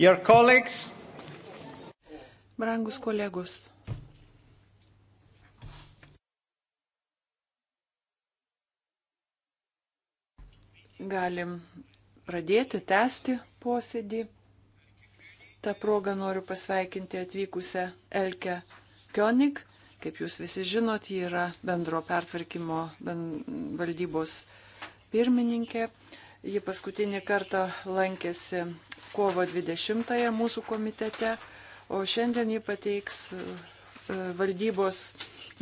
Your colleagues. Brangus kolegos. Galim pradėti, tęsti posėdį. Ta proga noriu pasveikinti atvykusią Elkę Kionik. Kaip jūs visi žinot, ji yra bendro pertvarkymo valdybos pirmininkė. Ji paskutinį kartą lankėsi kovo 20-ąją mūsų komitete, o šiandien jį pateiks e, valdybos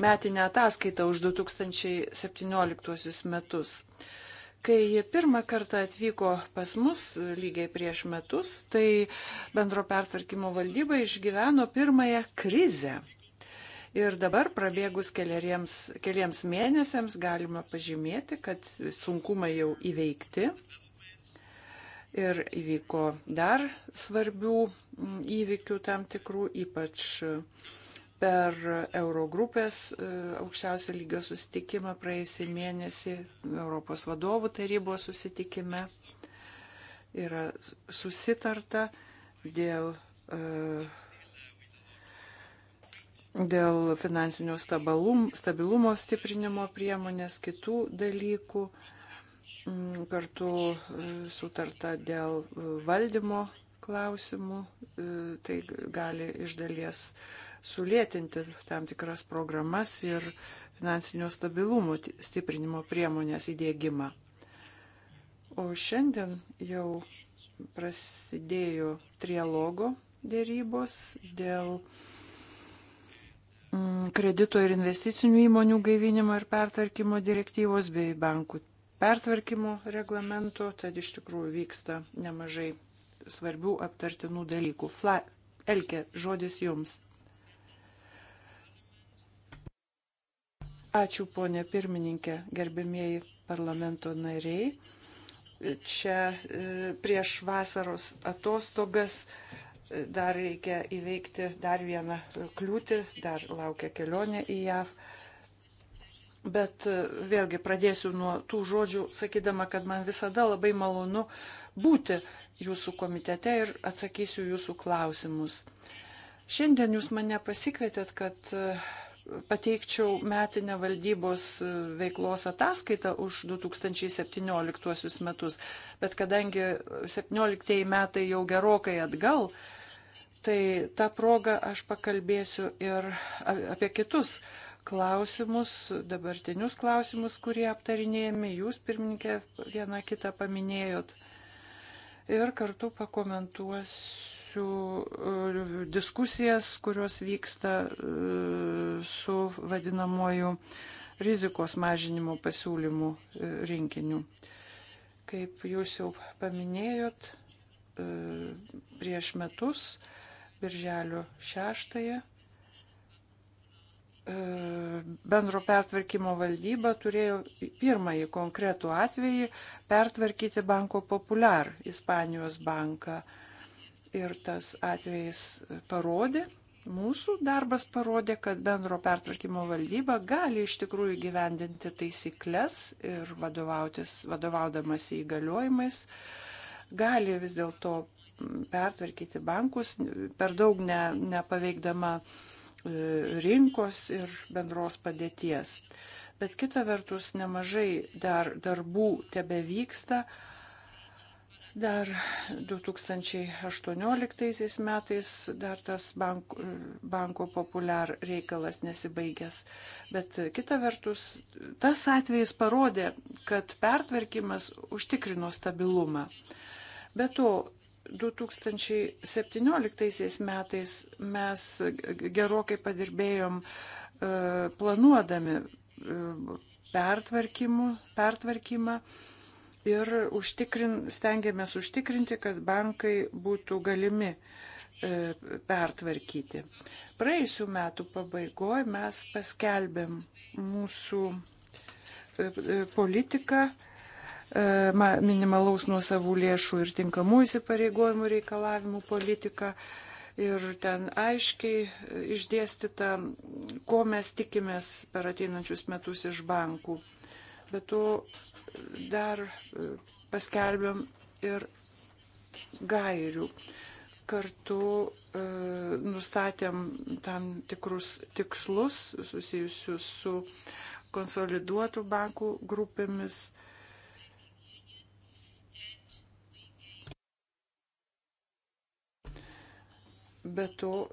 metinę ataskaitą už 2017 metus. Kai jie pirmą kartą atvyko pas mus lygiai prieš metus, tai bendro pertvarkymo valdyba išgyveno pirmąją krizę. Ir dabar prabėgus keliariems, keliams mėnesiams galima pažymėti, kad sunkumai jau įveikti. Ir įvyko dar svarbių mm, įvykių tam tikrų, ypač e, per Eurogrupės e, aukščiausio lygio susitikimą praėjusį mėnesį Europos vadovų tarybos susitikime yra susitarta dėl, e, dėl finansinio stabilumo stiprinimo priemonės, kitų dalykų. Mm, kartu e, sutarta dėl e, valdymo klausimų, e, tai gali iš dalies sulėtinti tam tikras programas ir finansinio stabilumo stiprinimo priemonės įdėgymą. O šiandien jau prasidėjo trialogo dėrybos dėl mm, kredito ir investicinių įmonių gaivinimo ir pertvarkymo direktyvos bei bankų pertvarkymo reglamento, tad iš tikrųjų vyksta nemažai svarbių aptartinų dalykų. Fla, Elke, žodis jums. Ačiū, ponė pirmininkė, gerbėmieji parlamento nariai. Čia e, prieš vasaros atostogas e, dar reikia įveikti dar vieną kliūtį, dar laukia kelionė į JAV. Bet e, vėlgi pradėsiu nuo tų žodžių, sakydama, kad man visada labai malonu būti jūsų komitete ir atsakysiu jūsų klausimus. Šiandien jūs mane pasikvietėt, kad e, pateikčiau metinę valdybos e, veiklos ataskaitą už 2017 metus, bet kadangi 17 metai jau gerokai atgal, tai tą progą aš pakalbėsiu ir apie kitus klausimus, dabartinius klausimus, kurie aptarinėjami, jūs pirmininkė vieną kitą paminėjot. Ir kartu pakomentuosiu e, diskusijas, kurios vyksta e, su vadinamoju rizikos mažinimo pasiūlymų e, rinkiniu. Kaip jūs jau paminėjot, prieš metus, birželio šeštąją, E, bendro pertvarkymo valdyba turėjo pirmąjį konkretų atvejį pertvarkyti Banko Populiar, Ispanijos banką. Ir tas atvejis parodė, mūsų darbas parodė, kad bendro pertvarkymo valdyba gali iš tikrųjų gyvendinti taisyklės ir vadovaudamas įgaliojimais, gali vis dėlto pertvarkyti bankus, per daug ne, nepaveikdama ne E, rinkos ir bendros padėties. Bet kita vertus, nemažai dar darbų tebe vyksta. Dar 2018 metais dar tas bank, e, banko populiar reikalas nesibaigęs. Bet kita vertus, tas atvejis parodė, kad pertvarkymas užtikrino stabilumą. Be to, 2017 metais mes gerokai padirbėjom e, planuodami e, pertvarkymą ir užtikrin, stengiamės užtikrinti, kad bankai būtų galimi e, pertvarkyti. Praėjusių metų pabaigoje mes paskelbėm mūsų politiką E, minimalaus nuosavų lėšų ir tinkamų įsipareigojimų reikalavimų politiką. Ir ten aiškiai e, išdėstyta, ko mes tikimės per ateinančius metus iš bankų. Bet to dar e, paskelbėm ir gairių. Kartu e, nustatėm tam tikrus tikslus susijusius su konsoliduotų bankų grupėmis Bet to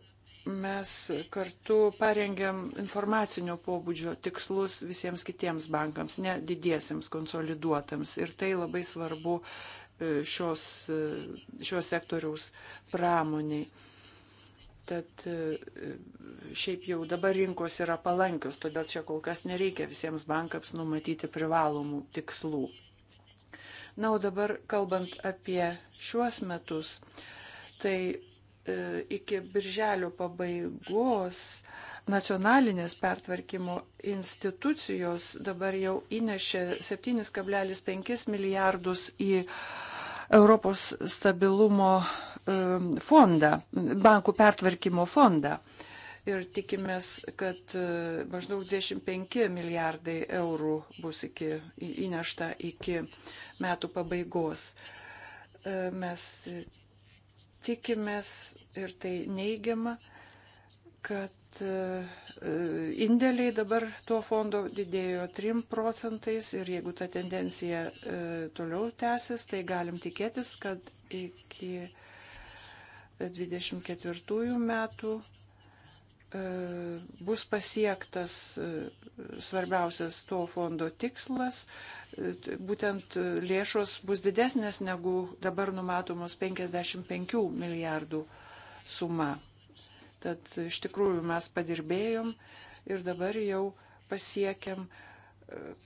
mes kartu parengiam informacinio pobūdžio tikslus visiems kitiems bankams, ne didiesiems konsoliduotams. Ir tai labai svarbu e, šios, e, šios sektoriaus pramoniai. Tad e, šiaip jau dabar rinkos yra palankios, todėl čia kol kas nereikia visiems bankams numatyti privalomų tikslų. Na, o dabar kalbant apie šiuos metus, tai E, iki birželio pabaigos nacionalinės pertvarkymo institucijos dabar jau įnešė 7,5 milijardus į Europos stabilumo e, fondą, bankų pertvarkymo fondą ir tikimės, kad e, maždaug 25 milijardai eurų bus iki, įnešta iki metų pabaigos. Mes tikimės ir tai neigiama, kad e, indėliai dabar tuo fondo didėjo 3 procentais ir jeigu ta tendencija e, toliau tęsis, tai galim tikėtis, kad iki 24 metų E, bus pasiektas e, svarbiausias to fondo tikslas, e, būtent lėšos bus didesnės negu dabar numatomos 55 milijardų suma. Tad iš tikrųjų mes padirbėjom ir dabar jau pasiekėm,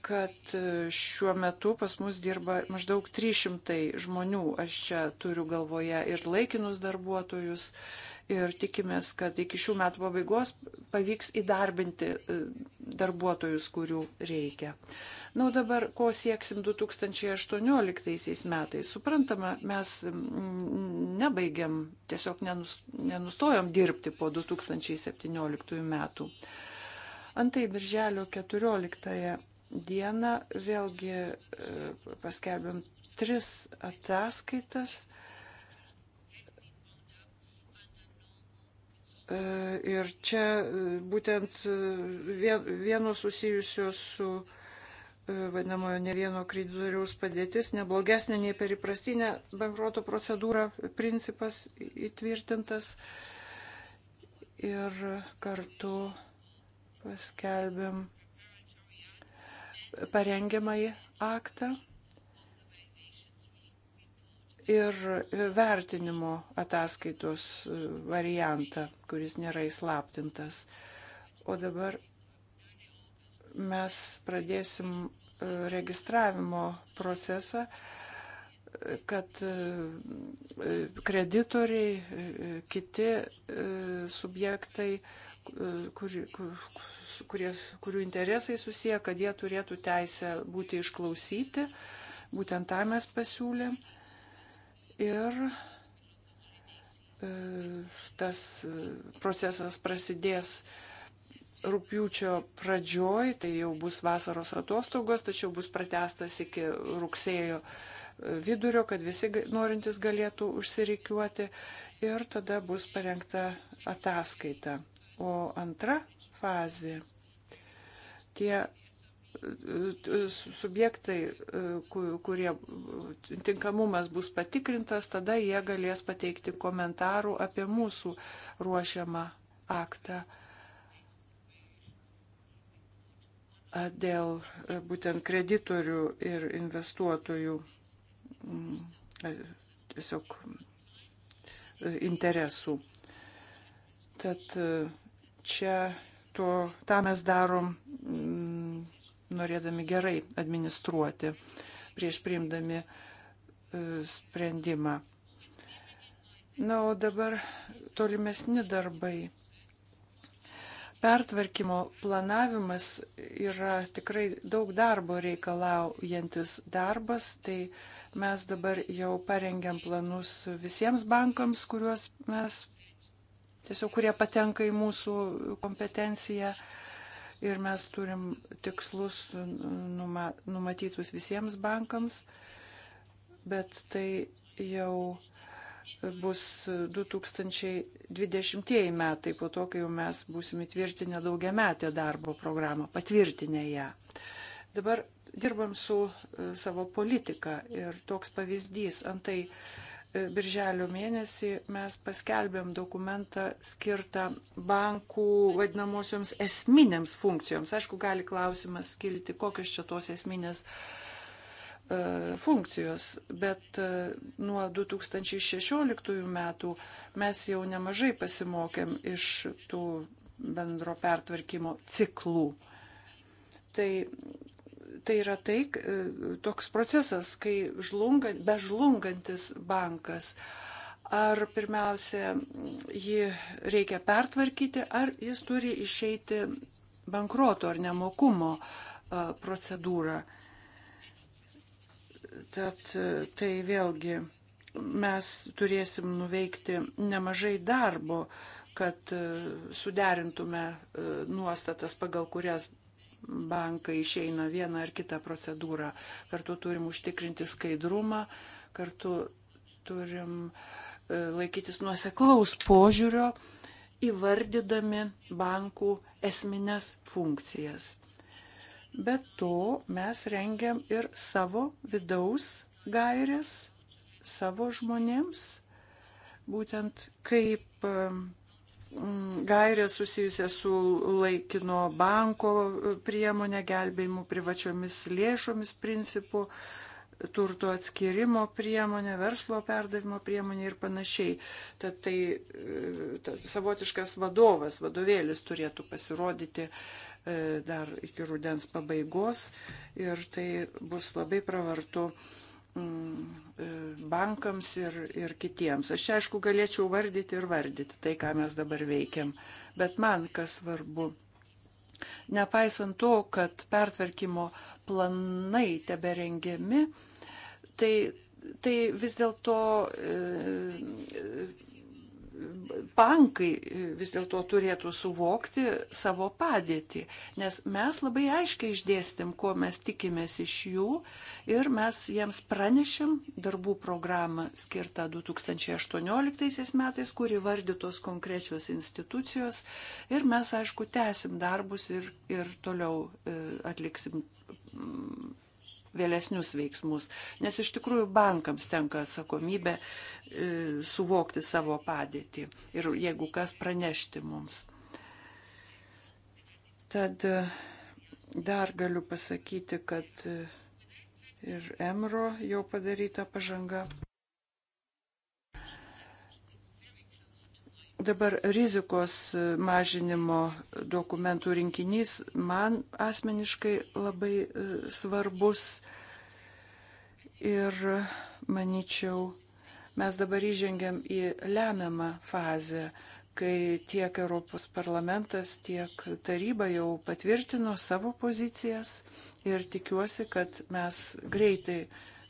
kad šiuo metu pas mus dirba maždaug 300 žmonių. Aš čia turiu galvoje ir laikinus darbuotojus, ir tikimės, kad iki šių metų pabaigos pavyks įdarbinti e, darbuotojus, kurių reikia. Na, o dabar, ko sieksim 2018 metais? Suprantama, mes nebaigiam, tiesiog nenustojom dirbti po 2017 metų. Antai, birželio 14 dieną vėlgi e, paskelbėm tris ataskaitas E, ir čia e, būtent e, vienos susijusios su vadinamojo ne vieno kreditoriaus padėtis neblogesnė nei per įprastinę bankruoto procedūrą principas įtvirtintas. Ir kartu paskelbėm parengiamąjį aktą ir vertinimo ataskaitos e, variantą, kuris nėra įslaptintas. O dabar mes pradėsim e, registravimo procesą, e, kad kreditoriai, kiti subjektai, kur, kur, kurie, kurių interesai susiję, kad jie turėtų teisę būti išklausyti. Būtent tą mes pasiūlėm ir e, tas e, procesas prasidės rūpiučio pradžioj, tai jau bus vasaros atostogos, tačiau bus pratestas iki rugsėjo e, vidurio, kad visi norintys galėtų užsireikiuoti ir tada bus parengta ataskaita. O antra fazė - tie subjektai, e, kurie tinkamumas bus patikrintas, tada jie galės pateikti komentarų apie mūsų ruošiamą aktą. Dėl e, būtent kreditorių ir investuotojų mm, e, tiesiog interesų. Tad čia to, tą mes darom mm, norėdami gerai administruoti prieš priimdami e, sprendimą. Na, o dabar tolimesni darbai. Pertvarkymo planavimas yra tikrai daug darbo reikalaujantis darbas, tai mes dabar jau parengiam planus visiems bankams, kuriuos mes tiesiog kurie patenka į mūsų kompetenciją. Uh, ir mes turim tikslus numatytus visiems bankams, bet tai jau bus 2020 metai po to, kai jau mes būsim įtvirtinę daugiametę darbo programą, patvirtinę ją. Dabar dirbam su e, savo politika ir toks pavyzdys antai E, birželio mėnesį mes paskelbėm dokumentą skirtą bankų vadinamosioms esminėms funkcijoms. Aišku, gali klausimas kilti, kokios čia tos esminės e, funkcijos, bet e, nuo 2016 metų mes jau nemažai pasimokėm iš tų bendro pertvarkymo ciklų. Tai tai yra tai, e, toks procesas, kai žlunga, bežlungantis bankas, ar pirmiausia jį reikia pertvarkyti, ar jis turi išeiti bankruoto ar nemokumo e, procedūrą. Tad e, tai vėlgi mes turėsim nuveikti nemažai darbo, kad suderintume nuostatas, pagal kurias bankai išeina vieną ar kitą procedūrą. Kartu turim užtikrinti skaidrumą, kartu turim e, laikytis nuoseklaus požiūrio, įvardydami bankų esminės funkcijas. Be to mes rengiam ir savo vidaus gairės savo žmonėms, būtent kaip e, gairės susijusias su laikino banko priemonė gelbėjimu privačiomis lėšomis principu, turto atskirimo priemonė, verslo perdavimo priemonė ir panašiai. Tad tai e, ta, savotiškas vadovas, vadovėlis turėtų pasirodyti e, dar iki rudens pabaigos ir tai bus labai pravartu Mm, e, bankams ir, ir kitiems. Aš čia, aišku, galėčiau vardyti ir vardyti tai, ką mes dabar veikiam. Bet man kas svarbu, nepaisant to, kad pertvarkymo planai tebe rengiami, tai, tai vis dėlto e, bankai vis dėlto turėtų suvokti savo padėtį, nes mes labai aiškiai išdėstėm, ko mes tikimės iš jų ir mes jiems pranešim darbų programą skirtą 2018 metais, kuri vardytos konkrečios institucijos ir mes, aišku, tęsim darbus ir, ir toliau e, atliksim vėlesnius veiksmus, nes iš tikrųjų bankams tenka atsakomybė e, suvokti savo padėtį ir jeigu kas pranešti mums. Tad e, dar galiu pasakyti, kad e, ir Emro jau padaryta pažanga. Dabar rizikos e, mažinimo dokumentų rinkinys man asmeniškai labai e, svarbus ir manyčiau, mes dabar įžengiam į lemiamą fazę, kai tiek Europos parlamentas, tiek taryba jau patvirtino savo pozicijas ir tikiuosi, kad mes greitai,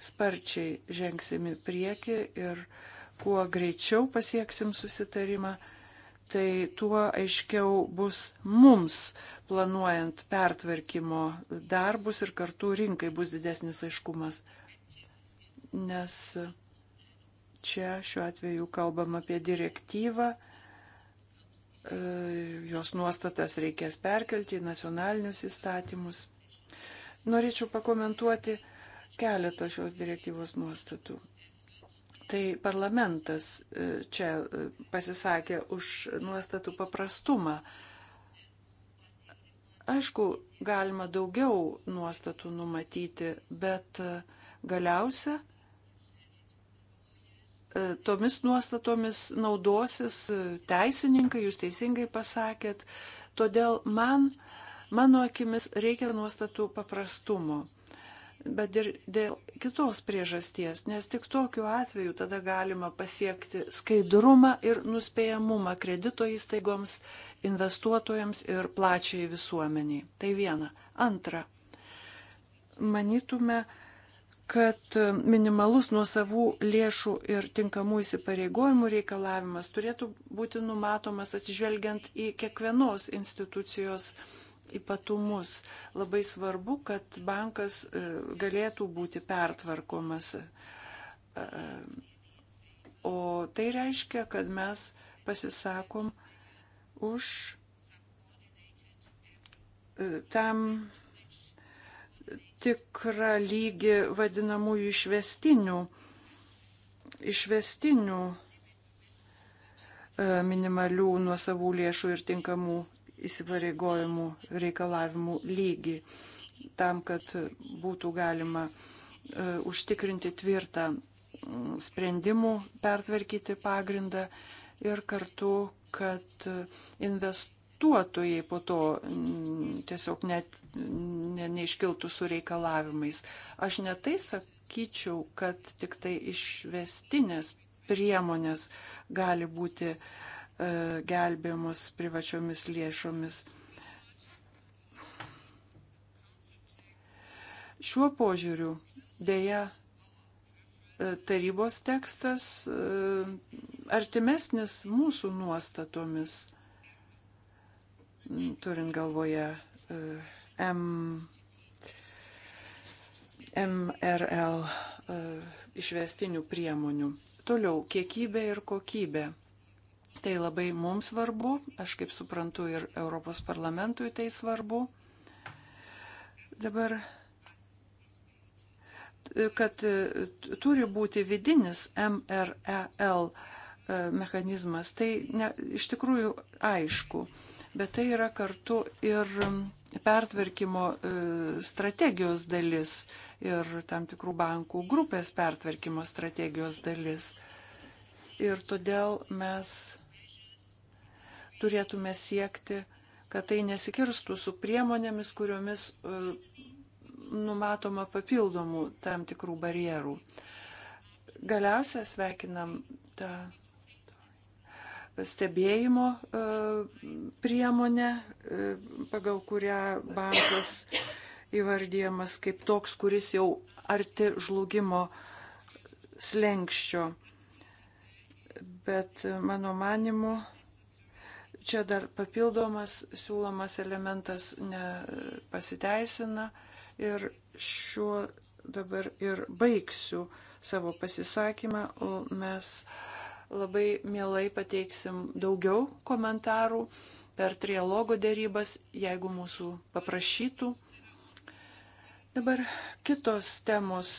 sparčiai žengsim į priekį ir uh, kuo greičiau pasieksim susitarimą, tai tuo aiškiau bus mums planuojant pertvarkymo darbus ir kartu rinkai bus didesnis aiškumas. Nes čia šiuo atveju kalbam apie direktyvą, e, jos nuostatas reikės perkelti į nacionalinius įstatymus. Norėčiau pakomentuoti keletą šios direktyvos nuostatų. Tai parlamentas e, čia e, pasisakė už nuostatų paprastumą. Aišku, galima daugiau nuostatų numatyti, bet e, galiausia tomis nuostatomis naudosis teisininkai, jūs teisingai pasakėt. Todėl man, mano akimis, reikia nuostatų paprastumo bet ir dėl kitos priežasties, nes tik tokiu atveju tada galima pasiekti skaidrumą ir nuspėjamumą kredito įstaigoms, investuotojams ir plačiai visuomeniai. Tai viena. Antra. Manytume, kad minimalus nuo savų lėšų ir tinkamų įsipareigojimų reikalavimas turėtų būti numatomas atsižvelgiant į kiekvienos institucijos uh, ypatumus. Labai svarbu, kad bankas e, galėtų būti pertvarkomas. E, o tai reiškia, kad mes pasisakom už e, tam tikrą lygį vadinamųjų išvestinių, išvestinių minimalių nuosavų lėšų ir tinkamų įsipareigojimų reikalavimų lygį, tam, kad būtų galima e, užtikrinti tvirtą sprendimų pertvarkyti pagrindą ir kartu, kad investuotojai po to tiesiog net ne, neiškiltų su reikalavimais. Aš netai sakyčiau, kad tik tai išvestinės priemonės gali būti uh, E, gelbėjamos privačiomis lėšomis. Šiuo požiūriu dėja e, tarybos tekstas e, artimesnis mūsų nuostatomis, turint galvoje M, MRL išvestinių priemonių. Toliau kiekybė ir kokybė. Tai labai mums svarbu, aš kaip suprantu ir Europos parlamentui tai svarbu. Dabar, kad e, turi būti vidinis MREL e, mechanizmas, tai ne, iš tikrųjų aišku, bet tai yra kartu ir pertvarkymo e, strategijos dalis ir tam tikrų bankų grupės pertvarkymo strategijos dalis. Ir todėl mes turėtume siekti, kad tai nesikirstų su priemonėmis, kuriomis e, numatoma papildomų tam tikrų barjerų. Galiausia sveikinam tą stebėjimo e, priemonę, e, pagal kurią bankas įvardyjamas kaip toks, kuris jau arti žlugimo slengščio. Bet mano manimu, čia dar papildomas siūlomas elementas nepasiteisina ir šiuo dabar ir baigsiu savo pasisakymą, o mes labai mielai pateiksim daugiau komentarų per trialogo dėrybas, jeigu mūsų paprašytų. Dabar kitos temos,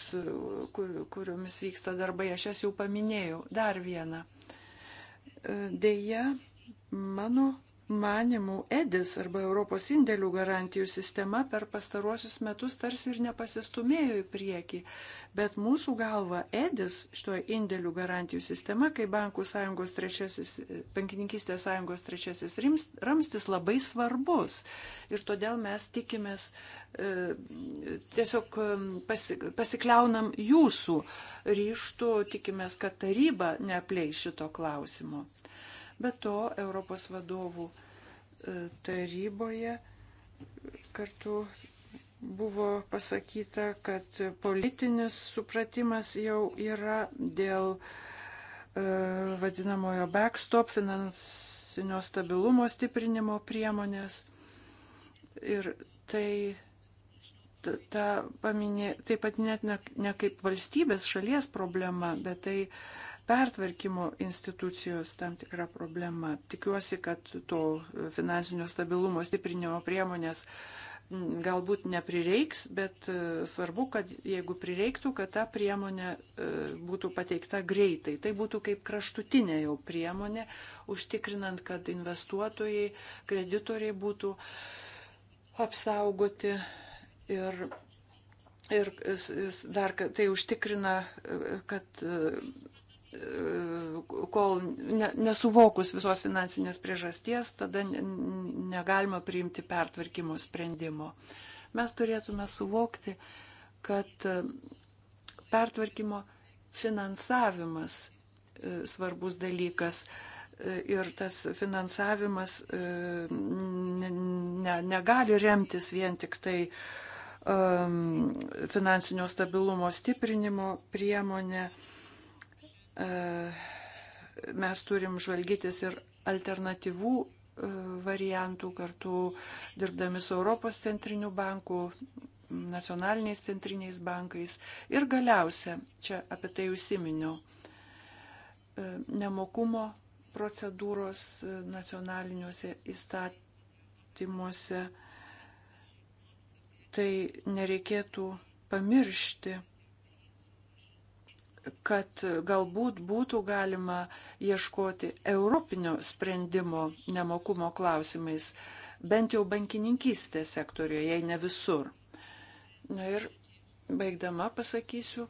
kur, kuriomis vyksta darbai, aš jas jau paminėjau. Dar vieną. Deja, Mano manimų Edis arba Europos indėlių garantijų sistema per pastaruosius metus tarsi ir nepasistumėjo į priekį, bet mūsų galva Edis šitoje indėlių garantijų sistema, kai Bankų sąjungos trečiasis, bankininkystės sąjungos trečiasis ramstis labai svarbus ir todėl mes tikimės e, tiesiog pasi, pasikliaunam jūsų ryštų, tikimės, kad taryba neapleis šito klausimo. Be to, Europos vadovų e, taryboje kartu buvo pasakyta, kad politinis supratimas jau yra dėl e, vadinamojo backstop finansinio stabilumo stiprinimo priemonės. Ir tai, ta, ta paminė, taip pat net ne, ne kaip valstybės šalies problema, bet tai e, pertvarkymo institucijos tam tikra problema. Tikiuosi, kad to finansinio stabilumo stiprinimo priemonės galbūt neprireiks, bet e, svarbu, kad jeigu prireiktų, kad ta priemonė e, būtų pateikta greitai. Tai būtų kaip kraštutinė jau priemonė, užtikrinant, kad investuotojai, kreditoriai būtų apsaugoti ir Ir dar tai užtikrina, e, kad E, kol ne, nesuvokus visos finansinės priežasties, tada negalima priimti pertvarkymo sprendimo. Mes turėtume suvokti, kad e, pertvarkymo finansavimas e, svarbus dalykas ir tas finansavimas ne, ne, negali remtis vien tik tai finansinio stabilumo stiprinimo priemonė E, mes turim žvalgytis ir alternatyvų e, variantų kartu dirbdami su Europos centriniu banku, nacionaliniais centriniais bankais. Ir galiausia, čia apie tai užsiminiau, e, nemokumo procedūros nacionaliniuose įstatymuose, tai nereikėtų pamiršti kad galbūt būtų galima ieškoti europinio sprendimo nemokumo klausimais, bent jau bankininkystės sektorijoje, jei ne visur. Na ir baigdama pasakysiu,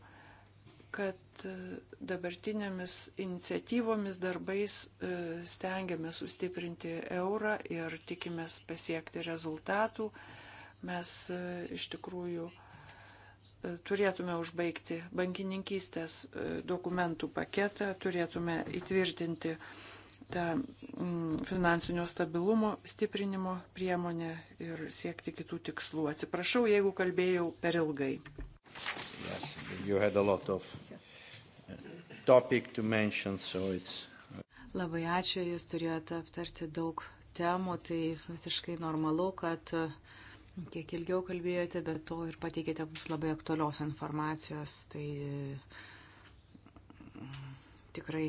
kad e, dabartinėmis iniciatyvomis, darbais e, stengiame sustiprinti eurą ir tikimės pasiekti rezultatų. Mes e, iš tikrųjų turėtume užbaigti bankininkystės e, dokumentų paketą, turėtume įtvirtinti tą mm, finansinio stabilumo stiprinimo priemonę ir siekti kitų tikslų. Atsiprašau, jeigu kalbėjau per ilgai. Yes, uh, to mention, so uh, Labai ačiū, jūs turėjote aptarti daug temų, tai visiškai normalu, kad uh, kiek ilgiau kalbėjote, bet to ir pateikėte mums labai aktualios informacijos. Tai mm, tikrai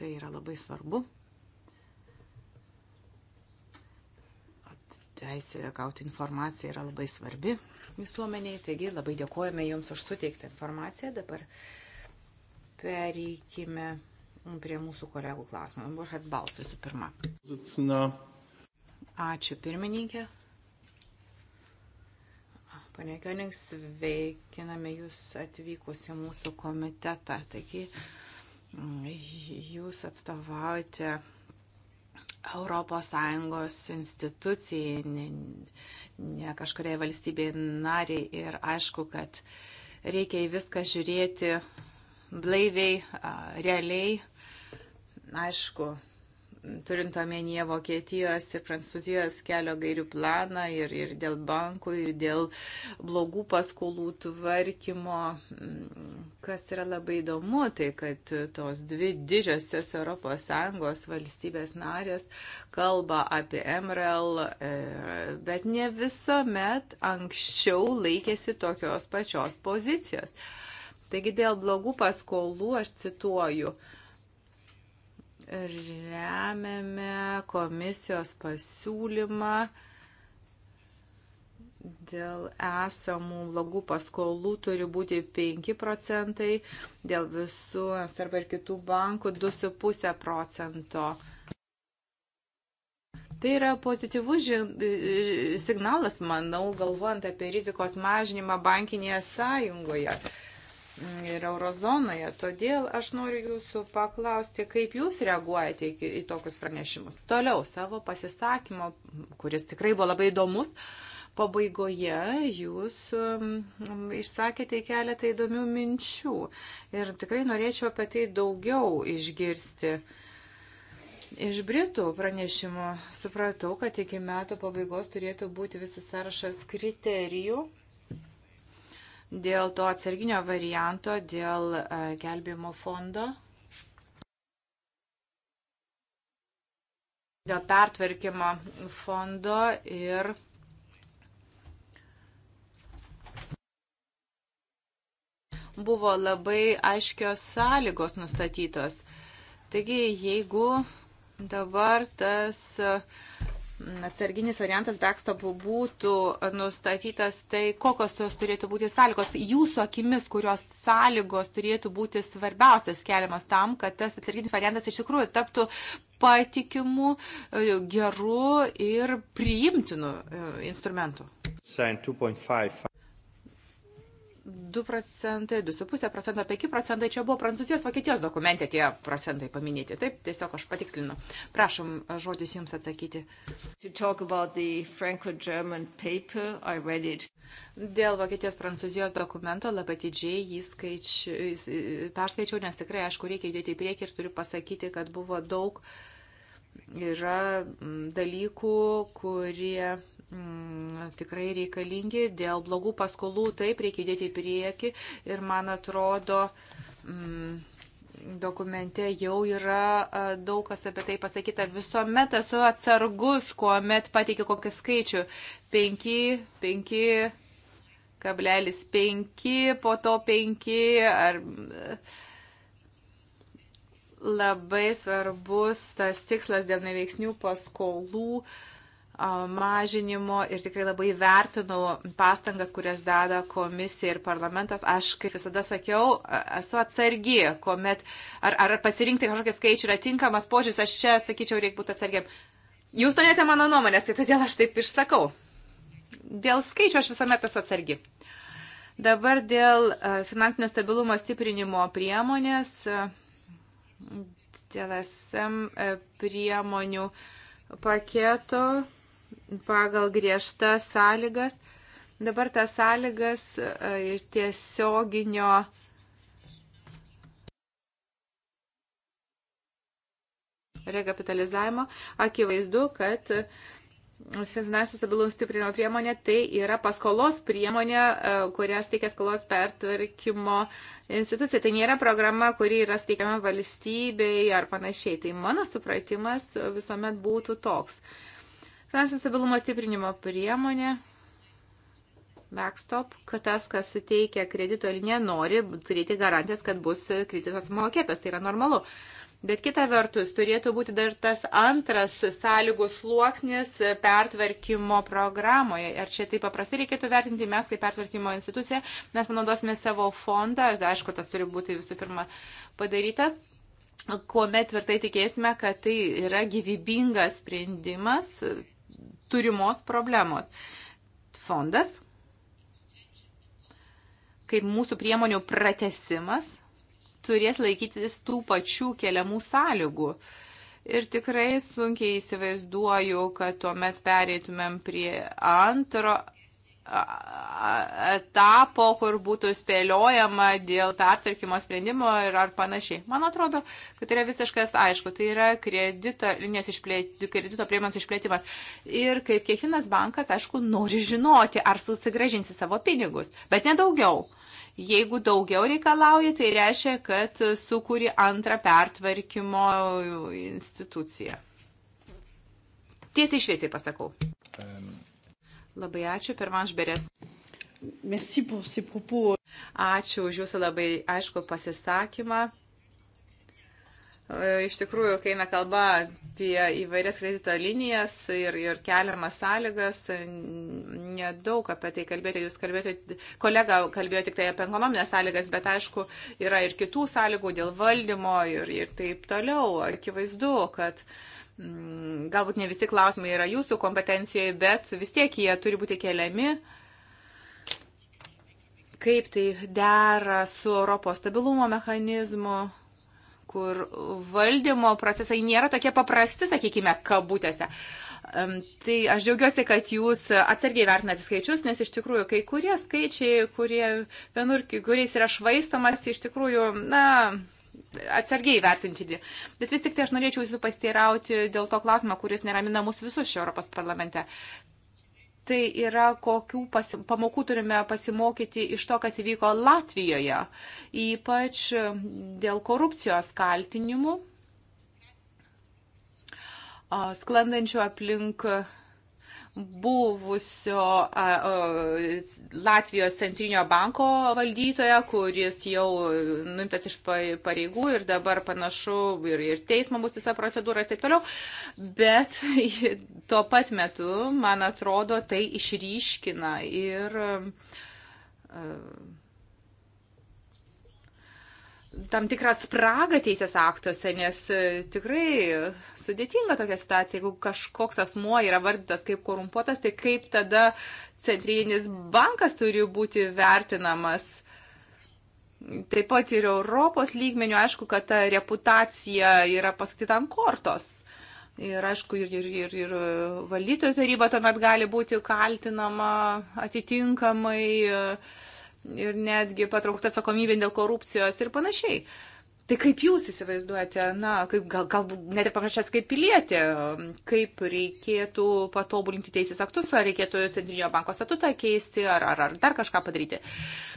tai yra labai svarbu. Teisė gauti informaciją yra labai svarbi visuomeniai, taigi labai dėkojame Jums už suteiktą informaciją. Dabar pereikime prie mūsų kolegų klausimų. Burhat Balsas visų pirma. Ačiū pirmininkė. Pane Kioning, sveikiname Jūs atvykus į mūsų komitetą. Taigi, mm, Jūs atstovaujate ES institucijai, ne, ne kažkuriai valstybei nariai ir aišku, kad reikia į viską žiūrėti blaiviai, realiai. Aišku, turint omenyje Vokietijos ir Prancūzijos kelio gairių planą ir, ir dėl bankų, ir dėl blogų paskolų tvarkymo. Mm, kas yra labai įdomu, tai kad tos dvi didžiosios ES valstybės narės kalba apie MRL, e, bet ne visuomet anksčiau laikėsi tokios pačios pozicijos. Taigi dėl blogų paskolų aš cituoju. Uh, remiame komisijos pasiūlymą dėl esamų blogų paskolų turi būti 5 procentai, dėl visų arba ir kitų bankų 2,5 procento. Tai yra pozityvus signalas, manau, galvojant apie rizikos mažinimą bankinėje sąjungoje ir eurozonoje. Todėl aš noriu jūsų paklausti, kaip jūs reaguojate į, į tokius pranešimus. Toliau savo pasisakymo, kuris tikrai buvo labai įdomus, pabaigoje jūs um, um, išsakėte keletą įdomių minčių ir tikrai norėčiau apie tai daugiau išgirsti. Iš Britų pranešimo supratau, kad iki metų pabaigos turėtų būti visas sąrašas kriterijų, dėl to atsarginio varianto, dėl e, gelbėjimo fondo, dėl pertvarkymo fondo ir buvo labai aiškios sąlygos nustatytos. Taigi, jeigu dabar tas uh, Mm, atsarginis variantas backstop būtų nustatytas, tai kokios tos turėtų būti sąlygos, jūsų akimis, kurios sąlygos turėtų būti svarbiausias keliamas tam, kad tas atsarginis variantas iš tikrųjų taptų patikimu, e, geru ir priimtinu e, instrumentu. 2 procentai, 2,5 procento, 5 procentai, čia buvo Prancūzijos, Vokietijos dokumente tie procentai paminėti. Taip, tiesiog aš patikslinu. Prašom, žodis jums atsakyti. Paper, Dėl Vokietijos Prancūzijos dokumento labai didžiai jį skaič, e, perskaičiau, nes tikrai, aišku, reikia judėti į priekį ir turiu pasakyti, kad buvo daug yra dalykų, kurie mm, tikrai reikalingi. Dėl blogų paskolų taip reikia dėti į priekį ir man atrodo. Mm, dokumente jau yra daug kas apie tai pasakyta. Visuomet esu atsargus, kuomet pateikiu kokį skaičių. 5, 5, kablelis 5, po to 5 ar labai svarbus tas tikslas dėl neveiksnių paskolų. Uh, mažinimo ir tikrai labai vertinu pastangas, kurias deda komisija ir parlamentas. Aš, kaip visada sakiau, esu atsargi, kuomet ar, ar pasirinkti kažkokį skaičių yra tinkamas požiūris, aš čia sakyčiau, reikia būti atsargiam. Jūs norėjote mano nuomonės, tai todėl aš taip išsakau. Dėl skaičių aš visuomet esu atsargi. Dabar dėl finansinio stabilumo stiprinimo priemonės, dėl SM e, priemonių paketo pagal griežtas sąlygas. Dabar tas sąlygas e, ir tiesioginio rekapitalizavimo, akivaizdu, kad finansinio stabilumo stiprinimo priemonė tai yra paskolos priemonė, e, kurias teikia skolos pertvarkymo institucija. Tai nėra programa, kuri yra steikiama valstybei ar panašiai. Tai mano supratimas visuomet būtų toks. Uh, Finansinio stabilumo stiprinimo priemonė backstop, kad tas, kas suteikia kredito liniją, nori turėti garantijas, kad bus kreditas mokėtas. Tai yra normalu. Bet kita vertus, turėtų būti dar tas antras sąlygų sluoksnis pertvarkymo programoje. Ar čia taip paprastai reikėtų vertinti mes kaip pertvarkymo institucija, mes panaudosime savo fondą, aišku, tas turi būti visų pirma padaryta, kuomet tvirtai tikėsime, kad tai yra gyvybingas sprendimas, turimos problemos. Fondas, kaip mūsų priemonių pratesimas, turės laikytis tų pačių keliamų sąlygų. Ir tikrai sunkiai įsivaizduoju, kad tuomet pereitumėm prie antro etapo, kur būtų spėliojama dėl pertvarkymo sprendimo ir ar panašiai. Man atrodo, kad tai yra visiškas aišku, tai yra kredito, išplėti, kredito prieimans išplėtimas. Ir kaip kiekvienas bankas, aišku, nori žinoti, ar susigražinsi savo pinigus, bet nedaugiau. Jeigu daugiau reikalauja, tai reiškia, kad sukūri antrą pertvarkymo instituciją. Tiesiai šviesiai pasakau. Labai ačiū, pirmanš berės. Ačiū už jūsų labai aišku pasisakymą. E, iš tikrųjų, kai eina kalba apie įvairias kredito linijas ir, ir keliamas sąlygas, nedaug apie tai kalbėjote. Jūs kalbėjote, kolega kalbėjo tik tai apie ekonominės sąlygas, bet aišku, yra ir kitų sąlygų dėl valdymo ir, ir taip toliau. Akivaizdu, kad uh, Mm, galbūt ne visi klausimai yra jūsų kompetencijoje, bet vis tiek jie turi būti keliami kaip tai dera su Europos stabilumo mechanizmu, kur valdymo procesai nėra tokie paprasti, sakykime, kabutėse. Tai aš džiaugiuosi, kad jūs atsargiai vertinate skaičius, nes iš tikrųjų kai kurie skaičiai, kurie vienur, kuriais yra švaistomas, iš tikrųjų, na, atsargiai vertinti. Bet vis tik tai aš norėčiau jūsų pasteirauti dėl to klausimo, kuris neramina mus visus šio Europos parlamente. Tai yra, kokių pasi, pamokų turime pasimokyti iš to, kas įvyko Latvijoje, ypač dėl korupcijos kaltinimų sklandančių aplink buvusio a, a, Latvijos centrinio banko valdytoją, kuris jau nuimtas iš pareigų ir dabar panašu ir, ir teismo bus visa procedūra ir taip toliau. Bet tuo pat metu, man atrodo, tai išryškina ir a, tam tikrą spragą teisės aktuose, nes e, tikrai sudėtinga tokia situacija, jeigu kažkoks asmuo yra vardytas kaip korumpuotas, tai kaip tada centrinis bankas turi būti vertinamas. Taip pat ir Europos lygmenių, aišku, kad ta reputacija yra pasakyta ant kortos. Ir aišku, ir, ir, ir, ir valytojų taryba tuomet gali būti kaltinama atitinkamai. Uh, ir netgi patraukta atsakomybė dėl korupcijos ir panašiai. Tai kaip jūs įsivaizduojate, na, kaip, gal, galbūt net ir paprasčiausiai kaip pilietė, kaip reikėtų patobulinti teisės aktus, ar reikėtų Centrinio banko statutą keisti, ar, ar, ar dar kažką padaryti.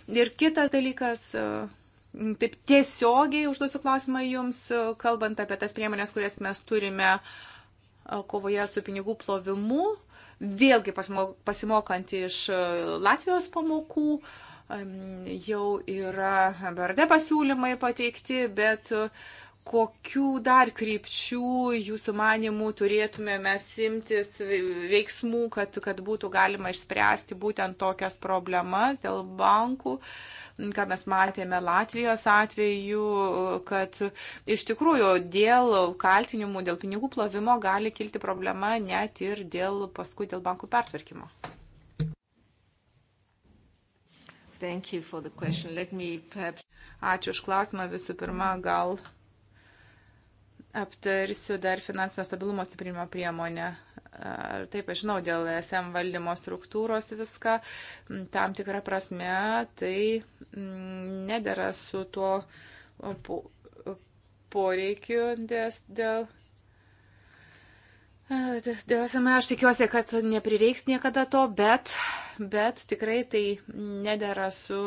Ir kitas dalykas, taip tiesiogiai užduosiu klausimą jums, kalbant apie tas priemonės, kurias mes turime kovoje su pinigų plovimu, vėlgi pasimokant iš Latvijos pamokų. Uh, jau yra BRD pasiūlymai pateikti, bet e, kokių dar krypčių jūsų manimų turėtume mes imtis veiksmų, kad, kad būtų galima išspręsti būtent tokias problemas dėl bankų, ką mes matėme Latvijos atveju, kad iš tikrųjų dėl kaltinimų, dėl pinigų plovimo gali kilti problema net ir dėl paskui dėl bankų pertvarkymo. Thank you for the question. Let me perhaps... Ačiū už klausimą. Visų pirma, gal aptarsiu dar finansinio stabilumo stiprinimo priemonę. Ar taip, aš žinau dėl SM valdymo struktūros viską, tam tikrą prasme tai mm, nedėra su tuo poreikiu dėl Esame, aš tikiuosi, kad neprireiks niekada to, bet, bet tikrai tai nedėra su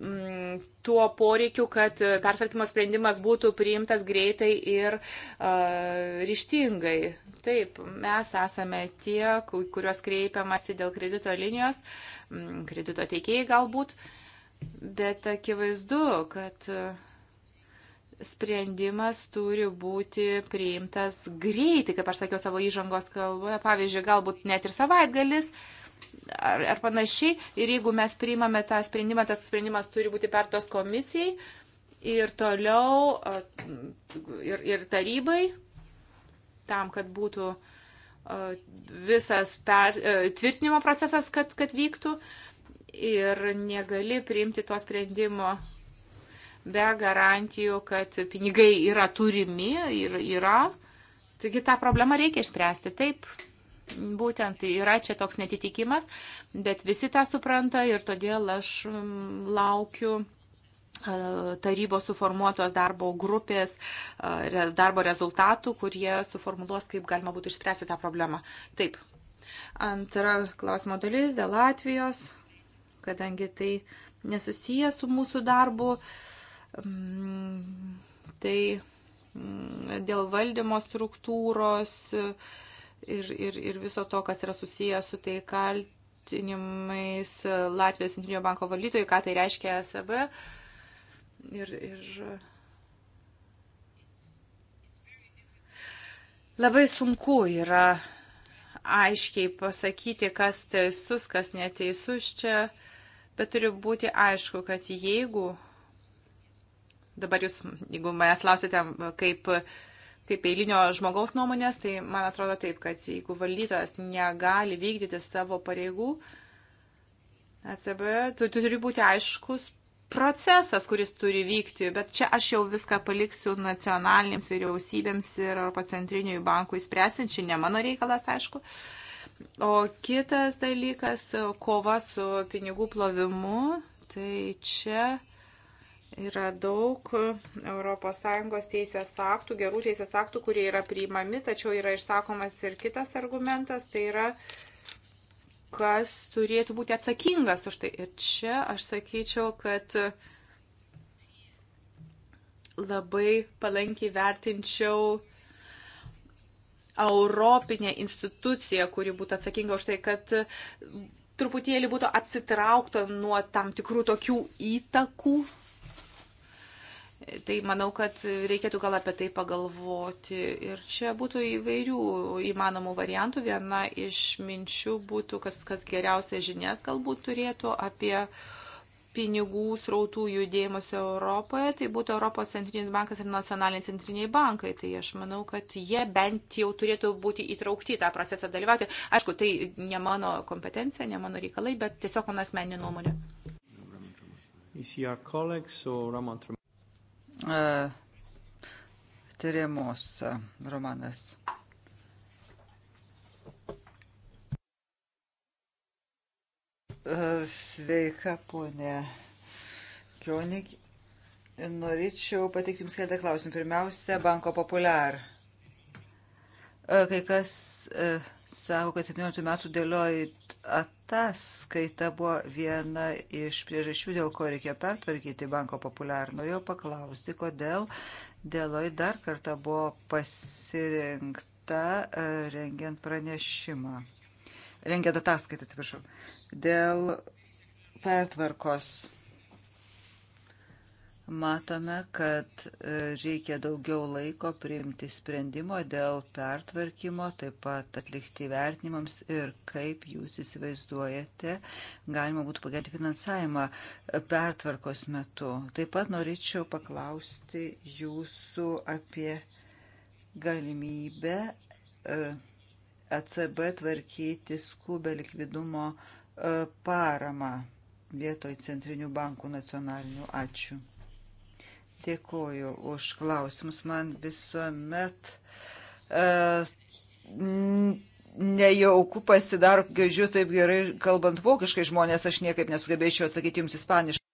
mm, tuo poreikiu, kad pertvarkymo sprendimas būtų priimtas greitai ir uh, ryštingai. Taip, mes esame tie, kuriuos kreipiamasi dėl kredito linijos, mm, kredito teikėjai galbūt, bet akivaizdu, kad uh, sprendimas turi būti priimtas greitai, kaip aš sakiau savo įžangos kalboje, pavyzdžiui, galbūt net ir savaitgalis ar, ar panašiai. Ir jeigu mes priimame tą sprendimą, tas sprendimas turi būti pertos komisijai ir toliau ir, ir tarybai, tam, kad būtų visas per, tvirtinimo procesas, kad, kad vyktų. Ir negali priimti to sprendimo be garantijų, kad pinigai yra turimi ir yra. Taigi tą problemą reikia išspręsti. Taip, būtent yra čia toks netitikimas, bet visi tą supranta ir todėl aš mm, laukiu tarybos suformuotos darbo grupės, darbo rezultatų, kurie suformuluos, kaip galima būtų išspręsti tą problemą. Taip. Antra klausimo dalis dėl Latvijos, kadangi tai nesusiję su mūsų darbu. Uh, Mm, tai mm, dėl valdymo struktūros ir, ir, ir viso to, kas yra susijęs su tai kaltinimais Latvijos centrinio banko valdytojai, ką tai reiškia ESB. Ir, ir labai sunku yra aiškiai pasakyti, kas teisus, kas neteisus čia, bet turi būti aišku, kad jeigu Dabar jūs, jeigu manęs klausite, kaip, kaip eilinio žmogaus nuomonės, tai man atrodo taip, kad jeigu valdytojas negali vykdyti savo pareigų, ECB, tu, tu turi būti aiškus procesas, kuris turi vykti, bet čia aš jau viską paliksiu nacionalinėms vyriausybėms ir Europos centriniui bankui spręsinti, čia ne mano reikalas, aišku. O kitas dalykas - kova su pinigų plovimu, tai čia Yra daug ES teisės aktų, gerų teisės aktų, kurie yra priimami, tačiau yra išsakomas ir kitas argumentas, tai yra, kas turėtų būti atsakingas už tai. Ir čia aš sakyčiau, kad labai palankiai vertinčiau Europinė institucija, kuri būtų atsakinga už tai, kad truputėlį būtų atsitraukta nuo tam tikrų tokių įtakų Tai manau, kad reikėtų gal apie tai pagalvoti. Ir čia būtų įvairių įmanomų variantų. Viena iš minčių būtų, kas, kas geriausia žinias galbūt turėtų apie pinigų srautų judėjimus Europoje, tai būtų Europos centrinis bankas ir nacionaliniai centriniai bankai. Tai aš manau, kad jie bent jau turėtų būti įtraukti į tą procesą dalyvauti. Aišku, tai ne mano kompetencija, ne mano reikalai, bet tiesiog mano asmeninė nuomonė. Is your colleagues or Ramon Tremont? E, tyrimus romanas. E, sveika, ponė Kionik. Norėčiau pateikti Jums keletą klausimų. Pirmiausia, Banko Populiar. E, kai kas sako, kad 17 metų dėliojai ataskaita buvo viena iš priežasčių, dėl ko reikėjo pertvarkyti banko populiarų. Norėjau paklausti, kodėl dėloj dar kartą buvo pasirinkta e, rengiant pranešimą. Rengiant ataskaitą, atsiprašau. Dėl pertvarkos matome, kad e, reikia daugiau laiko priimti sprendimo dėl pertvarkymo, taip pat atlikti vertinimams ir kaip jūs įsivaizduojate, galima būtų pagerinti finansavimą e, pertvarkos metu. Taip pat norėčiau paklausti jūsų apie galimybę ECB tvarkyti skubę likvidumo e, paramą vietoj centrinių bankų nacionalinių. Ačiū. Dėkuoju už klausimus. Man visuomet e, nejauku pasidaro, girdžiu taip gerai, kalbant vokiškai žmonės, aš niekaip nesugebėčiau atsakyti jums ispaniškai.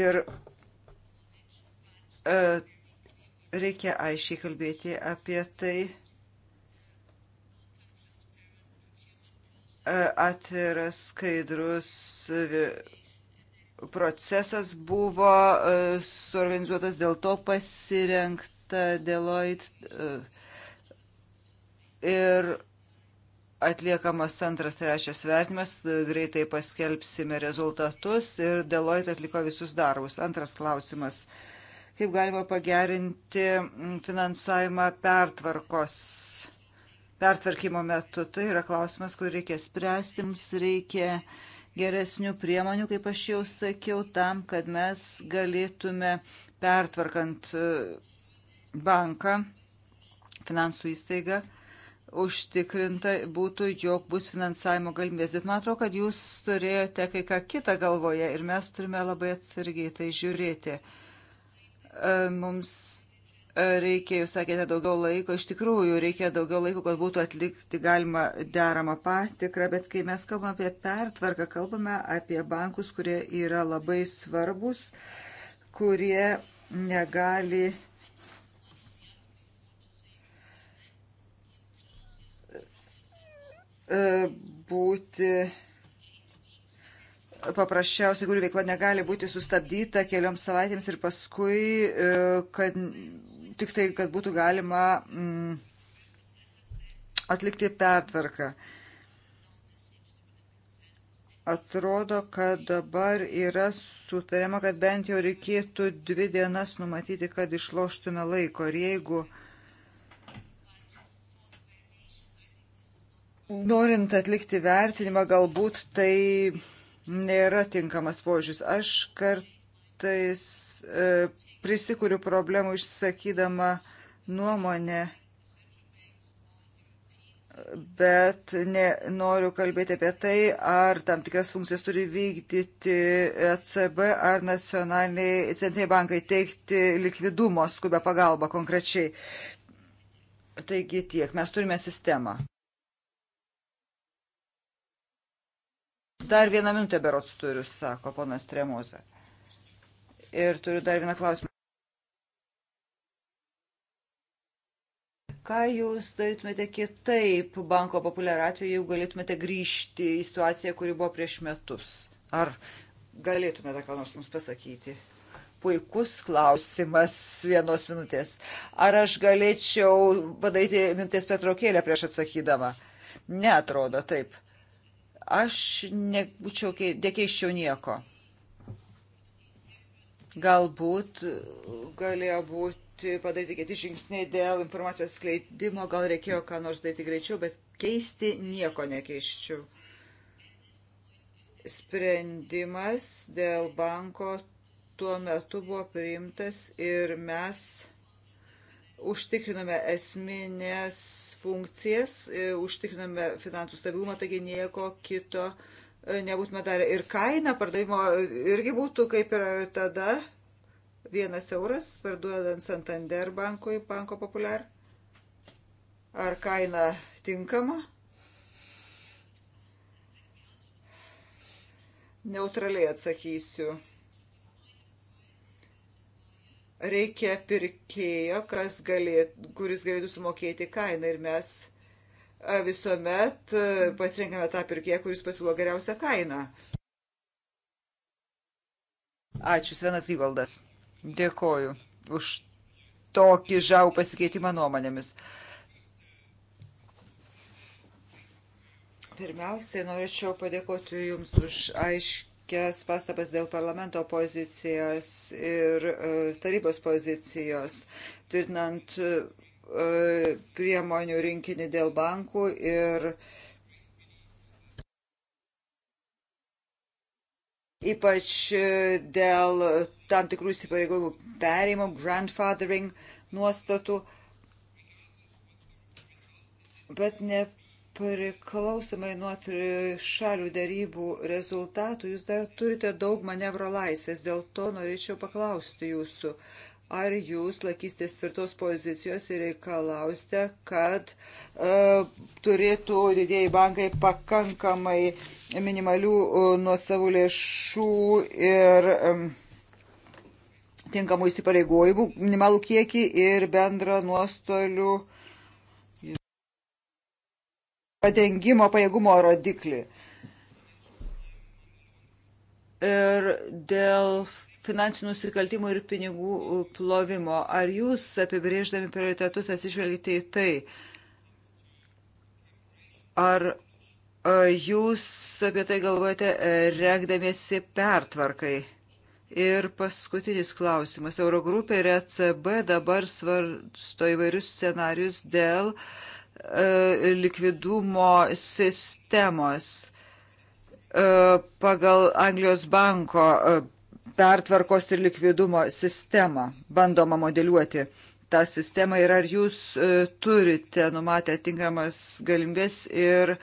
Ir e, reikia aiškiai kalbėti apie tai. E, atviras, skaidrus procesas buvo e, suorganizuotas, dėl to pasirengta Deloitte e, ir atliekamas antras trečias vertimas, e, greitai paskelbsime rezultatus ir Deloitte atliko visus darbus. Antras klausimas kaip galima pagerinti finansavimą pertvarkos, pertvarkymo metu. Tai yra klausimas, kurį reikia spręsti, mums reikia geresnių priemonių, kaip aš jau sakiau, tam, kad mes galėtume pertvarkant e, banką, finansų įstaigą, užtikrinta būtų, jog bus finansavimo galimybės. Bet man atrodo, kad jūs turėjote kai ką kitą galvoje ir mes turime labai atsargiai tai žiūrėti. E, mums reikia, jūs sakėte, daugiau laiko, iš tikrųjų reikia daugiau laiko, kad būtų atlikti galima deramą patikrą, bet kai mes kalbame apie pertvarką, kalbame apie bankus, kurie yra labai svarbus, kurie negali. E, būti paprasčiausiai, kurių veikla negali būti sustabdyta kelioms savaitėms ir paskui, e, kad tik tai, kad būtų galima mm, atlikti pertvarką. Atrodo, kad dabar yra sutariama, kad bent jau reikėtų dvi dienas numatyti, kad išloštume laiko. Ir jeigu norint atlikti vertinimą, galbūt tai nėra tinkamas požiūris. Aš kartais e, prisikuriu problemų išsakydama nuomonę, bet ne, noriu kalbėti apie tai, ar tam tikras funkcijas turi vykdyti ECB ar nacionaliniai centriniai bankai teikti likvidumo skubę pagalbą konkrečiai. Taigi tiek, mes turime sistemą. Dar vieną minutę berots turiu, sako ponas Tremoza. Ir turiu dar vieną klausimą. Ką jūs darytumėte kitaip banko populiar atveju, jeigu galėtumėte grįžti į situaciją, kuri buvo prieš metus? Ar galėtumėte ką nors mums pasakyti? Puikus klausimas vienos minutės. Ar aš galėčiau padaryti minutės petraukėlę prieš atsakydama? Neatrodo taip. Aš nebūčiau, nekeiščiau nieko. Galbūt galėjo būti padaryti kiti žingsniai dėl informacijos skleidimo, gal reikėjo ką nors daryti greičiau, bet keisti nieko nekeiščiau. Sprendimas dėl banko tuo metu buvo priimtas ir mes užtikriname esminės funkcijas, e, užtikriname finansų stabilumą, taigi nieko kito nebūtume darę. Ir kaina pardavimo irgi būtų kaip ir tada vienas euras, parduodant Santander bankui, banko populiar. Ar kaina tinkama? Neutraliai atsakysiu reikia pirkėjo, galėt, kuris galėtų sumokėti kainą ir mes visuomet e, pasirinkame tą pirkėją, kuris pasiūlo geriausią kainą. Ačiū, Svenas Įvaldas. Dėkoju už tokį žau pasikeitimą nuomonėmis. Pirmiausiai norėčiau padėkoti Jums už aiškias pastabas dėl parlamento pozicijos ir e, tarybos pozicijos, tvirtinant E, priemonių rinkinį dėl bankų ir ypač dėl tam tikrų įsipareigojimų perėjimo, grandfathering nuostatų, bet nepriklausomai nuo šalių darybų rezultatų, jūs dar turite daug manevro laisvės, dėl to norėčiau paklausti jūsų, ar jūs laikysitės tvirtos pozicijos ir reikalausite, kad e, turėtų didėjai bankai pakankamai minimalių e, nuosavų lėšų ir e, tinkamų įsipareigojimų, minimalų kiekį ir bendrą nuostolių padengimo pajėgumo rodiklį. Ir dėl finansinių nusikaltimų ir pinigų plovimo. Ar jūs apibrėždami prioritetus atsižvelgite į tai? Ar jūs apie tai galvojate e, rengdamiesi pertvarkai? Ir paskutinis klausimas. Eurogrupė ir ECB dabar svarsto įvairius scenarius dėl e, likvidumo sistemos. E, pagal Anglijos banko e, pertvarkos ir likvidumo sistemą, bandoma modeliuoti tą sistemą ir ar jūs e, turite numatę tinkamas galimybės ir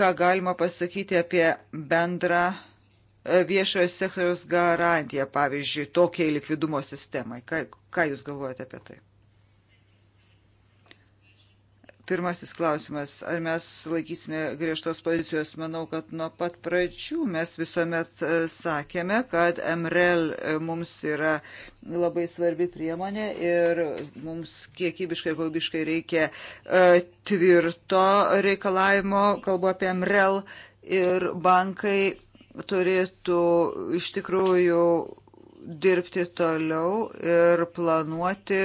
ką galima pasakyti apie bendrą e, viešojo sektoriaus garantiją, pavyzdžiui, tokiai likvidumo sistemai. Ką, ką jūs galvojate apie tai? Pirmasis klausimas, ar mes laikysime griežtos pozicijos, manau, kad nuo pat pradžių mes visuomet e, sakėme, kad MREL e, mums yra labai svarbi priemonė ir mums kiekybiškai ir kokybiškai reikia e, tvirto reikalavimo, kalbu apie MREL ir bankai turėtų iš tikrųjų dirbti toliau ir planuoti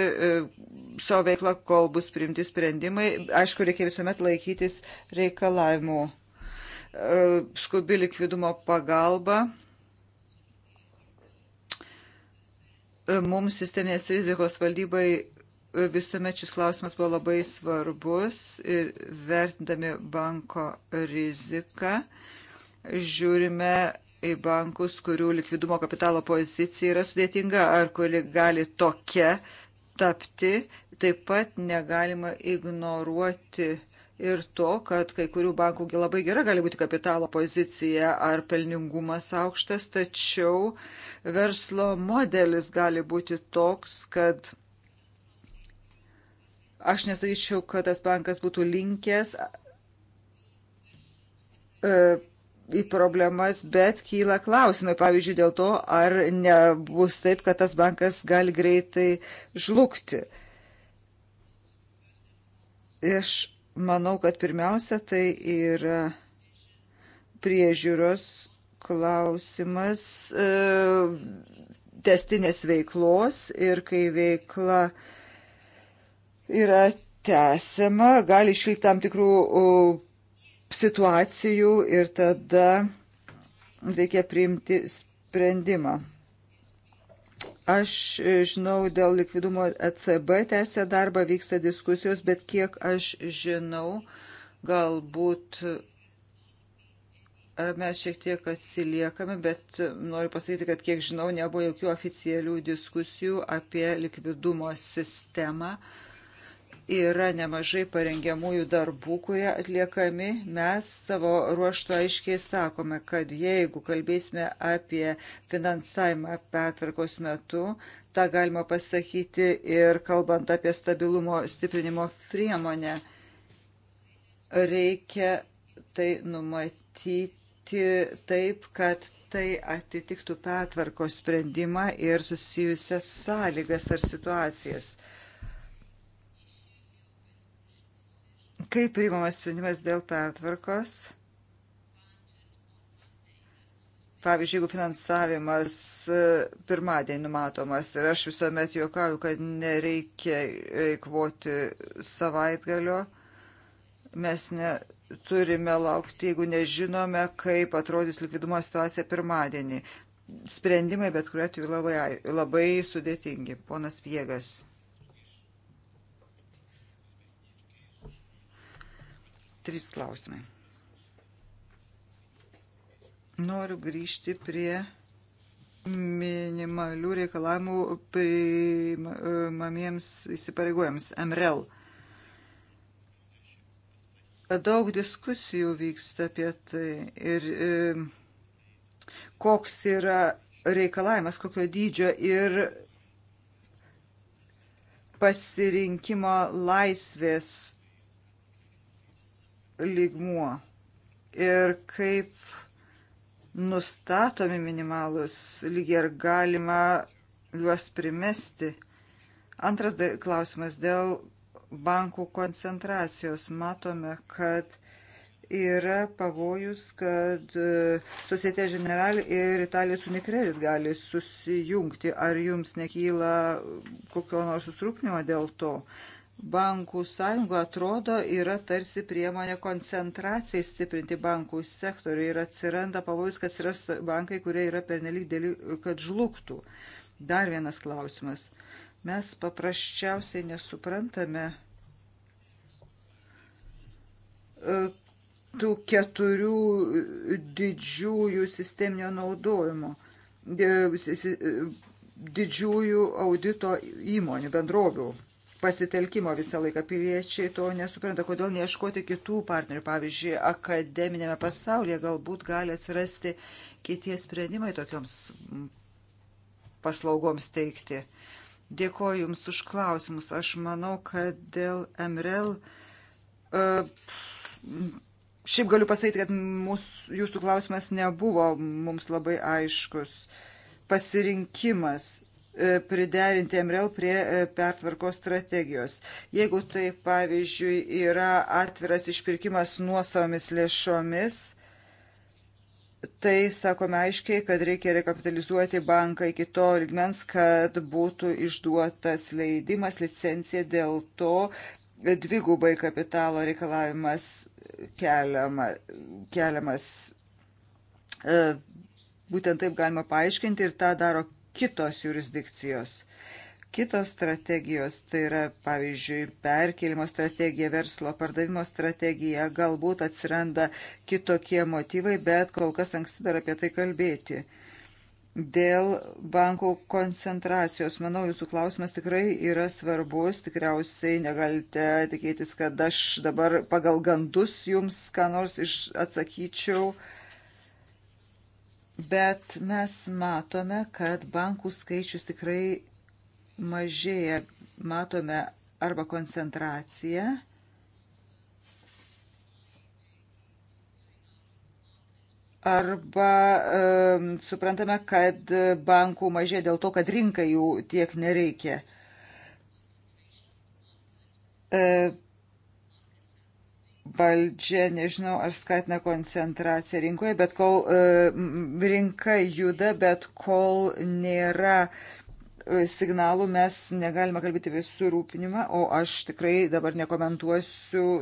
savo veiklą, kol bus priimti sprendimai. Aišku, reikia visuomet laikytis reikalavimų. E, skubi likvidumo pagalba. E, mums sisteminės rizikos valdybai visuomet šis klausimas buvo labai svarbus ir vertindami banko riziką žiūrime į bankus, kurių likvidumo kapitalo pozicija yra sudėtinga ar kuri gali tokia tapti Taip pat negalima ignoruoti ir to, kad kai kurių bankų labai gera gali būti kapitalo pozicija ar pelningumas aukštas, tačiau verslo modelis gali būti toks, kad aš nesakyčiau, kad tas bankas būtų linkęs e, į problemas, bet kyla klausimai, pavyzdžiui, dėl to, ar nebus taip, kad tas bankas gali greitai žlugti. Uh, Aš manau, kad pirmiausia tai yra priežiūros klausimas e, testinės veiklos ir kai veikla yra tęsiama, gali iškilti tam tikrų situacijų ir tada reikia priimti sprendimą. Aš e, žinau, dėl likvidumo ECB tęsia darbą, vyksta diskusijos, bet kiek aš žinau, galbūt e, mes šiek tiek atsiliekame, bet noriu pasakyti, kad kiek žinau, nebuvo jokių oficialių diskusijų apie likvidumo sistemą. Uh, yra nemažai parengiamųjų darbų, kurie atliekami. Mes savo ruoštų aiškiai sakome, kad jeigu kalbėsime apie finansavimą pertvarkos metu, tą galima pasakyti ir kalbant apie stabilumo stiprinimo priemonę, reikia tai numatyti taip, kad tai atitiktų pertvarkos sprendimą ir susijusias sąlygas ar situacijas. Kaip priimamas sprendimas dėl pertvarkos? Pavyzdžiui, jeigu finansavimas e, pirmadienį numatomas ir aš visuomet juokauju, kad nereikia eikvoti savaitgalio, mes neturime laukti, jeigu nežinome, kaip atrodys likvidumo situacija pirmadienį. Sprendimai bet kuriuo atveju labai, labai sudėtingi. Ponas Viegas. Trys klausimai. Noriu grįžti prie minimalių reikalavimų priimamiems įsipareigojams MRL. Daug diskusijų vyksta apie tai ir e, koks yra reikalavimas, kokio dydžio ir pasirinkimo laisvės lygmuo ir kaip nustatomi minimalus lygiai ar galima juos primesti. Antras klausimas dėl bankų koncentracijos. Matome, kad yra pavojus, kad e, Societe General ir Italijos Unicredit gali susijungti. Ar jums nekyla kokio nors susirūpinimo dėl to? bankų sąjunga atrodo yra tarsi priemonė koncentracijai stiprinti bankų sektorių ir atsiranda pavojus, kad atsiras bankai, kurie yra pernelyg dėli, kad žlugtų. Dar vienas klausimas. Mes paprasčiausiai nesuprantame e, tų keturių didžiųjų sisteminio naudojimo, e, e, didžiųjų audito įmonių, bendrovių pasitelkimo visą laiką. Piliečiai to nesupranta, kodėl neieškoti kitų partnerių. Pavyzdžiui, akademinėme pasaulyje galbūt gali atsirasti kitie sprendimai tokioms paslaugoms teikti. Dėkoju Jums už klausimus. Aš manau, kad dėl MRL. Uh, e, Šiaip galiu pasakyti, kad mūsų, jūsų klausimas nebuvo mums labai aiškus. Pasirinkimas E, priderinti MRL prie e, pertvarkos strategijos. Jeigu tai, pavyzdžiui, yra atviras išpirkimas nuosavomis lėšomis, tai sakome aiškiai, kad reikia rekapitalizuoti banką iki to ligmens, kad būtų išduotas leidimas, licencija dėl to e, dvigubai kapitalo reikalavimas keliama, keliamas. Būtent taip galima paaiškinti ir tą daro kitos jurisdikcijos. Kitos strategijos, tai yra, pavyzdžiui, perkelimo strategija, verslo pardavimo strategija, galbūt atsiranda kitokie motyvai, bet kol kas anksti dar apie tai kalbėti. Dėl bankų koncentracijos, manau, jūsų klausimas tikrai yra svarbus, tikriausiai negalite tikėtis, kad aš dabar pagal gandus jums ką nors atsakyčiau. Uh, bet mes matome, kad bankų skaičius tikrai mažėja. Matome arba koncentraciją, arba um, suprantame, kad bankų mažėja dėl to, kad rinkai jų tiek nereikia. Uh, valdžia, nežinau, ar skatina koncentraciją rinkoje, bet kol e, rinka juda, bet kol nėra e, signalų mes negalime kalbėti apie surūpinimą, o aš tikrai dabar nekomentuosiu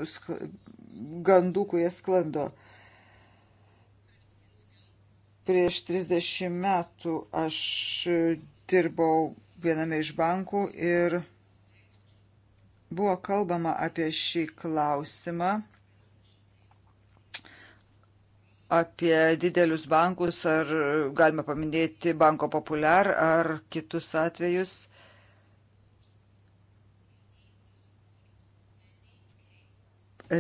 gandų, kurie sklando. Prieš 30 metų aš dirbau viename iš bankų ir buvo kalbama apie šį klausimą apie didelius bankus, ar galime paminėti Banko Populiar ar kitus atvejus.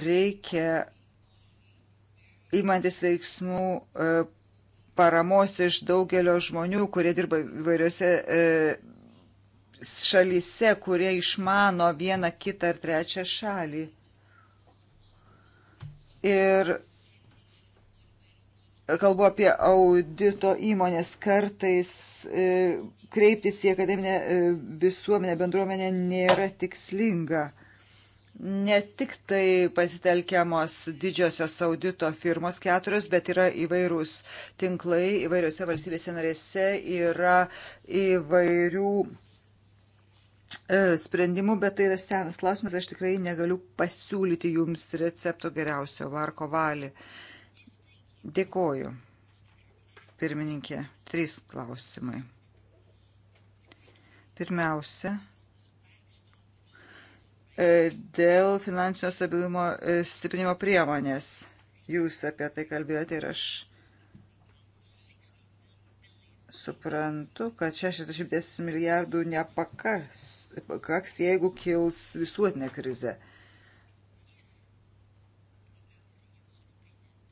Reikia įmantis veiksmų e, paramos iš daugelio žmonių, kurie dirba įvairiose e, šalyse, kurie išmano vieną, kitą ar trečią šalį. Ir kalbu apie audito įmonės, kartais e, kreiptis į akademinę e, visuomenę, bendruomenę nėra tikslinga. Ne tik tai pasitelkiamos didžiosios audito firmos keturios, bet yra įvairūs tinklai, įvairiose valstybėse narėse yra įvairių e, sprendimų, bet tai yra senas klausimas, aš tikrai negaliu pasiūlyti jums recepto geriausio varko valį. Uh, Dėkoju. Pirmininkė, trys klausimai. Pirmiausia, e, dėl finansinio stabilumo e, stiprinimo priemonės. Jūs apie tai kalbėjote ir aš suprantu, kad 60 milijardų nepakaks, pakaks, jeigu kils visuotinė krize.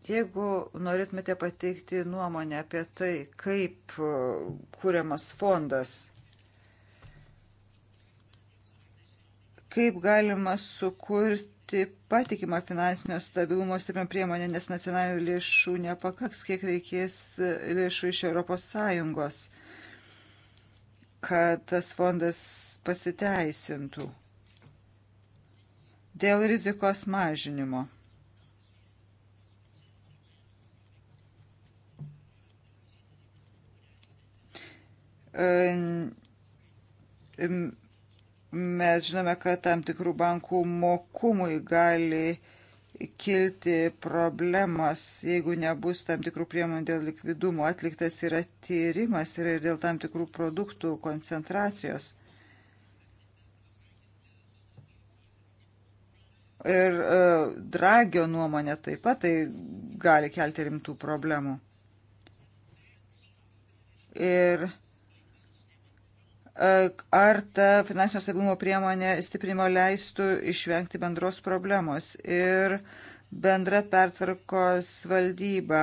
Jeigu norėtumėte pateikti nuomonę apie tai, kaip e, kūriamas fondas, kaip galima sukurti patikimą finansinio stabilumo stiprinimo priemonę, nes nacionalinių lėšų nepakaks, kiek reikės e, lėšų iš ES, kad tas fondas pasiteisintų dėl rizikos mažinimo. Mes žinome, kad tam tikrų bankų mokumui gali kilti problemas, jeigu nebus tam tikrų priemonių dėl likvidumo. Atliktas yra tyrimas yra ir dėl tam tikrų produktų koncentracijos. Ir e, Dragio nuomonė taip pat tai gali kelti rimtų problemų. Ir e, ar ta finansinio stabilumo priemonė stiprinimo leistų išvengti bendros problemos ir bendra pertvarkos valdyba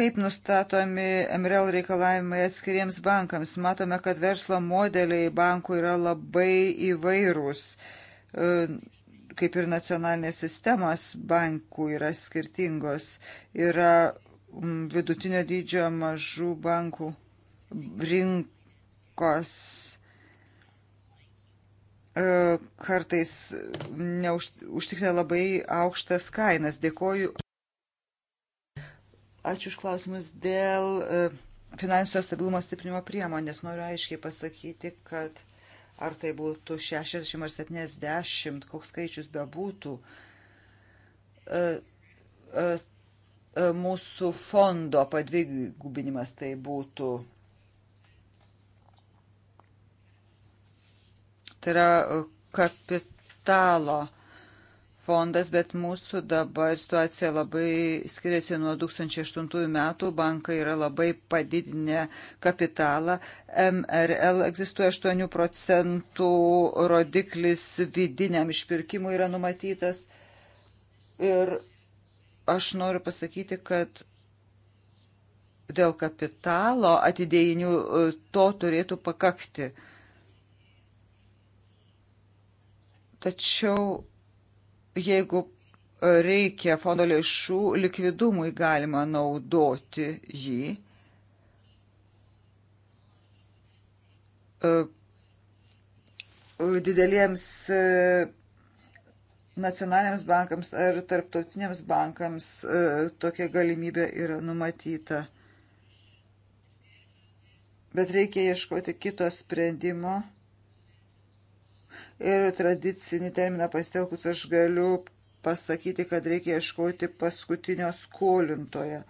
kaip nustatomi MRL reikalavimai atskiriems bankams. Matome, kad verslo modeliai bankų yra labai įvairūs, e, kaip ir nacionalinės sistemos bankų yra skirtingos. Yra vidutinio dydžio mažų bankų rinkos e, kartais neužtikrina labai aukštas kainas. Dėkoju. Ačiū už klausimus dėl e, finansinio stabilumo stiprinimo priemonės. Noriu aiškiai pasakyti, kad ar tai būtų 60 ar 70, koks skaičius bebūtų, e, mūsų fondo padvigubinimas tai būtų tai yra e, kapitalo fondas, bet mūsų dabar situacija labai skiriasi nuo 2008 metų. Bankai yra labai padidinę kapitalą. MRL egzistuoja 8 procentų rodiklis vidiniam išpirkimui yra numatytas. Ir aš noriu pasakyti, kad dėl kapitalo atidėjinių e, to turėtų pakakti. Tačiau jeigu reikia fondo lėšų, likvidumui galima naudoti jį. E, dideliems e, nacionaliniams bankams ar tarptautiniams bankams e, tokia galimybė yra numatyta. Bet reikia ieškoti kito sprendimo ir tradicinį terminą pasitelkus aš galiu pasakyti, kad reikia ieškoti paskutinio skolintojo.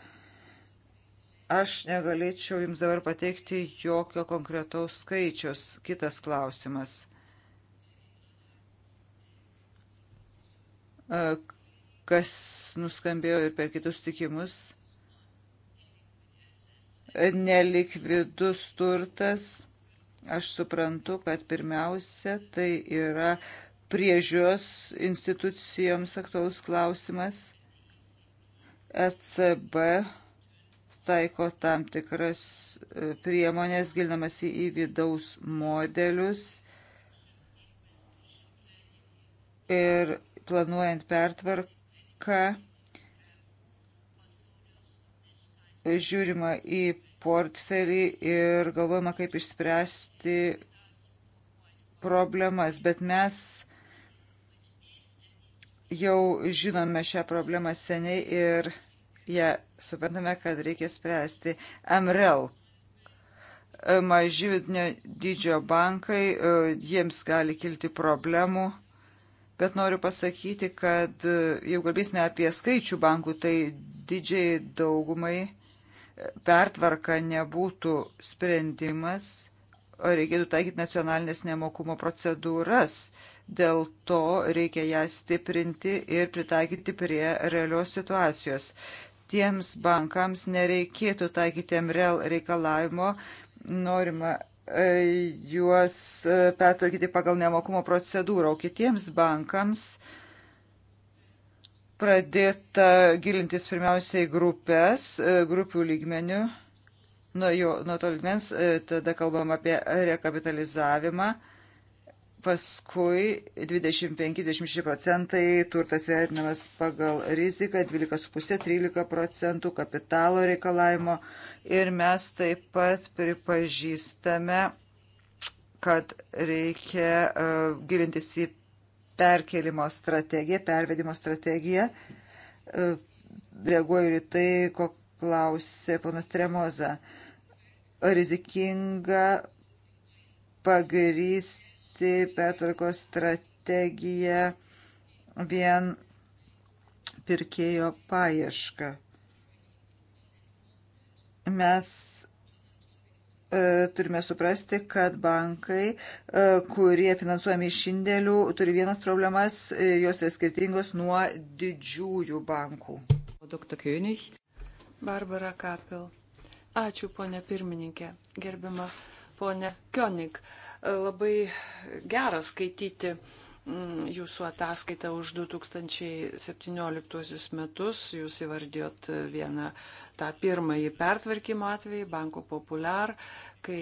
Aš negalėčiau jums dabar pateikti jokio konkretaus skaičius. Kitas klausimas. Kas nuskambėjo ir per kitus tikimus? Nelikvidus turtas Aš suprantu, kad pirmiausia tai yra priežios institucijoms aktualus klausimas. ECB taiko tam tikras e, priemonės, gilinamasi į vidaus modelius ir planuojant pertvarką žiūrima į portfelį ir galvojama, kaip išspręsti problemas, bet mes jau žinome šią problemą seniai ir ją ja, suprantame, kad reikia spręsti. MREL maži vidinio dydžio bankai, e, jiems gali kilti problemų. Bet noriu pasakyti, kad e, jau kalbėsime apie skaičių bankų, tai didžiai daugumai pertvarka nebūtų sprendimas, o reikėtų taikyti nacionalinės nemokumo procedūras. Dėl to reikia ją stiprinti ir pritaikyti prie realios situacijos. Tiems bankams nereikėtų taikyti MREL reikalavimo, norima e, juos e, pertvarkyti pagal nemokumo procedūrą, o kitiems bankams pradėta gilintis pirmiausiai grupės, e, grupių lygmenių, nuo, jo, nuo to lygmens, e, tada kalbam apie rekapitalizavimą, paskui 25-26 procentai turtas vertinamas pagal riziką, 12,5-13 procentų kapitalo reikalavimo ir mes taip pat pripažįstame, kad reikia uh, gilintis į perkelimo strategija, pervedimo strategija. E, reaguoju ir tai, ko klausė ponas Tremoza. Rizikinga pagrysti pertvarkos strategiją vien pirkėjo paiešką. Mes E, turime suprasti, kad bankai, e, kurie finansuojami iš indėlių, turi vienas problemas, e, jos yra skirtingos nuo didžiųjų bankų. Dr. König. Barbara Kapil. Ačiū, ponė pirmininkė. Gerbima ponė König. Labai gera skaityti uh, Mm, jūsų ataskaitą už 2017 metus. Jūs įvardijot vieną tą pirmąjį pertvarkymo atvejį, Banko Populiar, kai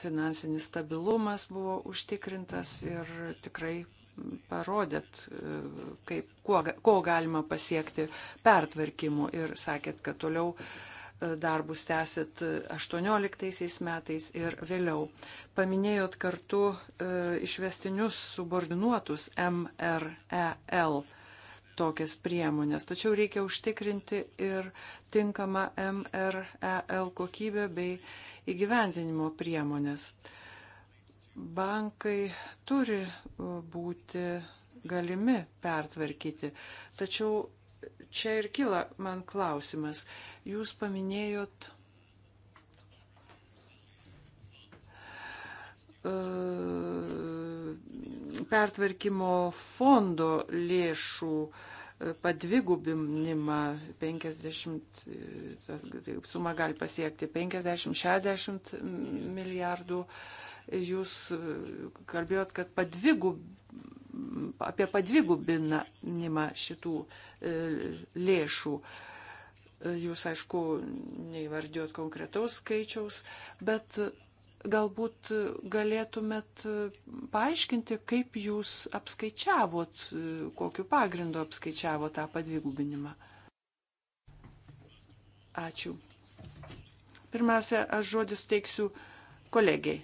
finansinis stabilumas buvo užtikrintas ir tikrai parodėt, kaip, kuo, ko galima pasiekti pertvarkymu ir sakėt, kad toliau uh, darbus tęsit 18 metais ir vėliau. Paminėjot kartu e, išvestinius subordinuotus MREL tokias priemonės, tačiau reikia užtikrinti ir tinkamą MREL kokybę bei įgyvendinimo priemonės. Bankai turi e, būti galimi pertvarkyti, tačiau čia ir kyla man klausimas. Jūs paminėjot e, pertvarkymo fondo lėšų e, padvigubinimą 50, e, tai suma gali pasiekti 50-60 milijardų. Jūs kalbėjot, kad padvigub, apie padvigubinimą šitų e, lėšų. E, jūs, aišku, neįvardėjot konkretaus skaičiaus, bet galbūt galėtumėt paaiškinti, kaip jūs apskaičiavot, e, kokiu pagrindu apskaičiavot tą padvigubinimą. Ačiū. Pirmiausia, aš žodį suteiksiu kolegiai.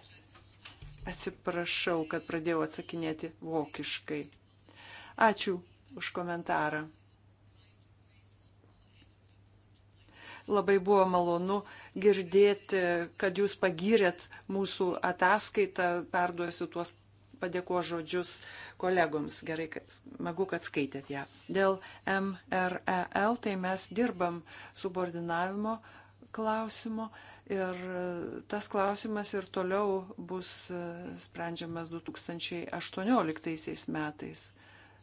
Atsiprašau, kad pradėjau atsakinėti vokiškai. Ačiū už komentarą. Labai buvo malonu girdėti, kad jūs pagirėt mūsų ataskaitą, perduosiu tuos padėko žodžius kolegoms. Gerai, kad, smagu, kad skaitėt ją. Dėl MREL, tai mes dirbam subordinavimo klausimo Ir e, tas klausimas ir toliau bus e, sprendžiamas 2018 metais.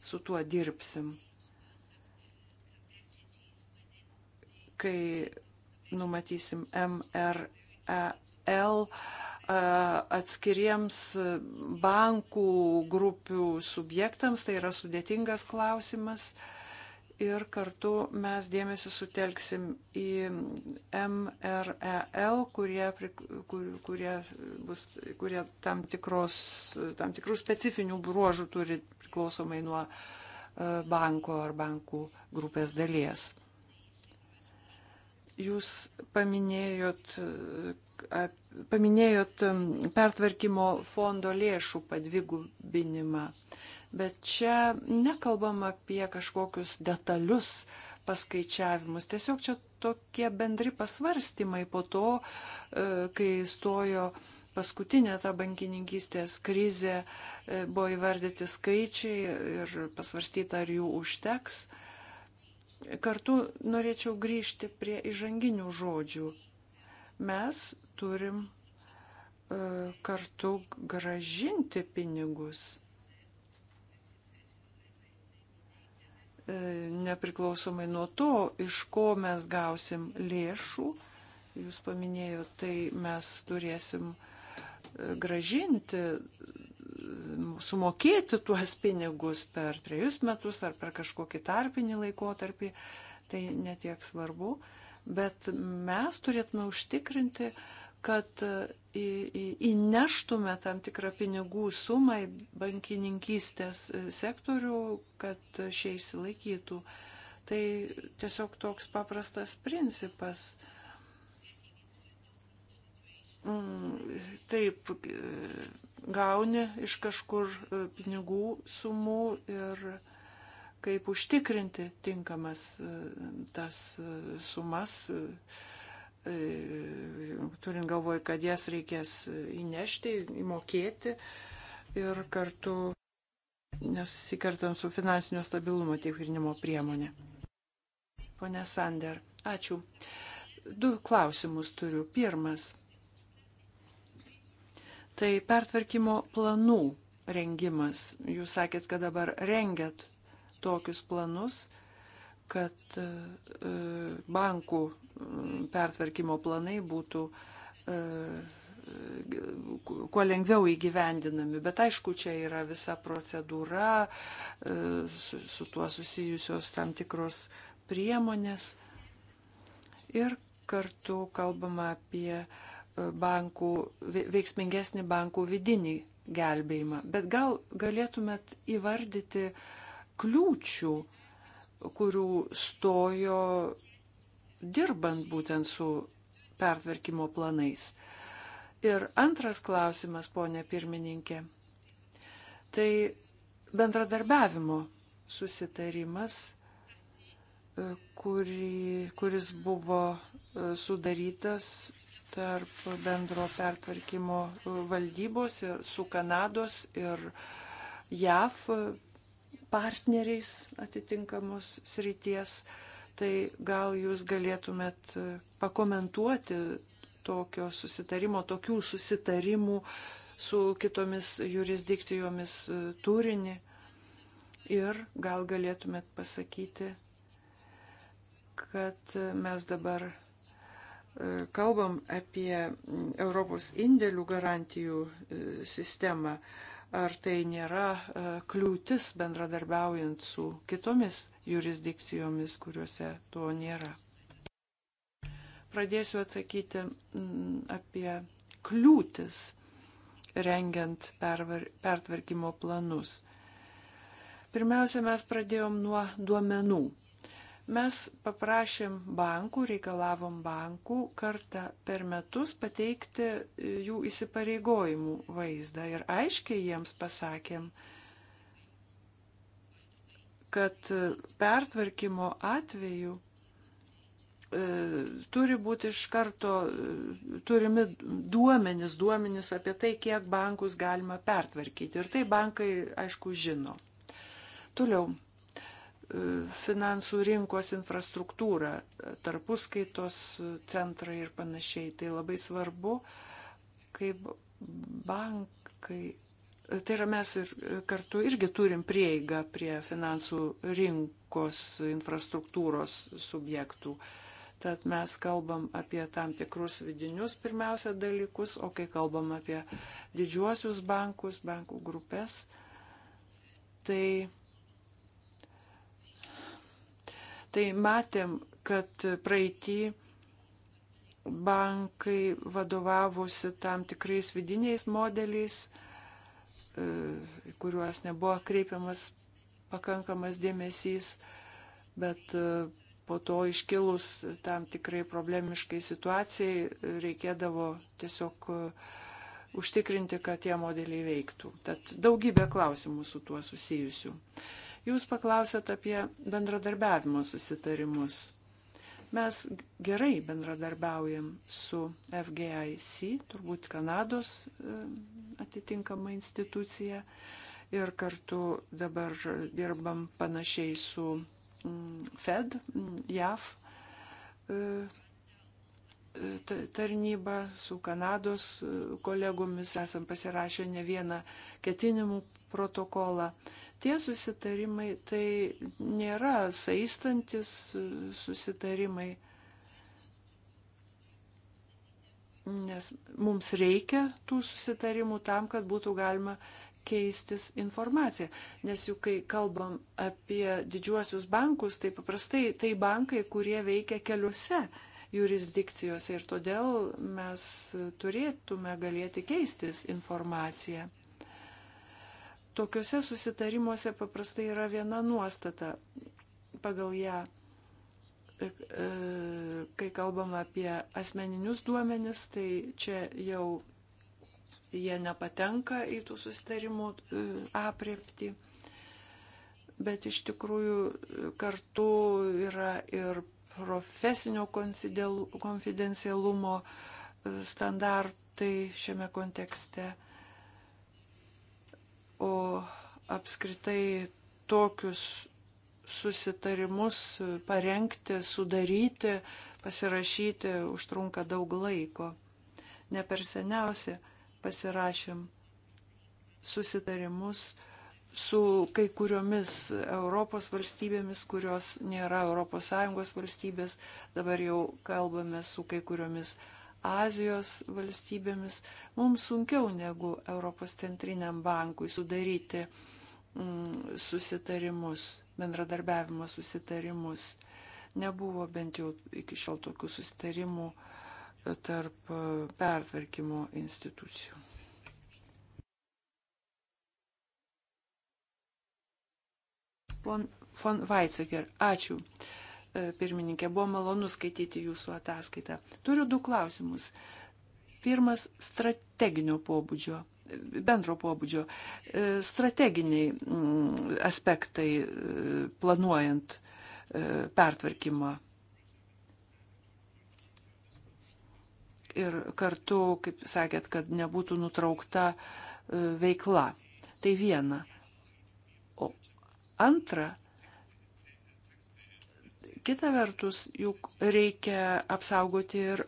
Su tuo dirbsim. Kai numatysim MREL e, atskiriems bankų grupių subjektams, tai yra sudėtingas klausimas ir kartu mes dėmesį sutelksim į MREL, kurie, kur, kurie, bus, kurie tam, tikros, tam tikrų specifinių bruožų turi priklausomai nuo e, banko ar bankų grupės dalies. Jūs paminėjot, e, paminėjot pertvarkymo fondo lėšų padvigubinimą. Bet čia nekalbam apie kažkokius detalius paskaičiavimus. Tiesiog čia tokie bendri pasvarstymai po to, e, kai stojo paskutinė ta bankininkystės krizė, e, buvo įvardyti skaičiai ir pasvarstyta, ar jų užteks. Kartu norėčiau grįžti prie įžanginių žodžių. Mes turim e, kartu gražinti pinigus E, nepriklausomai nuo to, iš ko mes gausim lėšų, jūs paminėjote, tai mes turėsim e, gražinti, sumokėti tuos pinigus per trejus metus ar per kažkokį tarpinį laikotarpį, tai netiek svarbu, bet mes turėtume užtikrinti, uh, kad e, įneštume tam tikrą pinigų sumą į bankininkystės e, sektorių, kad e, šie išsilaikytų. Tai tiesiog toks paprastas principas. Mm, taip, gauni iš kažkur pinigų sumų ir kaip užtikrinti tinkamas tas sumas, E, turint galvoj, kad jas reikės įnešti, įmokėti ir kartu nesusikertant su finansinio stabilumo tikrinimo priemonė. Pone Sander, ačiū. Du klausimus turiu. Pirmas. Tai pertvarkymo planų rengimas. Jūs sakėt, kad dabar rengiat tokius planus kad e, e, bankų pertvarkymo planai būtų e, kuo lengviau įgyvendinami. Bet aišku, čia yra visa procedūra, su, su tuo susijusios tam tikros priemonės. Ir kartu kalbama apie bankų, veiksmingesnį bankų vidinį gelbėjimą. Bet gal galėtumėt įvardyti kliūčių kurių stojo dirbant būtent su pertvarkymo planais. Ir antras klausimas, ponė pirmininkė, tai bendradarbiavimo susitarimas, e, kuri, kuris buvo e, sudarytas tarp bendro pertvarkymo e, valdybos ir su Kanados ir JAV partneriais atitinkamos srities, tai gal jūs galėtumėt e, pakomentuoti tokio susitarimo, tokių susitarimų su kitomis jurisdikcijomis e, turinį ir gal galėtumėt pasakyti, kad e, mes dabar kalbam apie Europos indėlių garantijų sistemą, ar tai nėra e, kliūtis bendradarbiaujant su kitomis jurisdikcijomis, kuriuose to nėra. Pradėsiu atsakyti apie kliūtis rengiant pervar, pertvarkymo planus. Pirmiausia, mes pradėjom nuo duomenų Mes paprašėm bankų, reikalavom bankų kartą per metus pateikti e, jų įsipareigojimų vaizdą ir aiškiai jiems pasakėm, kad e, pertvarkymo atveju e, turi būti iš karto turimi duomenys, duomenys apie tai, kiek bankus galima pertvarkyti. Ir tai bankai, aišku, žino. Toliau, finansų rinkos infrastruktūrą, tarpuskaitos centrai ir panašiai. Tai labai svarbu, kaip bankai. Tai yra mes ir kartu irgi turim prieigą prie finansų rinkos infrastruktūros subjektų. Tad mes kalbam apie tam tikrus vidinius pirmiausia dalykus, o kai kalbam apie didžiuosius bankus, bankų grupės, tai Tai matėm, kad praeitį bankai vadovavosi tam tikrais vidiniais modeliais, e, kuriuos nebuvo kreipiamas pakankamas dėmesys, bet e, po to iškilus tam tikrai problemiškai situacijai reikėdavo tiesiog e, užtikrinti, kad tie modeliai veiktų. Tad daugybė klausimų su tuo susijusių. Jūs paklausėt apie bendradarbiavimo susitarimus. Mes gerai bendradarbiaujam su FGIC, turbūt Kanados e, atitinkama institucija, ir kartu dabar dirbam panašiai su mm, Fed, mm, JAV tarnyba, su Kanados e, kolegomis esam pasirašę ne vieną ketinimų protokolą. Tie susitarimai tai nėra saistantis e, susitarimai, nes mums reikia tų susitarimų tam, kad būtų galima keistis informacija. Nes juk kai kalbam apie didžiuosius bankus, tai paprastai tai bankai, kurie veikia keliuose jurisdikcijose ir todėl mes turėtume galėti keistis informaciją. Tokiuose susitarimuose paprastai yra viena nuostata. Pagal ją, e, e, kai kalbam apie asmeninius duomenis, tai čia jau jie nepatenka į tų susitarimų e, apriepti. Bet iš tikrųjų kartu yra ir profesinio konfidencialumo standartai šiame kontekste. O apskritai tokius susitarimus parengti, sudaryti, pasirašyti užtrunka daug laiko. Ne per seniausiai pasirašėm susitarimus, su kai kuriomis Europos valstybėmis, kurios nėra ES valstybės, dabar jau kalbame su kai kuriomis Azijos valstybėmis, mums sunkiau negu Europos centriniam bankui sudaryti mm, susitarimus, bendradarbiavimo susitarimus. Nebuvo bent jau iki šiol tokių susitarimų e, tarp e, pertvarkymo institucijų. Pon von Weizsäcker, ačiū. E, pirmininkė, buvo malonu skaityti jūsų ataskaitą. Turiu du klausimus. Pirmas - strateginio pobūdžio bendro pobūdžio e, strateginiai mm, aspektai e, planuojant pertvarkymą. Ir kartu, kaip sakėt, kad nebūtų nutraukta veikla. Tai viena. Antra, kita vertus, juk reikia apsaugoti ir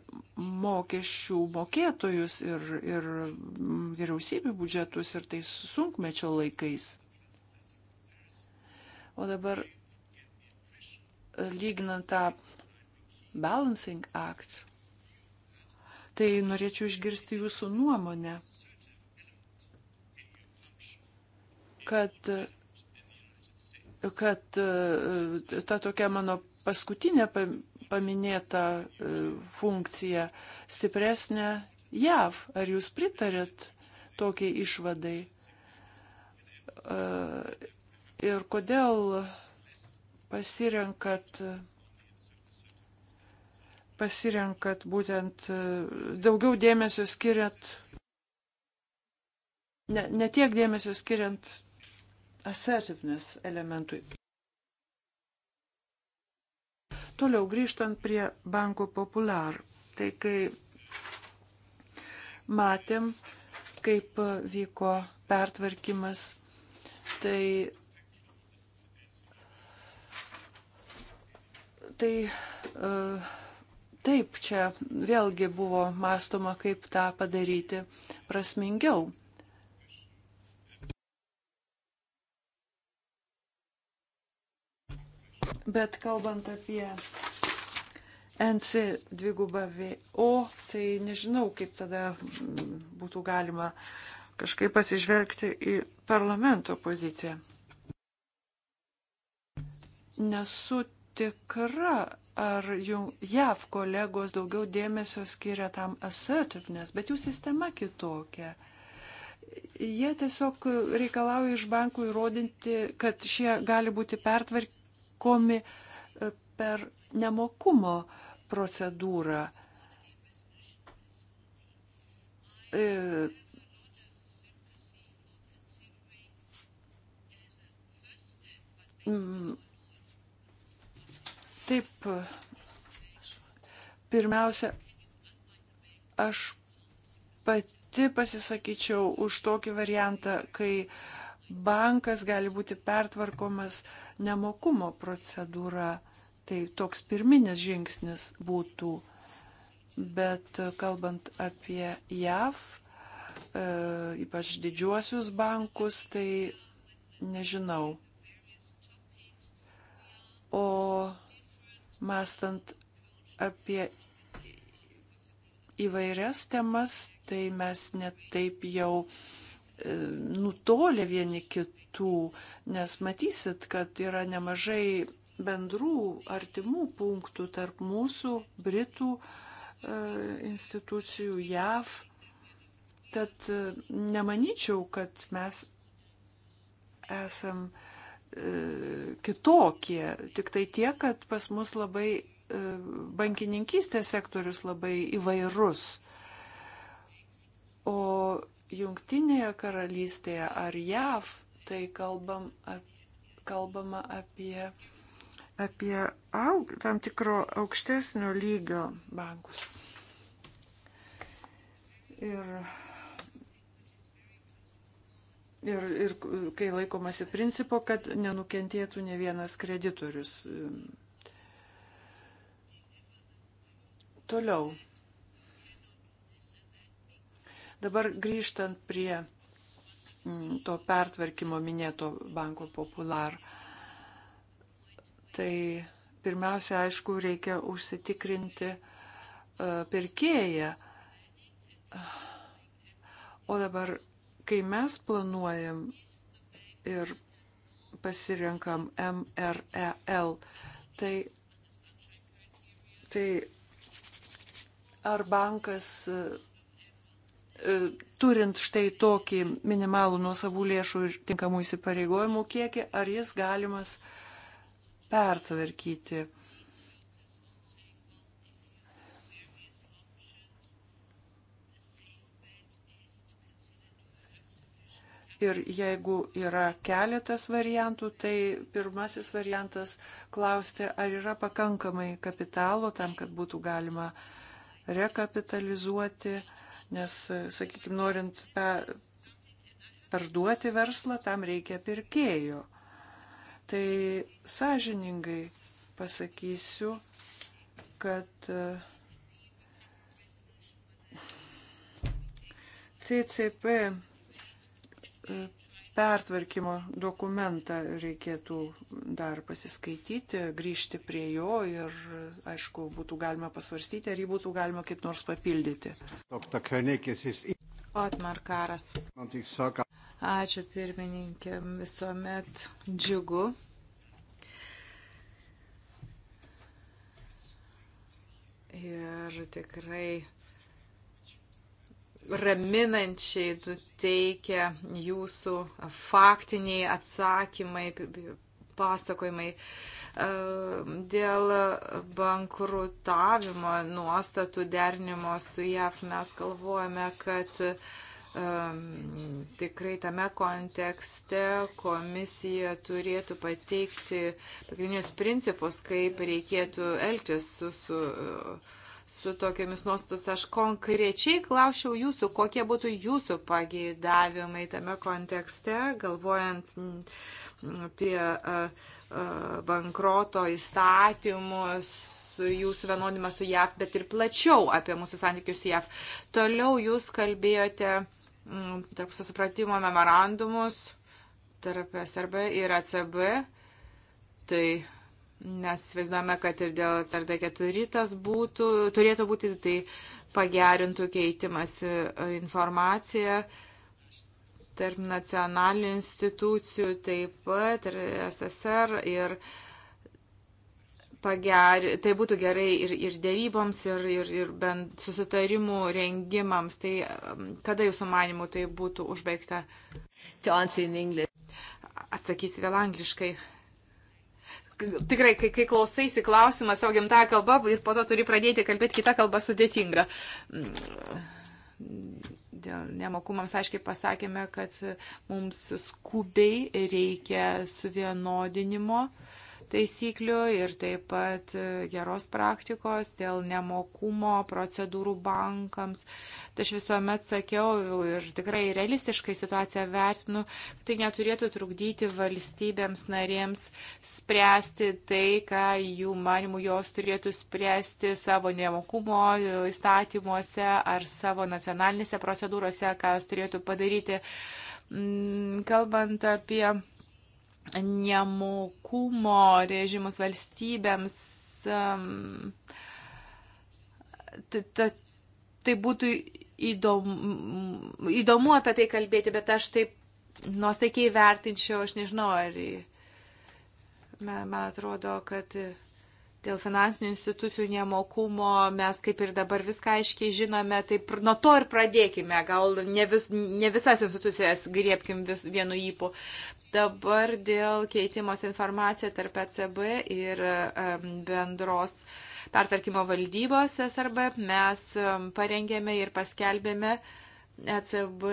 mokesčių mokėtojus, ir, ir mm, vyriausybių biudžetus, ir tais sunkmečio laikais. O dabar, lyginant tą Balancing Act, tai norėčiau išgirsti jūsų nuomonę, kad kad e, ta tokia mano paskutinė paminėta e, funkcija stipresnė JAV. Ar jūs pritarėt tokiai išvadai? E, ir kodėl pasirenkat, pasirenkat būtent daugiau dėmesio skiriat, ne, ne tiek dėmesio skiriant assertiveness elementui. Toliau grįžtant prie Banko Popular, tai kai matėm, kaip vyko pertvarkymas, tai, tai uh, taip, čia vėlgi buvo mastoma, kaip tą padaryti prasmingiau. Bet kalbant apie NC dvigubą VO, tai nežinau, kaip tada mm, būtų galima kažkaip pasižvelgti į parlamento poziciją. Nesu tikra, ar jau JAV kolegos daugiau dėmesio skiria tam assertiveness, bet jų sistema kitokia. Jie tiesiog reikalauja iš bankų įrodinti, kad šie gali būti pertvark, taikomi e, per nemokumo procedūrą. E, taip, pirmiausia, aš pati pasisakyčiau už tokį variantą, kai bankas gali būti pertvarkomas uh, nemokumo procedūra. Tai toks pirminis žingsnis būtų. Bet kalbant apie JAV, e, ypač didžiuosius bankus, tai nežinau. O mastant apie įvairias temas, tai mes net taip jau e, nutolę vieni kitų kitų, nes matysit, kad yra nemažai bendrų artimų punktų tarp mūsų, Britų e, institucijų, JAV. Tad e, nemanyčiau, kad mes esam e, kitokie, tik tai tie, kad pas mus labai bankininkystės sektorius labai įvairus. O jungtinėje karalystėje ar JAV tai kalbam, ap, kalbama apie, apie aug, tam tikro aukštesnio lygio bankus. Ir, ir, ir kai laikomasi principo, kad nenukentėtų ne vienas kreditorius. Toliau. Dabar grįžtant prie to pertvarkymo minėto banko popular. Tai pirmiausia, aišku, reikia užsitikrinti e, pirkėją. O dabar, kai mes planuojam ir pasirenkam MREL, tai, tai ar bankas E, turint štai tokį minimalų nuosavų lėšų ir tinkamų įsipareigojimų kiekį, ar jis galimas pertvarkyti. Ir jeigu yra keletas variantų, tai pirmasis variantas klausti, ar yra pakankamai kapitalo tam, kad būtų galima rekapitalizuoti uh, Nes, sakykime, norint pe, parduoti verslą, tam reikia pirkėjo. Tai sąžiningai pasakysiu, kad e, CCP e, pertvarkymo dokumentą reikėtų dar pasiskaityti, grįžti prie jo ir, aišku, būtų galima pasvarstyti, ar jį būtų galima kaip nors papildyti. Otmar Karas. Ačiū pirmininkė, visuomet džiugu. Ir tikrai raminančiai nuteikia jūsų faktiniai atsakymai, pasakojimai. E, dėl bankrutavimo nuostatų derinimo su JAF mes galvojame, kad tikrai tame kontekste komisija turėtų pateikti pagrindinius principus, kaip reikėtų elgtis su, su su tokiamis nuostatas. Aš konkrečiai klausiau jūsų, kokie būtų jūsų pageidavimai tame kontekste, galvojant mm, apie bankroto įstatymus, jūsų vienodimą su JAV, bet ir plačiau apie mūsų santykius su JAV. Toliau jūs kalbėjote mm, tarp susipratimo memorandumus tarp SRB ir ACB. Tai Mes vaizduojame, kad ir dėl CRD4 tas būtų, turėtų būti, tai pagerintų keitimas e, informaciją tarp nacionalinių institucijų taip pat ir SSR ir pager, tai būtų gerai ir, ir dėryboms, ir, ir, ir bent susitarimų rengimams. Tai kada jūsų manimų tai būtų užbaigta? Atsakysiu vėl angliškai tikrai, kai, kai klausaisi klausimą savo gimtąją kalbą ir po to turi pradėti kalbėti kitą kalbą sudėtinga. Mm. Dėl nemokumams aiškiai pasakėme, kad mums skubiai reikia suvienodinimo. Uh, taisyklių ir taip pat e, geros praktikos dėl nemokumo procedūrų bankams. Tai aš visuomet sakiau ir tikrai realistiškai situaciją vertinu, tai neturėtų trukdyti valstybėms narėms spręsti tai, ką jų manimų jos turėtų spręsti savo nemokumo įstatymuose ar savo nacionalinėse procedūrose, ką jos turėtų padaryti. Mm, kalbant apie nemokumo režimus valstybėms. Ta, um, ta, tai būtų įdomu, įdomu apie tai kalbėti, bet aš taip nuosaikiai vertinčiau, aš nežinau, ar man, man atrodo, kad dėl finansinių institucijų nemokumo mes kaip ir dabar viską aiškiai žinome, tai nuo to ir pradėkime, gal ne, vis, ne visas institucijas griebkim vis, vienu įpu, Dabar dėl keitimos informacija tarp ECB ir bendros pertvarkymo valdybos SRB e mes parengėme ir paskelbėme ECB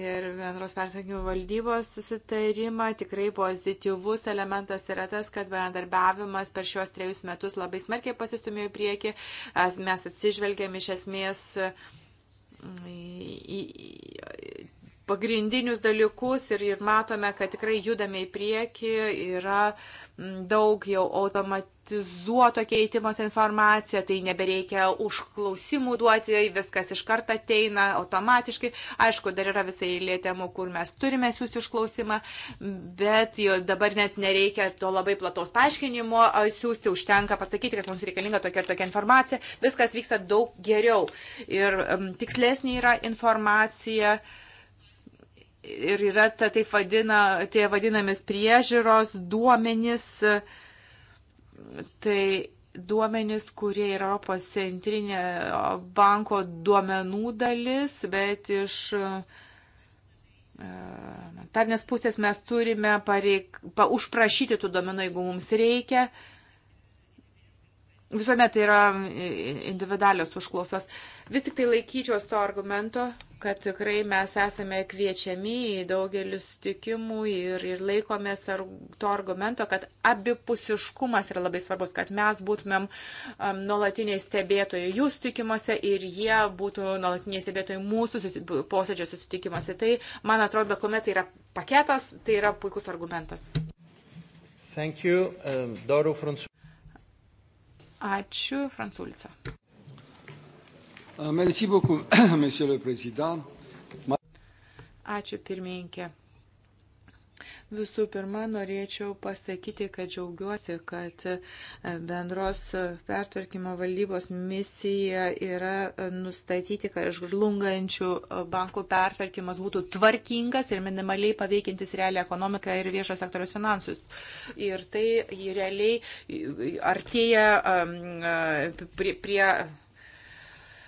ir bendros pertvarkymo valdybos susitarimą. Tikrai pozityvus elementas yra tas, kad bendarbiavimas per šios trejus metus labai smarkiai pasistumėjo į priekį. Mes atsižvelgėm iš esmės mm, į, į, pagrindinius dalykus ir, ir matome, kad tikrai judame į priekį, yra mm, daug jau automatizuoto keitimos informacija, tai nebereikia užklausimų duoti, viskas iš karto ateina automatiškai. Aišku, dar yra visai lėtėmų, kur mes turime siūsti užklausimą, bet jau dabar net nereikia to labai plataus paaiškinimo siūsti, užtenka pasakyti, kad mums reikalinga tokia ir tokia informacija, viskas vyksta daug geriau ir um, tikslesnė yra informacija. Uh, ir yra ta, taip vadina, tie vadinamis priežiūros duomenys, tai duomenys, kurie yra Europos centrinė banko duomenų dalis, bet iš e, tarnės pusės mes turime pareik, pa, užprašyti tų duomenų, jeigu mums reikia. Visuomet tai yra individualios užklausos. Uh, Vis tik tai laikyčiaus to argumento, kad tikrai mes esame kviečiami į daugelį sutikimų ir, ir laikomės ar, to argumento, kad abipusiškumas yra labai svarbus, kad mes būtumėm um, nuolatiniai stebėtojai jų sutikimuose ir jie būtų nuolatiniai stebėtojai mūsų susi, posėdžio susitikimuose. Tai, man atrodo, kuomet tai yra paketas, tai yra puikus argumentas. Thank you, um, Doru Francu. Ačiū, Fransulica. Euh, merci beaucoup, monsieur le président. Ačiū pirmininkė. Visų pirma, norėčiau pasakyti, kad džiaugiuosi, kad e, bendros pertvarkymo valdybos misija yra e, nustatyti, kad žlungančių e, bankų pertvarkymas būtų tvarkingas ir minimaliai paveikintis realią ekonomiką ir viešo sektoriaus finansus. Ir tai realiai artėja prie. prie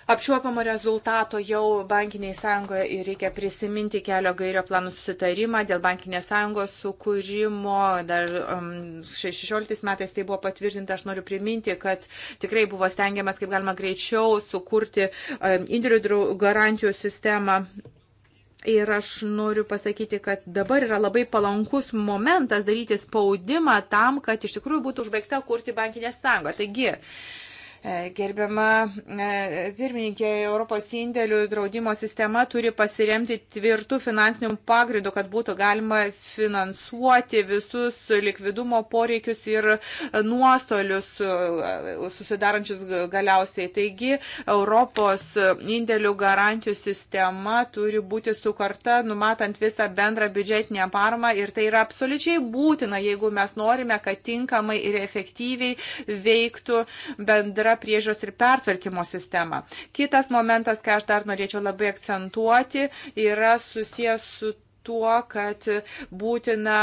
apčiuopamo rezultato jau bankiniai sąjungoje ir reikia prisiminti kelio gairio planų susitarimą dėl bankinės sąjungos sukūrimo. Dar 16 um, metais tai buvo patvirtinta. Aš noriu priminti, kad tikrai buvo stengiamas kaip galima greičiau sukurti um, indėlių garantijų sistemą. Ir aš noriu pasakyti, kad dabar yra labai palankus momentas daryti spaudimą tam, kad iš tikrųjų būtų užbaigta kurti bankinę sąjungą. Taigi, uh, E, gerbiama e, pirmininkė, Europos indėlių draudimo sistema turi pasiremti tvirtų finansinių pagrindų, kad būtų galima finansuoti visus likvidumo poreikius ir nuostolius e, susidarančius galiausiai. Taigi, Europos indėlių garantijų sistema turi būti sukarta, numatant visą bendrą biudžetinę paramą ir tai yra absoliučiai būtina, jeigu mes norime, kad tinkamai ir efektyviai veiktų bendra priežiūros ir pertvarkymo sistemą. Kitas momentas, ką aš dar norėčiau labai akcentuoti, yra susijęs su tuo, kad būtina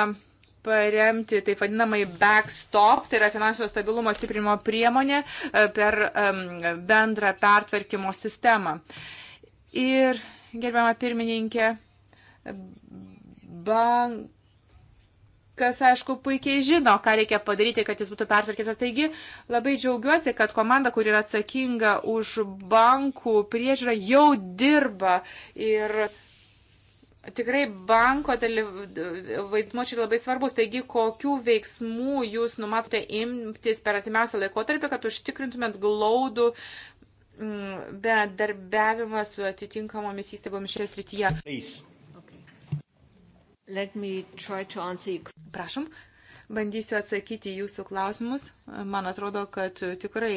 paremti taip vadinamai backstop, tai yra finansinio stabilumo stiprinimo priemonė e, per bendrą pertvarkymo sistemą. Ir, gerbiama pirmininkė, bank, kas, aišku, puikiai žino, ką reikia padaryti, kad jis būtų pertvarkytas. Taigi labai džiaugiuosi, kad komanda, kur yra atsakinga už bankų priežiūrą, jau dirba ir tikrai banko vaidmuo čia labai svarbus. Taigi, kokių veiksmų jūs numatote imtis per atimiausią laikotarpį, kad užtikrintumėt glaudų mm, bendarbiavimą su atitinkamomis įstaigomis šioje srityje? Please. Prašom, bandysiu atsakyti jūsų klausimus. Man atrodo, kad tikrai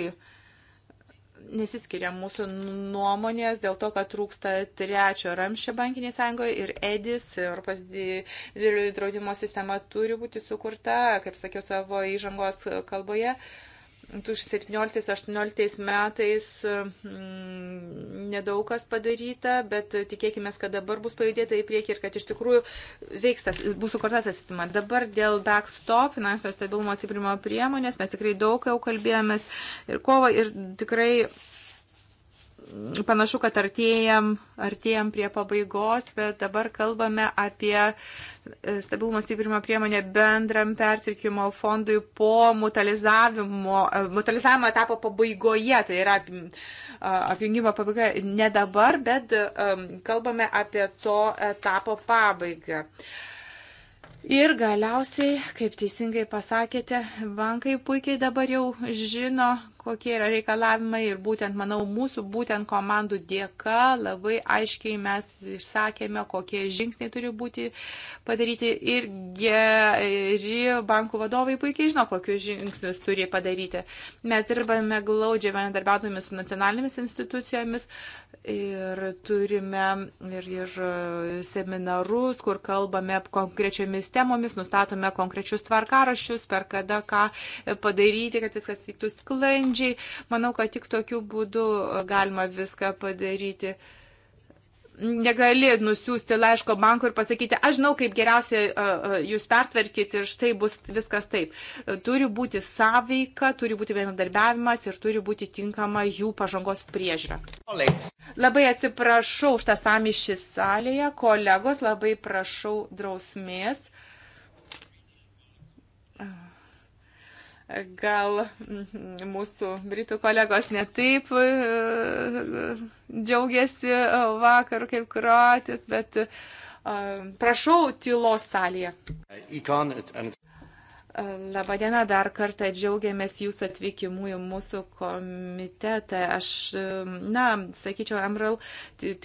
nesiskiria mūsų nuomonės dėl to, kad trūksta trečio ramščio bankinėje sąjungoje ir EDIS, Europos didelių draudimo sistema turi būti sukurta, kaip sakiau savo įžangos kalboje. Uh, 2017-2018 metais mm, nedaug kas padaryta, bet tikėkime, kad dabar bus pajudėta į priekį ir kad iš tikrųjų veiks tas, bus sukurtas sistema. Dabar dėl backstop, finansinio stabilumo stiprimo priemonės, mes tikrai daug jau kalbėjomės ir kovą ir tikrai panašu, kad artėjam, artėjam prie pabaigos, bet dabar kalbame apie e, stabilumo stiprinimo priemonę bendram pertvirkimo fondui po mutalizavimo, e, mutalizavimo etapo pabaigoje, tai yra apjungimo pabaigoje ne dabar, bet e, kalbame apie to etapo pabaigą. Ir galiausiai, kaip teisingai pasakėte, bankai puikiai dabar jau žino, kokie yra reikalavimai ir būtent, manau, mūsų būtent komandų dėka labai aiškiai mes išsakėme, kokie žingsniai turi būti padaryti ir geri bankų vadovai puikiai žino, kokius žingsnius turi padaryti. Mes dirbame glaudžiai bendarbiaudami su nacionalinėmis institucijomis ir turime ir, ir seminarus, kur kalbame konkrečiomis temomis, nustatome konkrečius tvarkarašius, per kada ką padaryti, kad viskas vyktų sklandžiai sklandžiai. Manau, kad tik tokiu būdu galima viską padaryti. Negali nusiųsti laiško banko ir pasakyti, aš žinau, kaip geriausiai uh, jūs pertvarkyti ir štai bus viskas taip. Turi būti sąveika, turi būti bendradarbiavimas ir turi būti tinkama jų pažangos priežiūra. Labai atsiprašau už tą samišį salėje, kolegos, labai prašau drausmės Gal mhm, mūsų britų kolegos netaip e, džiaugiasi e, vakar kaip kruatis, bet e, prašau tylos salėje. Labadiena, dar kartą džiaugiamės jūsų atvykimu į mūsų komitetą. Aš, na, sakyčiau, Emerald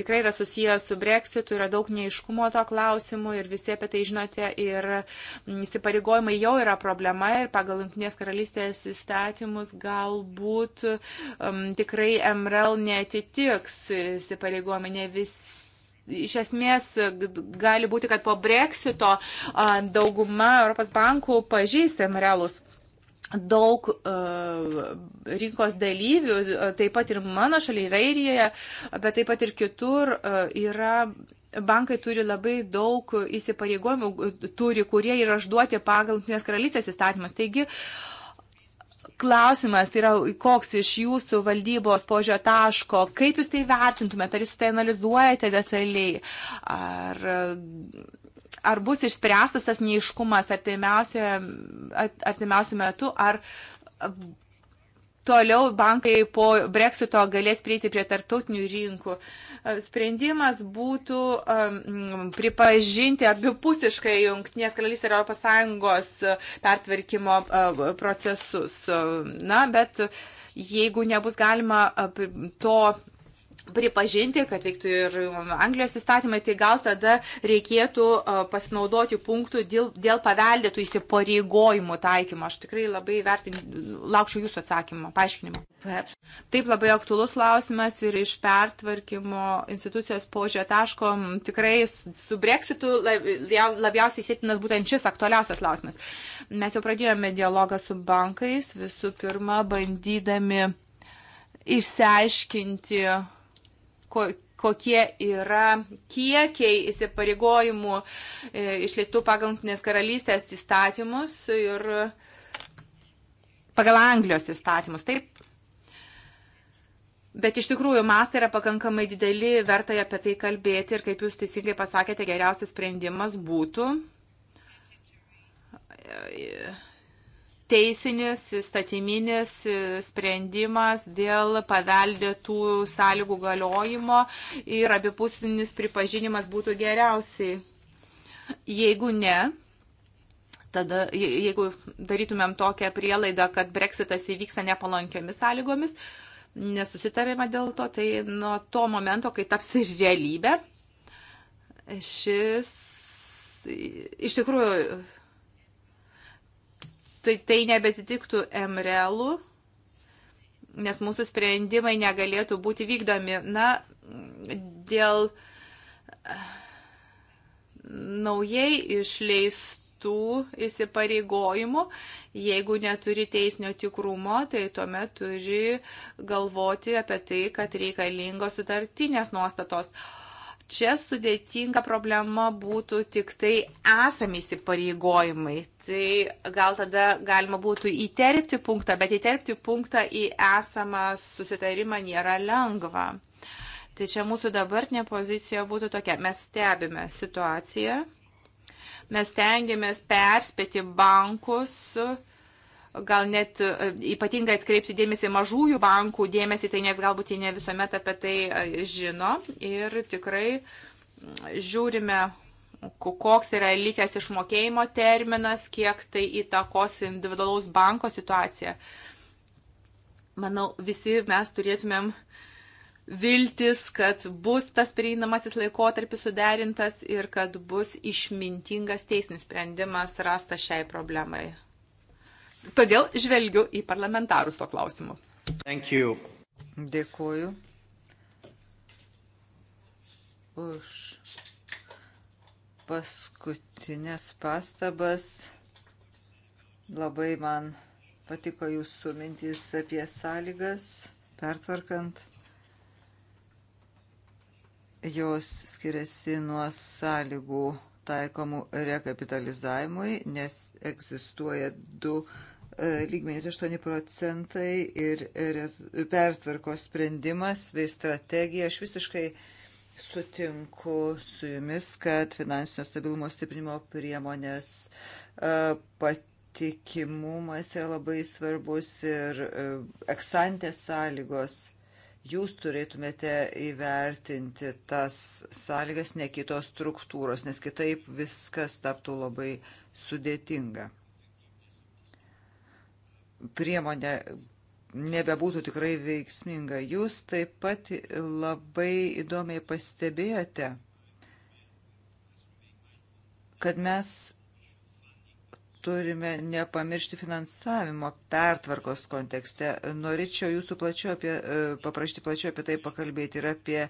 tikrai yra susijęs su breksitu, yra daug neiškumo to klausimu ir visi apie tai žinote ir mm, įsipareigojimai jau yra problema ir pagal Junktinės karalystės įstatymus galbūt um, tikrai Emerald netitiks įsipareigojimai, ne visi iš esmės gali būti, kad po Brexito dauguma Europos bankų pažeis MRELus daug uh, rinkos dalyvių, taip pat ir mano šalyje, ir Airijoje, bet taip pat ir kitur uh, yra. Bankai turi labai daug įsipareigojimų, turi, kurie yra išduoti pagal Junktinės karalystės įstatymus. Taigi, uh, klausimas yra, koks iš jūsų valdybos požio taško, kaip jūs tai vertintumėte, ar jūs tai analizuojate detaliai, ar, ar bus išspręstas tas neiškumas artimiausiu metu, ar toliau bankai po breksito galės prieiti prie tarptautinių rinkų. E, sprendimas būtų um, pripažinti abipusiškai Junktinės karalystės ir Europos Sąjungos e, pertvarkymo uh, procesus. Na, bet jeigu nebus galima to pripažinti, kad veiktų ir Anglijos įstatymai, tai gal tada reikėtų pasinaudoti punktų dėl, dėl paveldėtų įsipareigojimų taikymą. Aš tikrai labai vertin, laukčiau jūsų atsakymą, paaiškinimą. Taip labai aktuolus klausimas ir iš pertvarkymo institucijos požiūrė taško tikrai su breksitu labiausiai sėtinas būtent šis aktualiausias klausimas. Mes jau pradėjome dialogą su bankais, visų pirma, bandydami išsiaiškinti ko, kokie yra kiekiai įsipareigojimų e, išleistų pagal Junktinės karalystės įstatymus ir pagal Anglijos įstatymus. Taip. Bet iš tikrųjų mastai yra pakankamai dideli, verta apie tai kalbėti ir kaip jūs teisingai pasakėte, geriausias sprendimas būtų e, teisinis, įstatyminis sprendimas dėl paveldėtų sąlygų galiojimo ir abipusinis pripažinimas būtų geriausiai. Jeigu ne, tada jeigu darytumėm tokią prielaidą, kad breksitas įvyksta nepalankiomis sąlygomis, nesusitarėme dėl to, tai nuo to momento, kai taps ir realybė, šis iš tikrųjų tai, tai nebetitiktų MRELų, nes mūsų sprendimai negalėtų būti vykdomi. Na, dėl eh, naujai išleistų įsipareigojimų, jeigu neturi teisinio tikrumo, tai tuomet turi galvoti apie tai, kad reikalingos sutartinės nuostatos. Uh, Čia sudėtinga problema būtų tik tai esami įsipareigojimai. Tai gal tada galima būtų įterpti punktą, bet įterpti punktą į esamą susitarimą nėra lengva. Tai čia mūsų dabartinė pozicija būtų tokia. Mes stebime situaciją, mes tengiamės perspėti bankus, su gal net e, ypatingai atkreipti dėmesį mažųjų bankų dėmesį, tai nes galbūt jie ne visuomet apie tai e, žino ir tikrai žiūrime, koks yra likęs išmokėjimo terminas, kiek tai įtakos individualaus banko situaciją. Manau, visi mes turėtumėm viltis, kad bus tas prieinamasis laikotarpis suderintas ir kad bus išmintingas teisinis sprendimas rastas šiai problemai. Todėl žvelgiu į parlamentarus to klausimu. Dėkuoju už paskutinės pastabas. Labai man patiko jūsų mintys apie sąlygas, pertvarkant jos skiriasi nuo sąlygų taikomų rekapitalizavimui, nes egzistuoja du E, lygmenys 8 procentai ir pertvarkos sprendimas bei strategija. Aš visiškai sutinku su jumis, kad finansinio stabilumo stiprinimo priemonės e, patikimumas yra labai svarbus ir e, eksantės sąlygos jūs turėtumėte įvertinti tas sąlygas, ne kitos struktūros, nes kitaip viskas taptų labai sudėtinga priemonė nebebūtų tikrai veiksminga. Jūs taip pat labai įdomiai pastebėjote, kad mes turime nepamiršti finansavimo pertvarkos kontekste. Norėčiau jūsų plačiau apie, e, paprašyti plačiau apie tai pakalbėti ir apie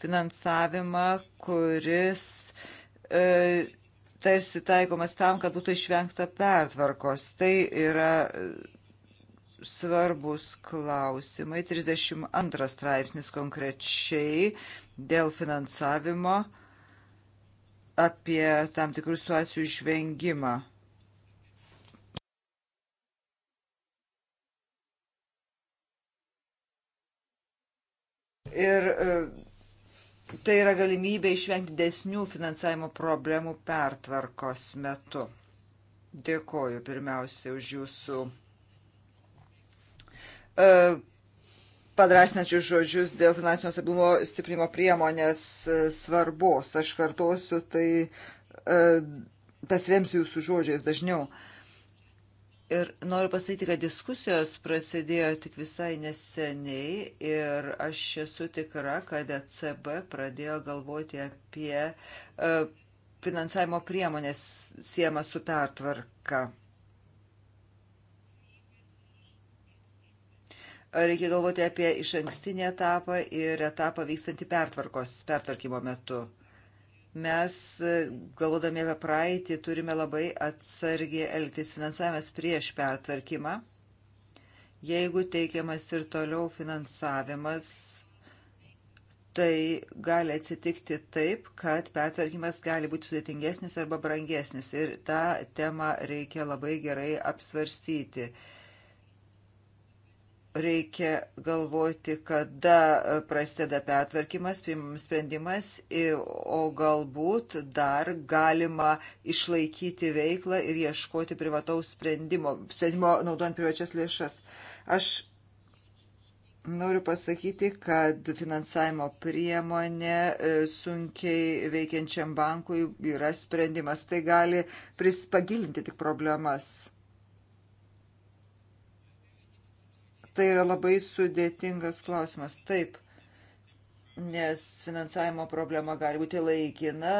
finansavimą, kuris e, tarsi taikomas tam, kad būtų išvengta pertvarkos. Tai yra svarbus klausimai. 32 straipsnis konkrečiai dėl finansavimo apie tam tikrų situacijų išvengimą. Ir e, tai yra galimybė išvengti desnių finansavimo problemų pertvarkos metu. Dėkoju pirmiausia už jūsų E, padrasinačius žodžius dėl finansinio stabilumo stiprimo priemonės e, svarbos. Aš kartosiu, tai e, pasiremsiu jūsų žodžiais dažniau. Ir noriu pasakyti, kad diskusijos prasidėjo tik visai neseniai ir aš esu tikra, kad ECB pradėjo galvoti apie finansavimo priemonės siemą su pertvarka. Reikia galvoti apie iš ankstinį etapą ir etapą vykstantį pertvarkos, pertvarkymo metu. Mes, e, galvodami apie praeitį, turime labai atsargiai elgtis finansavimas prieš pertvarkymą. Jeigu teikiamas ir toliau finansavimas tai gali atsitikti taip, kad pertvarkymas gali būti sudėtingesnis arba brangesnis. Ir tą temą reikia labai gerai apsvarstyti reikia galvoti, kada prasideda pertvarkymas, priimamas sprendimas, o galbūt dar galima išlaikyti veiklą ir ieškoti privataus sprendimo, sprendimo naudojant privačias lėšas. Aš noriu pasakyti, kad finansavimo priemonė e, sunkiai veikiančiam bankui yra sprendimas. Tai gali prispagilinti tik problemas tai yra labai sudėtingas klausimas. Taip, nes finansavimo problema gali būti laikina,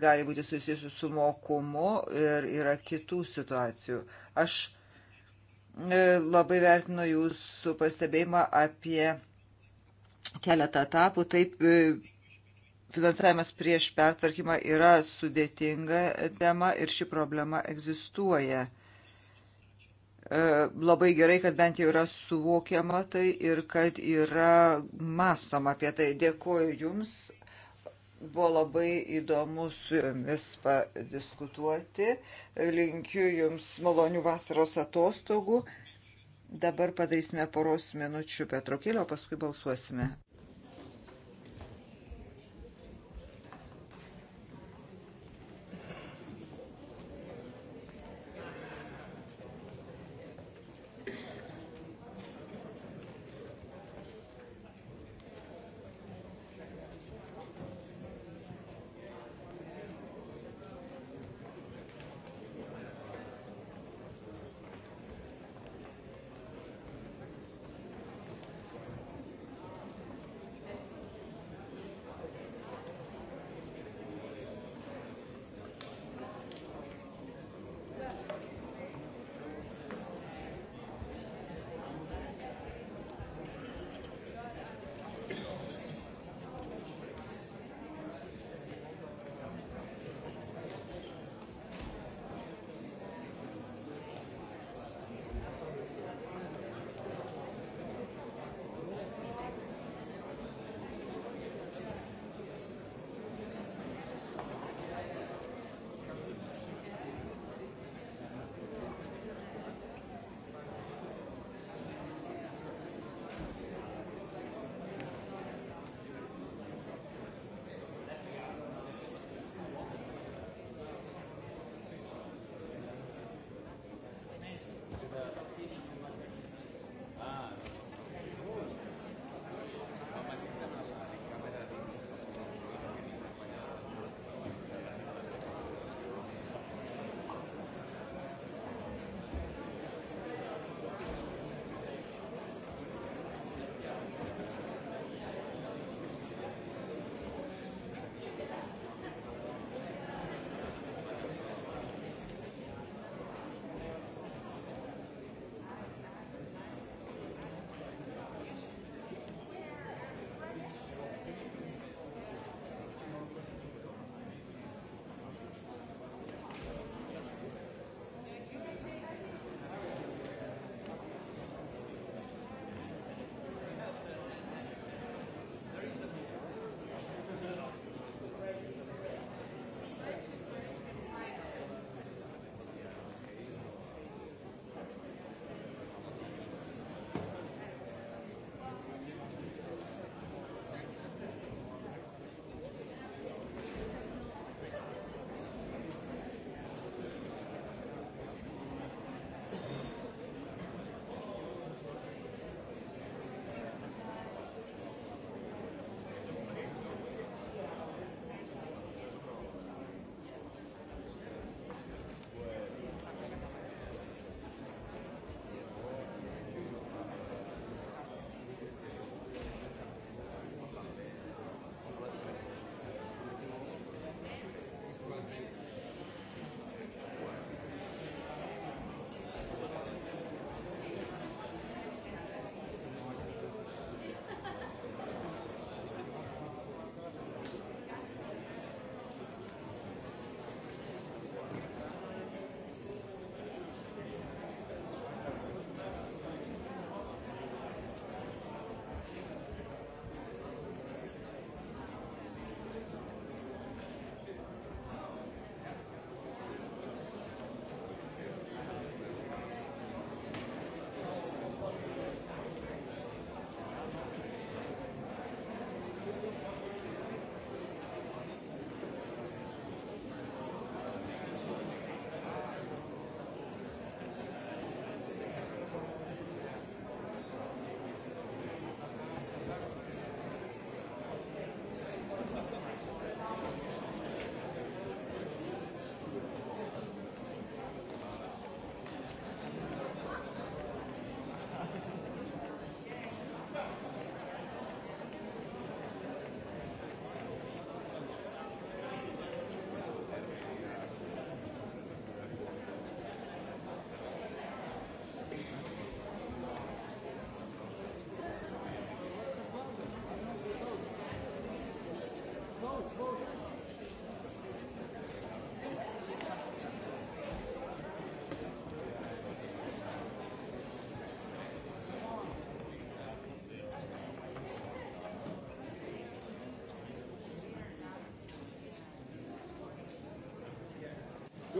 gali būti susijusi su mokumu ir yra kitų situacijų. Aš e, labai vertinu jūsų pastebėjimą apie keletą etapų. Taip, e, finansavimas prieš pertvarkymą yra sudėtinga tema ir ši problema egzistuoja. E, labai gerai, kad bent jau yra suvokiama tai ir kad yra mąstoma apie tai. Dėkuoju Jums. Buvo labai įdomu su Jumis padiskutuoti. Linkiu Jums malonių vasaros atostogų. Dabar padarysime poros minučių petrokėlio, paskui balsuosime.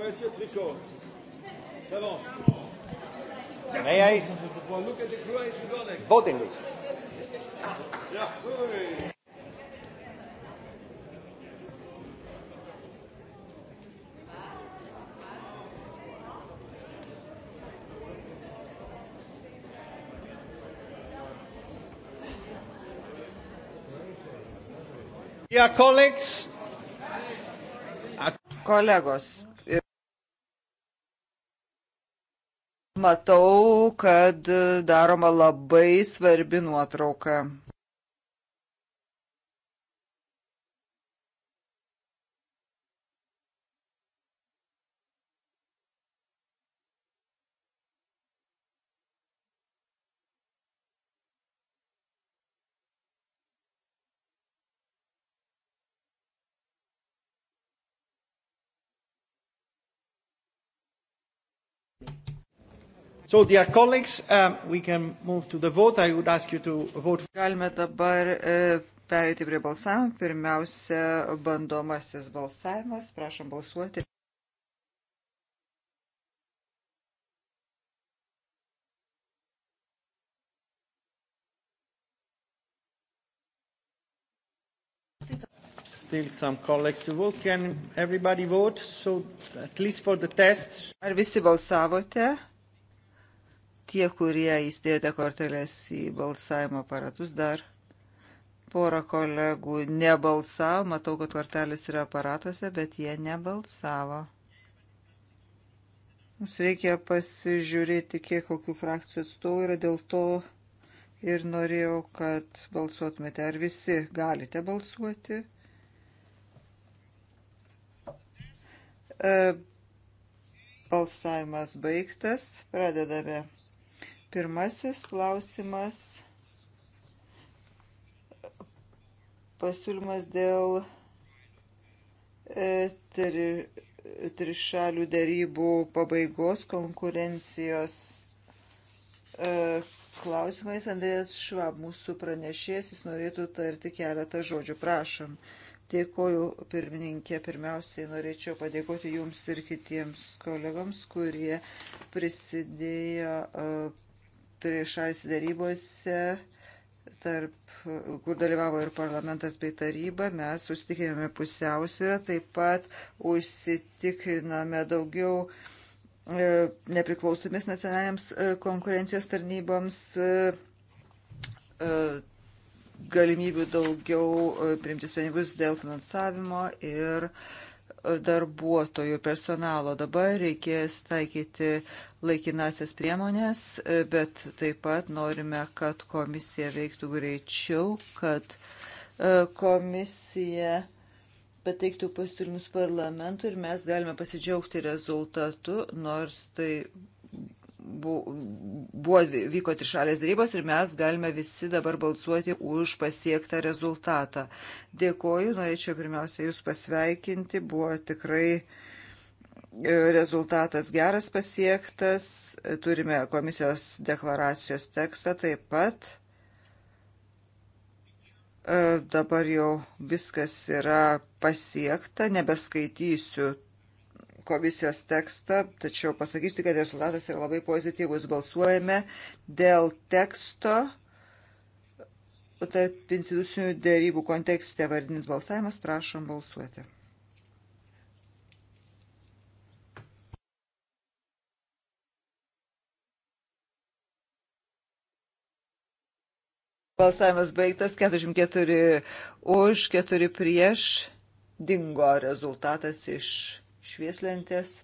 May I? Look at the Croatian voting list. Yeah. Kolegos, matau, kad daroma labai svarbi nuotrauka. So, dear colleagues, um, we can move to the vote. I would ask you to vote. Galime dabar e, pereiti prie balsavimo. Pirmiausia, bandomasis balsavimas. Prašom balsuoti. still some colleagues to vote. Can everybody vote? So at least for the tests. Ar visi balsavote? tie, kurie įstėjote kortelės į balsavimo aparatus dar. Porą kolegų nebalsavo, matau, kad kortelės yra aparatuose, bet jie nebalsavo. Mums reikia pasižiūrėti, kiek kokių frakcijų atstovų yra, dėl to ir norėjau, kad balsuotumėte. Ar visi galite balsuoti? E, balsavimas baigtas. Pradedame. Pirmasis klausimas pasiūlymas dėl e, tri, trišalių darybų pabaigos konkurencijos e, klausimais. Andrės Švab, mūsų pranešėjas, jis norėtų tarti keletą žodžių. Prašom. Dėkoju pirmininkė. Pirmiausiai norėčiau padėkoti jums ir kitiems kolegams, kurie prisidėjo e, trišalės darybose, tarp, kur dalyvavo ir parlamentas bei taryba, mes užsitikrinome pusiausvyrą, taip pat užsitikrinome daugiau e, nepriklausomis nacionaliniams e, konkurencijos tarnyboms e, galimybių daugiau priimti sprendimus dėl finansavimo ir uh, darbuotojų personalo. Dabar reikės taikyti laikinasias priemonės, bet taip pat norime, kad komisija veiktų greičiau, kad e, komisija pateiktų pasiūlymus parlamentui ir mes galime pasidžiaugti rezultatu, nors tai buvo, vyko trišalės darybos ir mes galime visi dabar balsuoti už pasiektą rezultatą. Dėkoju, norėčiau pirmiausia Jūs pasveikinti, buvo tikrai e, rezultatas geras pasiektas, turime komisijos deklaracijos tekstą taip pat. E, dabar jau viskas yra pasiekta, nebeskaitysiu komisijos tekstą, tačiau pasakysiu, kad rezultatas yra labai pozityvus. Balsuojame dėl teksto tarp institucinių dėrybų kontekste vardinis balsavimas. Prašom balsuoti. Balsavimas baigtas 44 už, 4 prieš. Dingo rezultatas iš švieslentės.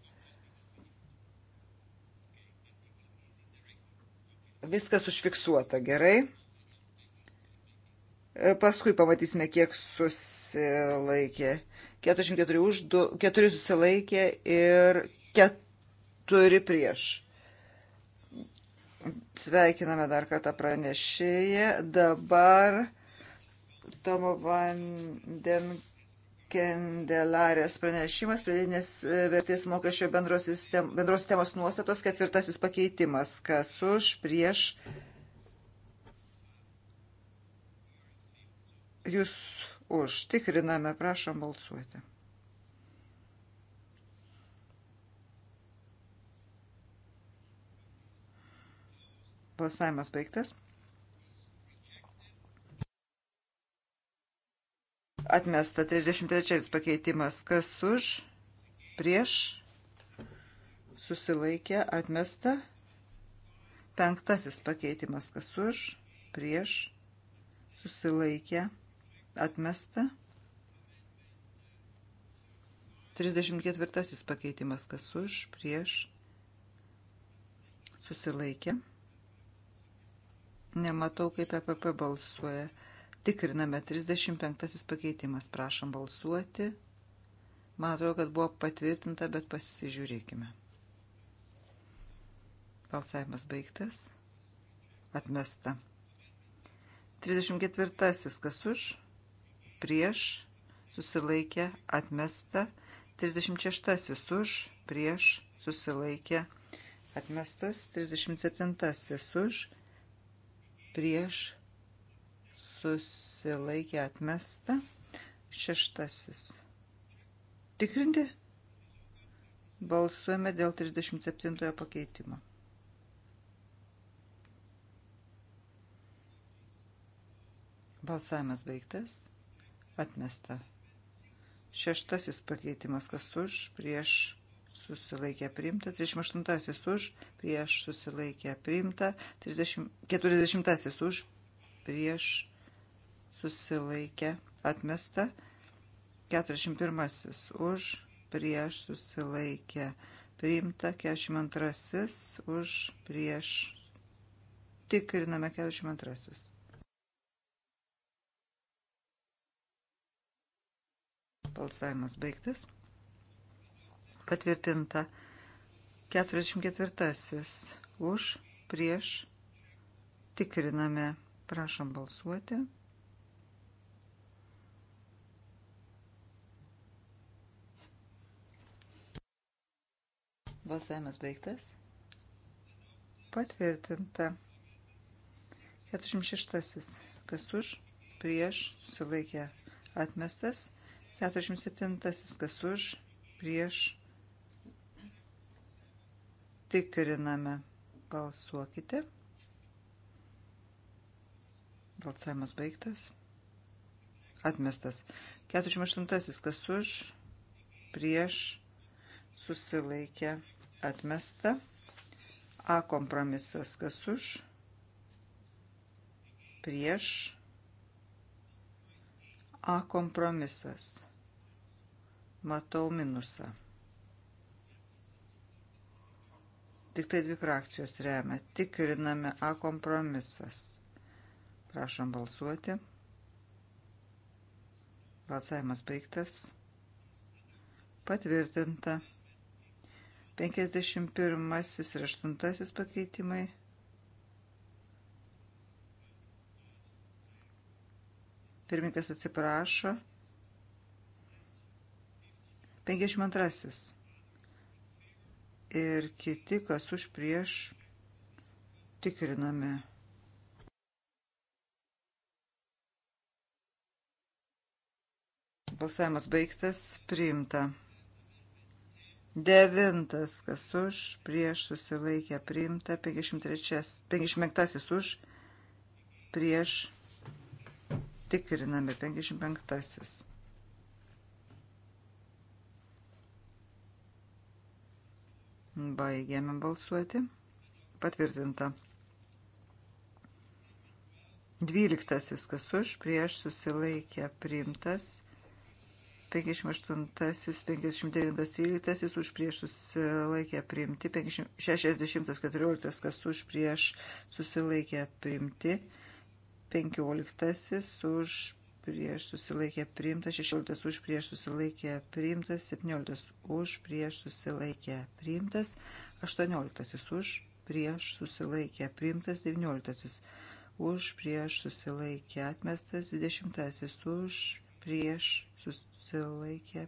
Viskas užfiksuota gerai. E, paskui pamatysime, kiek susilaikė. 44 už, 4 susilaikė ir 4 prieš. Sveikiname dar kartą pranešėję. Dabar Tomo Vanden Kendelarės pranešimas, pridėtinės e, vertės mokesčio bendros, sistem, bendros sistemos nuostatos, ketvirtasis pakeitimas, kas už, prieš. Jūs už. Tikriname, prašom balsuoti. Balsavimas baigtas. Atmesta 33 pakeitimas. Kas už? Prieš? Susilaikė. Atmesta. Penktasis pakeitimas. Kas už? Prieš? Susilaikė. Atmesta. 34 pakeitimas. Kas už? Prieš? Susilaikė. Nematau, kaip EPP balsuoja. Tikriname 35 pakeitimas. Prašom balsuoti. Man atrodo, kad buvo patvirtinta, bet pasižiūrėkime. Balsavimas baigtas. Atmesta. 34. Kas už? Prieš. Susilaikė. Atmesta. 36. Už. Prieš. Susilaikė. Atmestas. 37. Už. Prieš susilaikė atmesta. Šeštasis. Tikrinti? Balsuojame dėl 37 pakeitimo. Balsavimas baigtas. Atmesta. Šeštasis pakeitimas kas už, prieš susilaikė priimta, 38-asis už, prieš susilaikė priimta, 30, 40-asis už, prieš susilaikė atmesta. 41 už prieš susilaikė priimta. 42 už prieš tikriname 42. Balsavimas baigtas. Patvirtinta 44. Už, prieš, tikriname, prašom balsuoti. Balsavimas baigtas. Patvirtinta. 46. Kas už, prieš, sulaikė, atmestas. 47. Kas už, prieš, tikriname. Balsuokite. Balsavimas baigtas. Atmestas. 48. Kas už, prieš, susilaikė, atmestas atmesta. A kompromisas kas už, prieš, A kompromisas. Matau minusą. Tik tai dvi frakcijos remia. Tikriname A kompromisas. Prašom balsuoti. Balsavimas baigtas. Patvirtinta. 51 ir 8 pakeitimai. Pirmininkas atsiprašo. 52 ir kiti, kas už prieš, tikriname. Balsavimas baigtas, priimta. Devintas, kas už, prieš susilaikę priimta, 53, 55 už, prieš tikriname 55. Baigėme balsuoti. Patvirtinta. Dvyliktasis, kas už, prieš susilaikė priimtas. 58-59-13 už prieš susilaikę priimti, 60-14 kas už prieš susilaikę priimti, 15 už prieš susilaikę priimta, 16 už prieš susilaikę priimtas, 17 už prieš susilaikę priimtas, 18 už prieš susilaikę priimtas, 19 už prieš susilaikę atmestas, 20 už prieš susilaikė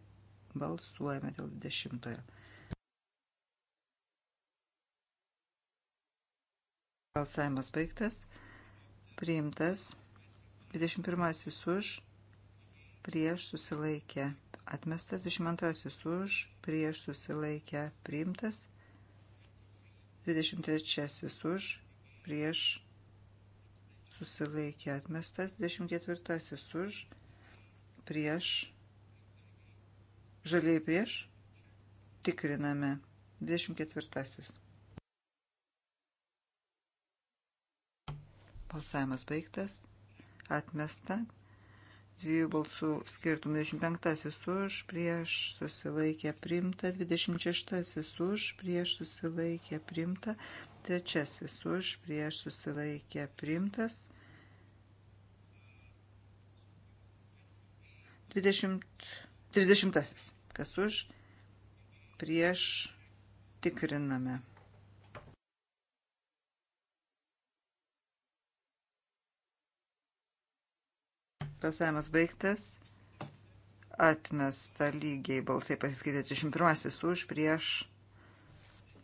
balsuojame dėl 20. Balsavimas baigtas, priimtas 21 už, prieš susilaikė atmestas, 22 už, prieš susilaikę priimtas, 23 už, prieš susilaikę atmestas, 24 už, prieš, žaliai prieš, tikriname. 24. Balsavimas baigtas, atmesta, dviejų balsų skirtum 25 už, prieš susilaikė primta, 26 už, prieš susilaikė primta, trečiasis už, prieš susilaikė primtas, 20, 30. Kas už? Prieš tikriname. Balsavimas baigtas. Atmesta lygiai balsai pasiskaitė 31 už prieš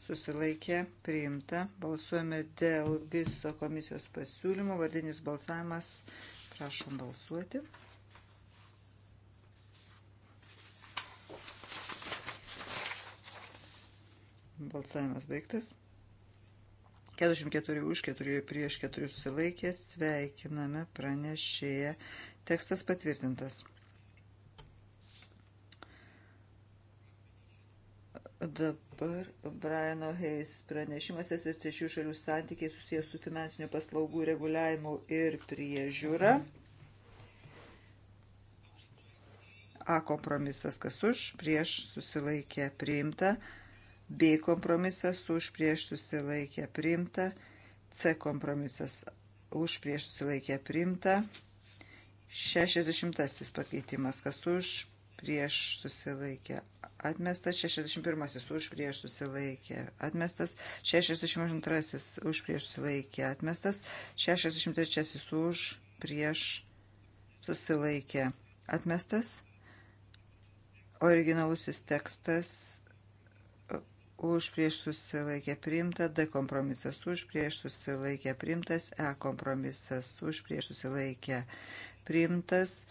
susilaikė priimta. Balsuojame dėl viso komisijos pasiūlymo. Vardinis balsavimas. Prašom balsuoti. Balsavimas baigtas. 44 už, 4 prieš, 4 susilaikė. Sveikiname pranešėją. Tekstas patvirtintas. Dabar Briano Hayes pranešimas ir trečių šalių santykiai susijęs su finansinių paslaugų reguliavimu ir priežiūra. A kompromisas kas už, prieš susilaikė priimta. B kompromisas už prieš susilaikę priimta, C kompromisas už prieš susilaikę priimta, 60 pakeitimas, kas už prieš susilaikę atmestas, 61 už prieš susilaikę atmestas, 62 už prieš susilaikę atmestas, 63 už prieš susilaikę atmestas, originalusis tekstas už prieš susilaikę priimta, D kompromisas už prieš susilaikę priimtas, E kompromisas už prieš susilaikę priimtas,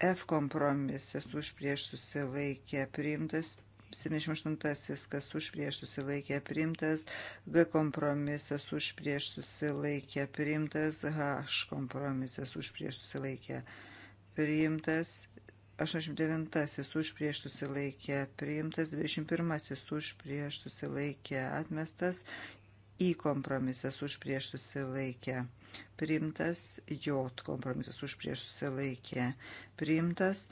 F kompromisas už prieš susilaikę priimtas, 78 kas už prieš susilaikę priimtas, G kompromisas už prieš susilaikę priimtas, H kompromisas už prieš susilaikę priimtas, 89 už prieš susilaikė priimtas, 21 už prieš susilaikė atmestas, į kompromisas už prieš susilaikė priimtas, J kompromisas už prieš susilaikė priimtas,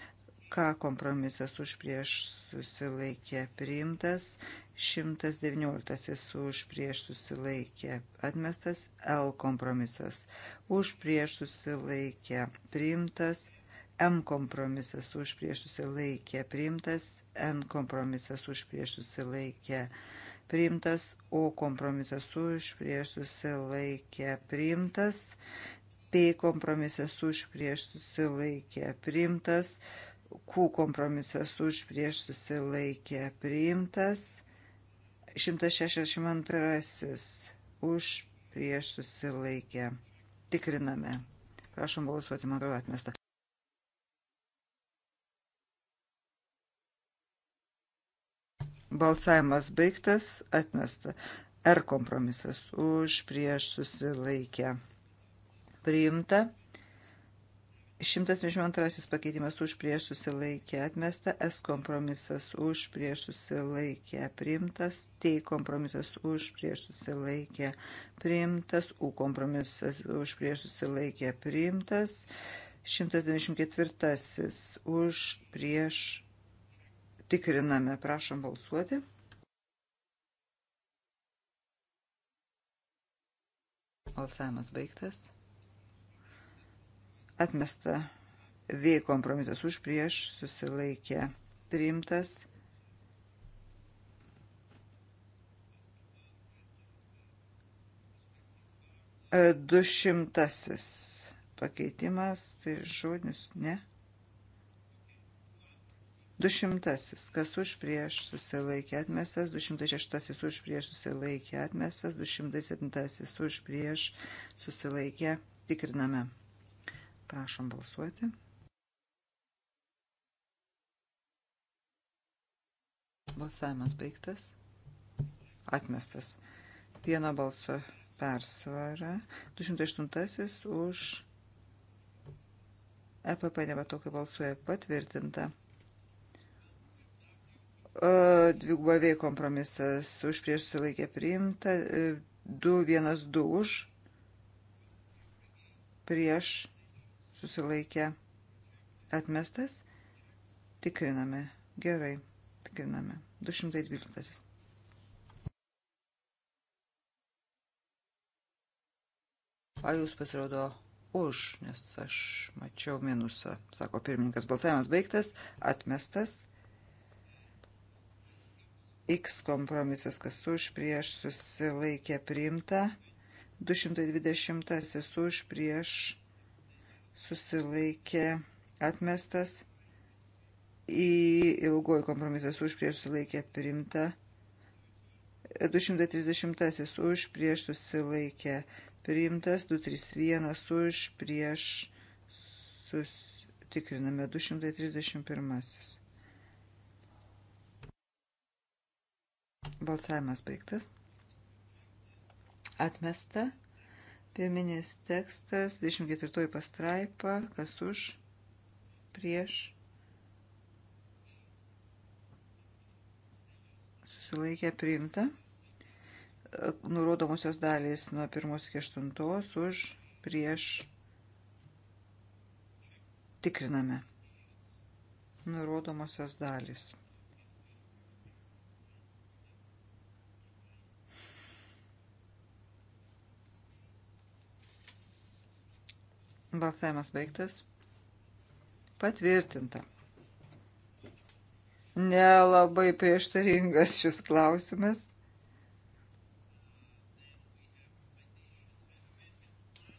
K kompromisas už prieš susilaikė priimtas, 119 už prieš susilaikė atmestas, L kompromisas už prieš susilaikė priimtas, M kompromisas už prieš susilaikę priimtas, N kompromisas už prieš susilaikę priimtas, O kompromisas už prieš susilaikę priimtas, P kompromisas už prieš susilaikę priimtas, Q kompromisas už prieš susilaikę priimtas, 162 už prieš susilaikę. Tikriname. Prašom balsuoti, man atrodo atmesta. Balsavimas baigtas, atmesta. R kompromisas už prieš susilaikę. Priimta. 122 pakeitimas už prieš susilaikę atmesta, S kompromisas už prieš susilaikę priimtas, T kompromisas už prieš susilaikę priimtas, U kompromisas už prieš susilaikę priimtas, 194 už prieš tikriname. Prašom balsuoti. Balsavimas baigtas. Atmesta V kompromisas už prieš susilaikė priimtas. E, Dušimtasis pakeitimas, tai žodis, ne? Ne. 200. Kas už prieš susilaikė atmestas, 206. Už prieš susilaikė atmestas, 207. Už prieš susilaikė. Tikriname. Prašom balsuoti. Balsavimas baigtas. Atmestas. Vieno balso persvara. 208 už EPP nebetokai balsuoja patvirtinta dvigubą V kompromisas už prieš susilaikė priimta, 2-1-2 e, už prieš susilaikė atmestas. Tikriname. Gerai. Tikriname. 212. A jūs pasirodo už, nes aš mačiau minusą, sako pirmininkas. Balsavimas baigtas, atmestas. X kompromisas, kas už prieš susilaikė priimta, 220 už prieš susilaikė atmestas, į ilgoj kompromisas už prieš susilaikė priimta, 230 už prieš susilaikė priimtas, 231 už prieš susilaikė tikriname 231. Balsavimas baigtas. Atmesta. Pirminis tekstas, 24 pastraipa, kas už, prieš, susilaikė priimta, nurodomosios dalys nuo 1 iki 8 už, prieš, tikriname, nurodomosios dalys. Balsavimas baigtas. Patvirtinta. Nelabai prieštaringas šis klausimas.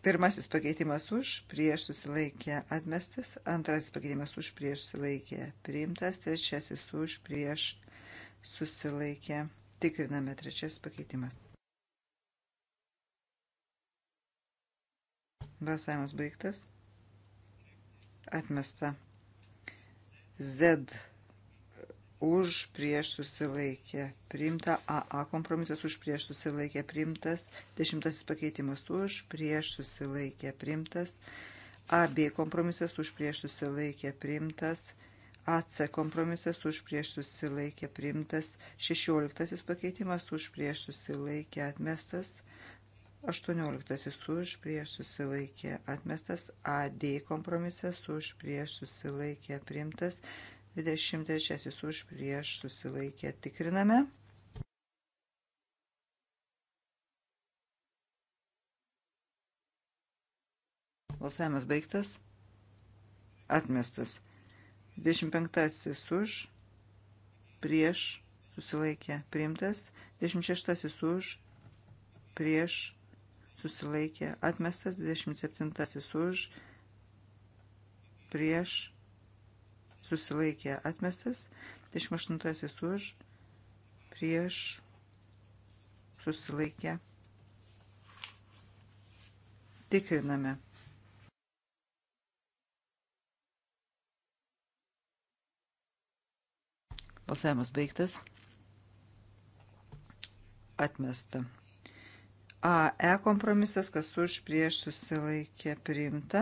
Pirmasis pakeitimas už, prieš susilaikė atmestas, antrasis pakeitimas už, prieš susilaikė priimtas, trečiasis už, prieš susilaikė. Tikriname trečiasis pakeitimas. Balsavimas baigtas. Atmesta. Z už prieš susilaikė priimta, AA kompromisas už prieš susilaikė priimtas, dešimtasis pakeitimas už prieš susilaikė priimtas, AB kompromisas už prieš susilaikė priimtas, AC kompromisas už prieš susilaikė priimtas, šešioliktasis pakeitimas už prieš susilaikė atmestas, 18 už prieš susilaikė atmestas, AD kompromisas už prieš susilaikė priimtas, 23 už prieš susilaikė tikriname. Balsavimas baigtas. Atmestas. 25 už prieš susilaikė priimtas, 26 už prieš susilaikė atmestas 27 už prieš susilaikė atmestas 28 už prieš susilaikė tikriname balsavimas baigtas atmesta AE kompromisas, kas už prieš susilaikė priimta.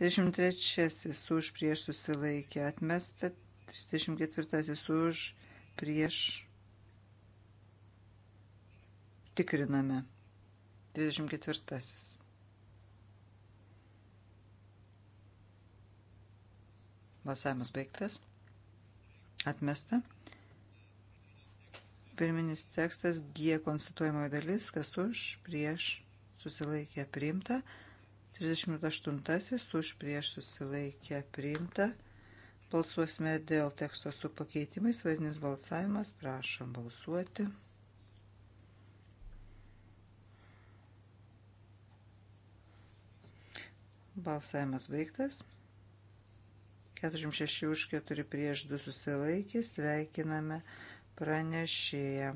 33 už prieš susilaikė atmesta, 34 už prieš tikriname. 34. Balsavimas baigtas. Atmesta. Pirminis tekstas G konstituojamoji dalis, kas už, prieš, susilaikė priimta. 38 už, prieš, susilaikė priimta. Balsuosime dėl teksto su pakeitimais, vadinis balsavimas, prašom balsuoti. Balsavimas baigtas. 46 už 4 prieš 2 susilaikė, sveikiname pranešėją.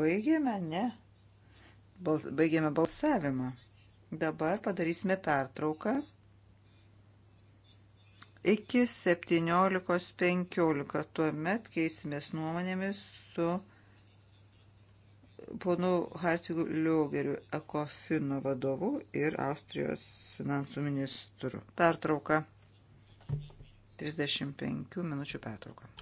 Baigėme, ne? Bals, baigėme balsavimą. Dabar padarysime pertrauką iki 17.15. Tuomet keisimės nuomonėmis su ponu Hartigu Liogeriu, Ekofino vadovu ir Austrijos finansų ministru. Pertrauka. 35 minučių pertrauką.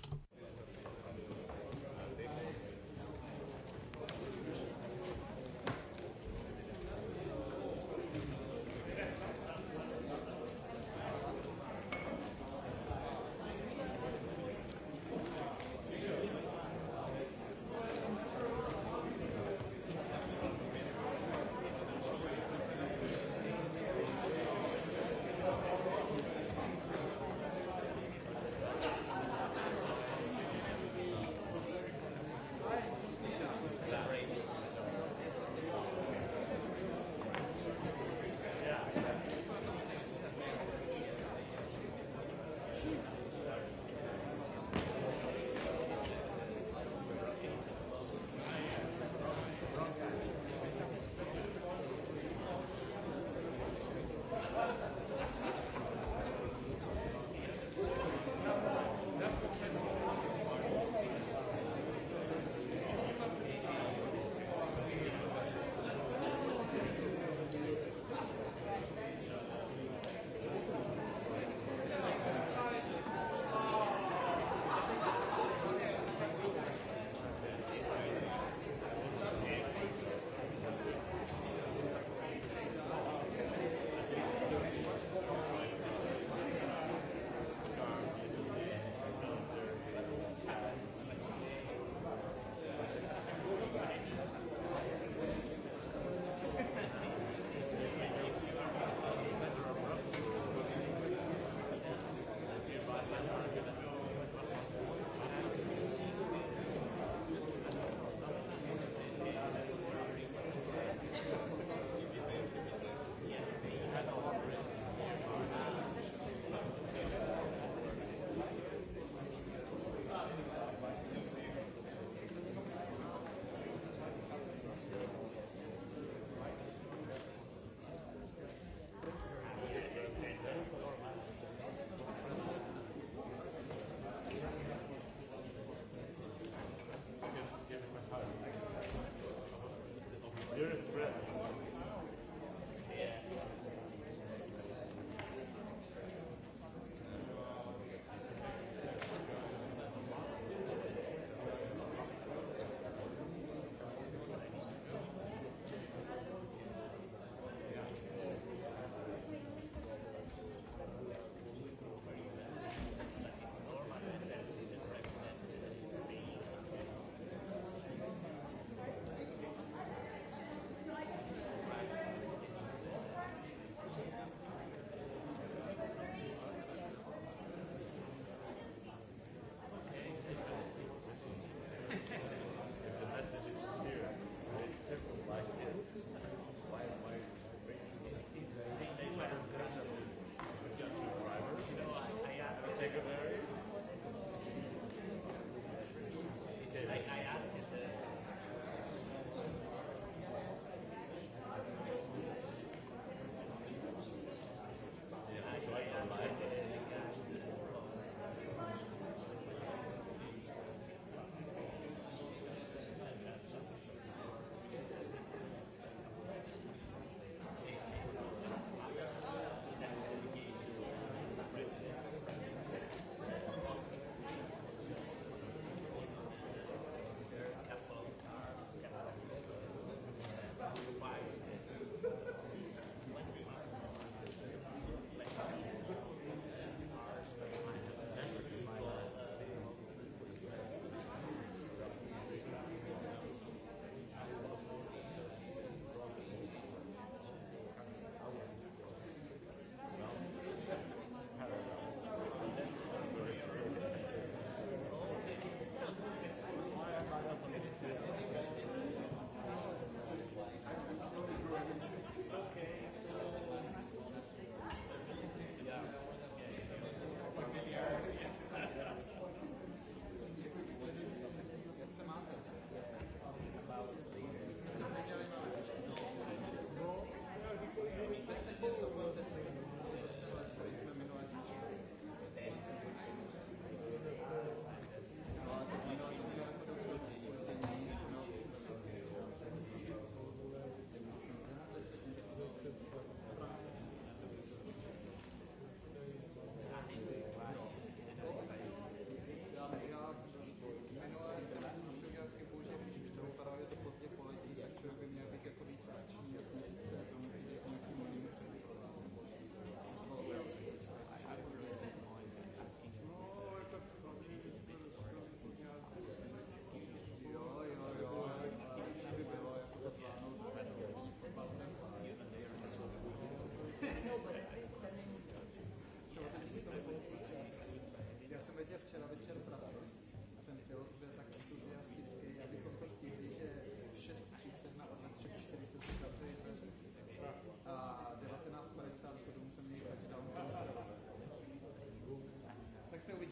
Saúde.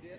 Queria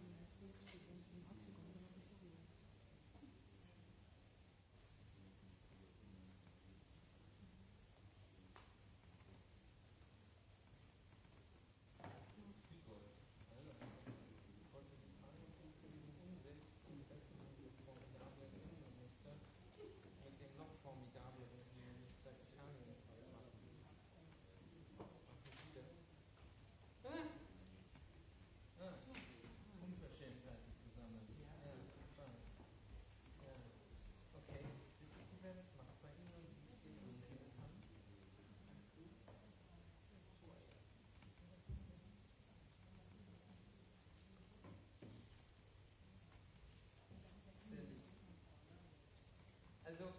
Also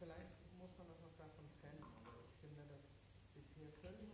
vielleicht muss man das noch davon trennen. Also ich finde, dass bis hier völlig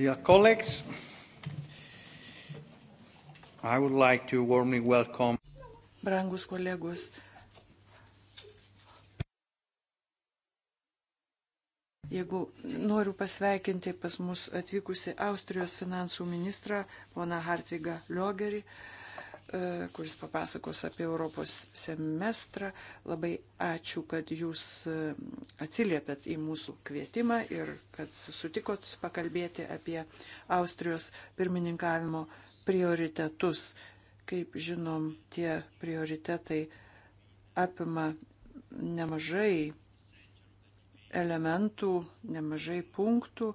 Dear colleagues, I would like to warmly welcome. Brangus kolegos, jeigu noriu pasveikinti pas mus atvykusi Austrijos finansų ministrą, poną Hartvigą Liogerį, e, kuris papasakos apie Europos semestrą. Labai ačiū, kad jūs e, atsiliepėt į mūsų kvietimą ir kad sutikot pakalbėti apie Austrijos pirmininkavimo prioritetus. Kaip žinom, tie prioritetai apima nemažai elementų, nemažai punktų, e,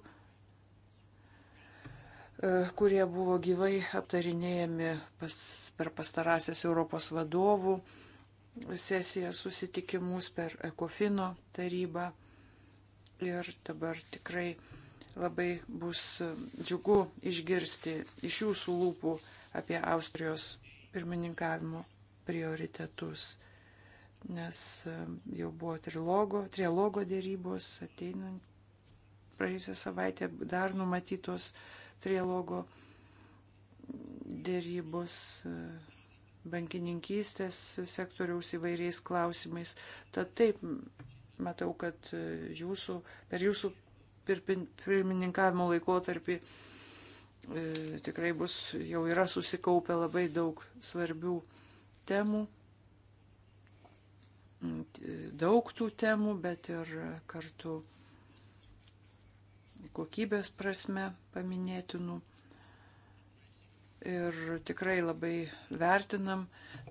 kurie buvo gyvai aptarinėjami pas, per pastarąsias Europos vadovų sesiją susitikimus per Ekofino tarybą. Ir dabar tikrai labai bus džiugu išgirsti iš jūsų lūpų apie Austrijos pirmininkavimo prioritetus nes e, jau buvo trilogo, trilogo dėrybos, ateinant praėjusią savaitę dar numatytos trilogo dėrybos e, bankininkystės sektoriaus įvairiais klausimais. Tad taip, matau, kad jūsų, per jūsų pirmininkavimo laikotarpį e, tikrai bus, jau yra susikaupę labai daug svarbių temų, mm, daug tų temų, bet ir kartu kokybės prasme paminėtinų. Nu, ir tikrai labai vertinam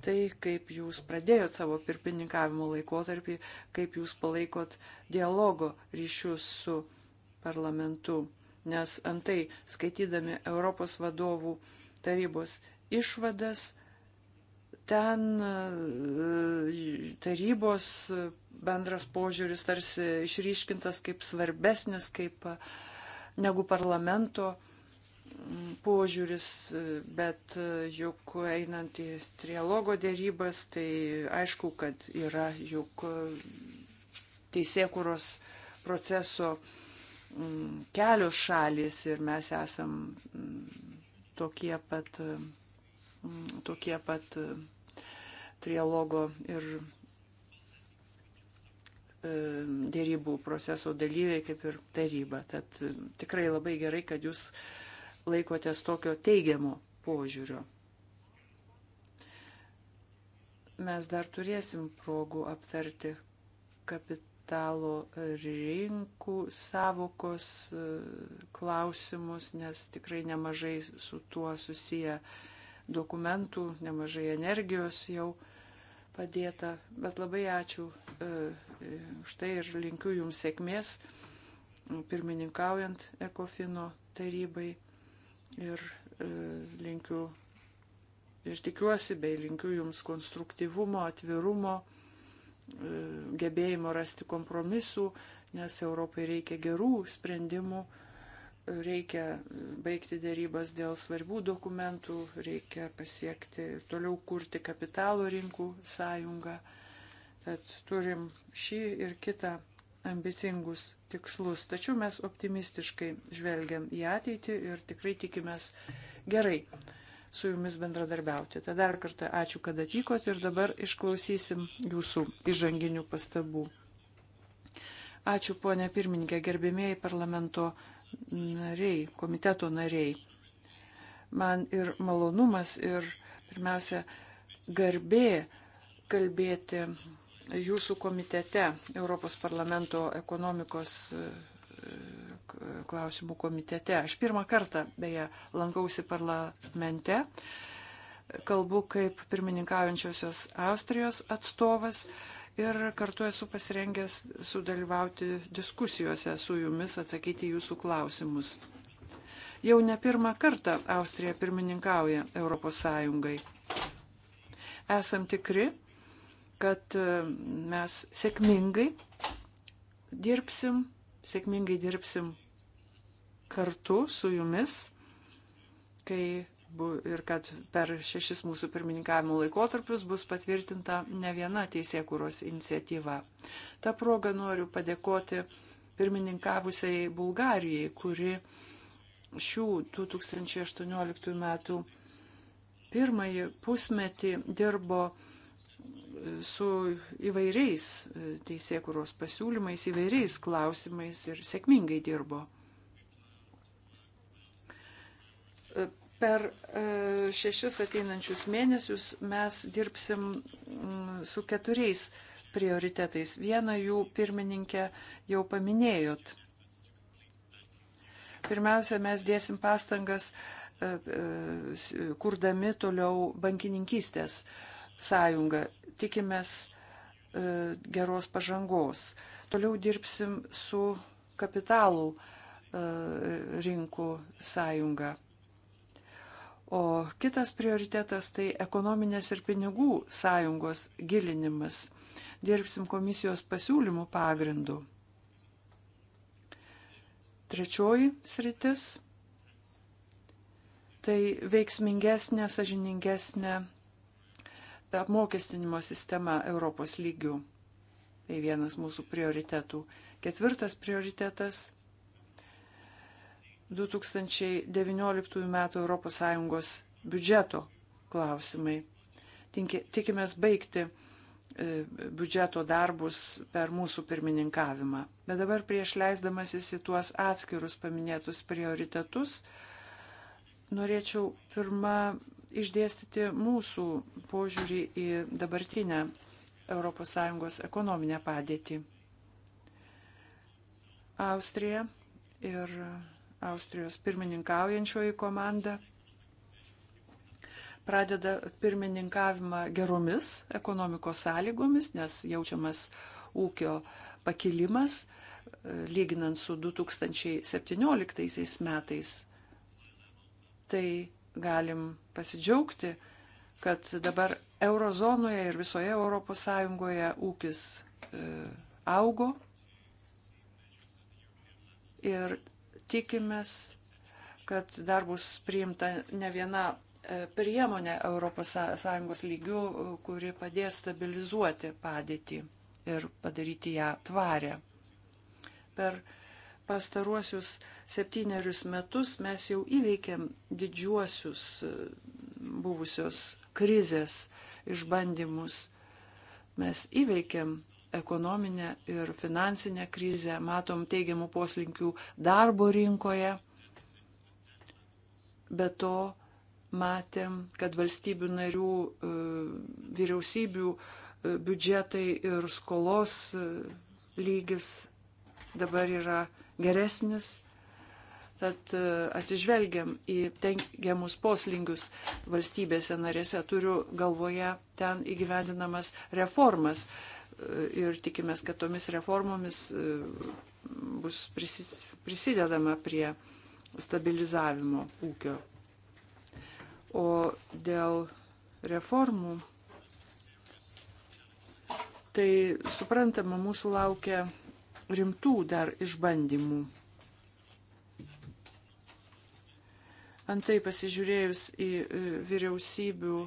tai, kaip jūs pradėjot savo pirpininkavimo laikotarpį, kaip jūs palaikot dialogo ryšius su parlamentu. Nes antai, skaitydami Europos vadovų tarybos išvadas, ten e, tarybos bendras požiūris tarsi išryškintas kaip svarbesnis kaip, negu parlamento požiūris, bet e, juk einant į trialogo dėrybas, tai aišku, kad yra juk e, teisėkuros proceso mm, kelios šalis ir mes esam mm, tokie pat, e, mm, tokie pat trialogo ir dėrybų proceso dalyviai kaip ir taryba. Tad tikrai labai gerai, kad jūs uh, laikotės tokio teigiamo požiūrio. Mes dar turėsim progų aptarti kapitalo rinkų savokos e, klausimus, nes tikrai nemažai su tuo susiję dokumentų, nemažai energijos jau padėta. Bet labai ačiū e, e, už tai ir linkiu Jums sėkmės pirmininkaujant Ekofino tarybai ir e, linkiu ir tikiuosi bei linkiu jums konstruktyvumo, atvirumo, e, gebėjimo rasti kompromisų, nes Europai reikia gerų sprendimų, reikia baigti dėrybas dėl svarbių dokumentų, reikia pasiekti ir toliau kurti kapitalo rinkų sąjungą. Tad turim šį ir kitą ambicingus tikslus. Tačiau mes optimistiškai žvelgiam į ateitį ir tikrai tikimės gerai su jumis bendradarbiauti. Tad dar kartą ačiū, kad atvykote ir dabar išklausysim jūsų įžanginių pastabų. Ačiū, ponė pirmininkė, gerbėmėjai parlamento nariai, komiteto nariai. Man ir malonumas, ir pirmiausia, garbė kalbėti jūsų komitete, Europos parlamento ekonomikos e, klausimų komitete. Aš pirmą kartą, beje, lankausi parlamente, kalbu kaip pirmininkaujančiosios Austrijos atstovas ir kartu esu pasirengęs sudalyvauti diskusijose su jumis, atsakyti jūsų klausimus. Jau ne pirmą kartą Austrija pirmininkauja Europos Sąjungai. Esam tikri, kad e, mes sėkmingai dirbsim, sėkmingai dirbsim kartu su jumis, kai ir kad per šešis mūsų pirmininkavimo laikotarpius bus patvirtinta ne viena teisėkūros iniciatyva. Ta proga noriu padėkoti pirmininkavusiai Bulgarijai, kuri šių 2018 metų pirmąjį pusmetį dirbo su įvairiais e, teisėkuros pasiūlymais, įvairiais klausimais ir sėkmingai dirbo. E, per e, šešis ateinančius mėnesius mes dirbsim su keturiais prioritetais. Vieną jų pirmininkę jau paminėjot. Pirmiausia, mes dėsim pastangas kurdami toliau bankininkystės uh, sąjunga. Tikimės e, geros pažangos. Toliau dirbsim su kapitalų e, rinkų sąjunga. O kitas prioritetas tai ekonominės ir pinigų sąjungos gilinimas. Dirbsim komisijos pasiūlymų pagrindu. Trečioji sritis - tai veiksmingesnė, sažiningesnė apmokestinimo sistema Europos lygių. Tai vienas mūsų prioritetų. Ketvirtas prioritetas 2019 m. ES biudžeto klausimai. Tikimės baigti e, biudžeto darbus per mūsų pirmininkavimą. Bet dabar prieš leisdamasis į tuos atskirus paminėtus prioritetus, norėčiau pirmą išdėstyti mūsų požiūrį į dabartinę ES ekonominę padėtį. Austrija ir Austrijos pirmininkaujančioji komanda pradeda pirmininkavimą geromis ekonomikos sąlygomis, nes jaučiamas ūkio pakilimas lyginant su 2017 metais. Tai galim pasidžiaugti, kad dabar eurozonoje ir visoje Europos Sąjungoje ūkis e, augo ir tikimės, kad dar bus priimta ne viena e, priemonė Europos Sąjungos lygių, kuri padės stabilizuoti padėtį ir padaryti ją tvarę. Per pastaruosius septynerius metus mes jau įveikėm didžiuosius e, buvusios krizės išbandymus. Mes įveikėm ekonominę ir finansinę krizę, matom teigiamų poslinkių darbo rinkoje. Be to matėm, kad valstybių narių e, vyriausybių e, biudžetai ir skolos lygis dabar yra geresnis. Tad e, atsižvelgiam į tengiamus poslingius valstybėse narėse, turiu galvoje ten įgyvendinamas reformas e, ir tikimės, kad tomis reformomis e, bus prisidedama prie stabilizavimo ūkio. O dėl reformų, tai suprantama, mūsų laukia rimtų dar išbandymų. Antai pasižiūrėjus į e, vyriausybių,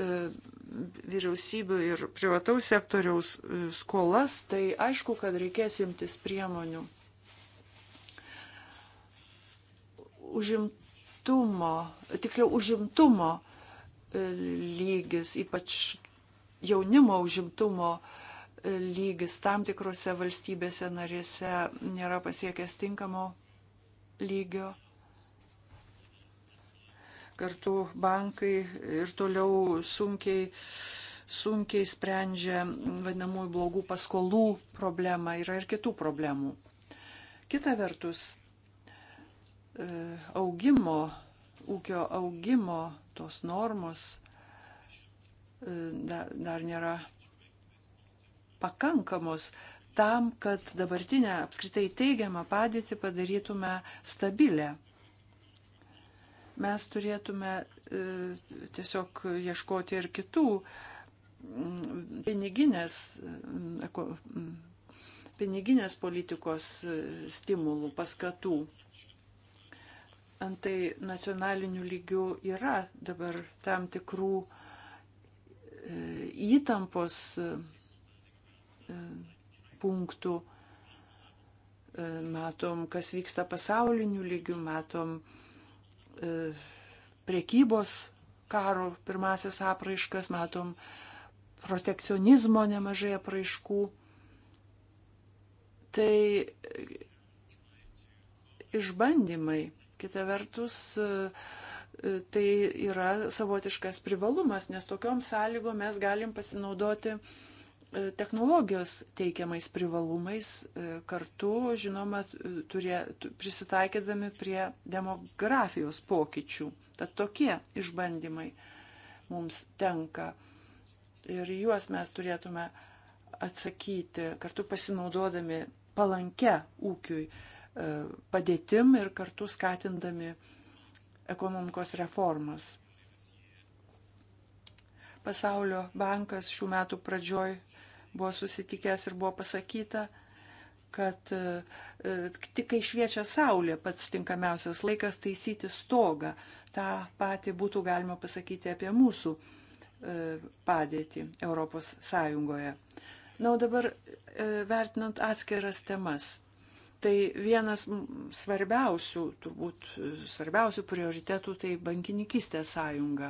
e, vyriausybių ir privataus sektoriaus e, skolas, tai aišku, kad reikės imtis priemonių. Užimtumo, tiksliau, užimtumo lygis, ypač jaunimo užimtumo uh, lygis tam tikrose valstybėse narėse nėra pasiekęs tinkamo lygio. Kartu bankai ir toliau sunkiai, sunkiai sprendžia vadinamųjų blogų paskolų problemą. Yra ir kitų problemų. Kita vertus, e, augimo, ūkio augimo tos normos e, dar nėra pakankamos tam, kad dabartinę apskritai teigiamą padėtį padarytume stabilę. Mes turėtume e, tiesiog ieškoti ir kitų mm, piniginės, mm, mm, piniginės politikos e, stimulų, paskatų. Antai nacionaliniu lygiu yra dabar tam tikrų e, įtampos E, punktų. E, matom, kas vyksta pasauliniu lygiu, matom e, priekybos karo pirmasis apraiškas, matom protekcionizmo nemažai apraiškų. Tai išbandymai. Kita vertus, tai yra savotiškas privalumas, nes tokiom sąlygom mes galim pasinaudoti uh, E, technologijos teikiamais privalumais e, kartu, žinoma, turė, prisitaikydami prie demografijos pokyčių. Tad tokie išbandymai mums tenka ir juos mes turėtume atsakyti, kartu pasinaudodami palankę ūkiui e, padėtim ir kartu skatindami ekonomikos reformas. Pasaulio bankas šių metų pradžioj buvo susitikęs ir buvo pasakyta, kad e, e, tik kai šviečia saulė pats tinkamiausias laikas taisyti stogą. Ta pati būtų galima pasakyti apie mūsų e, padėtį Europos Sąjungoje. Na, o dabar vertinant atskiras temas. Tai vienas svarbiausių, turbūt svarbiausių prioritetų tai bankininkistės sąjunga.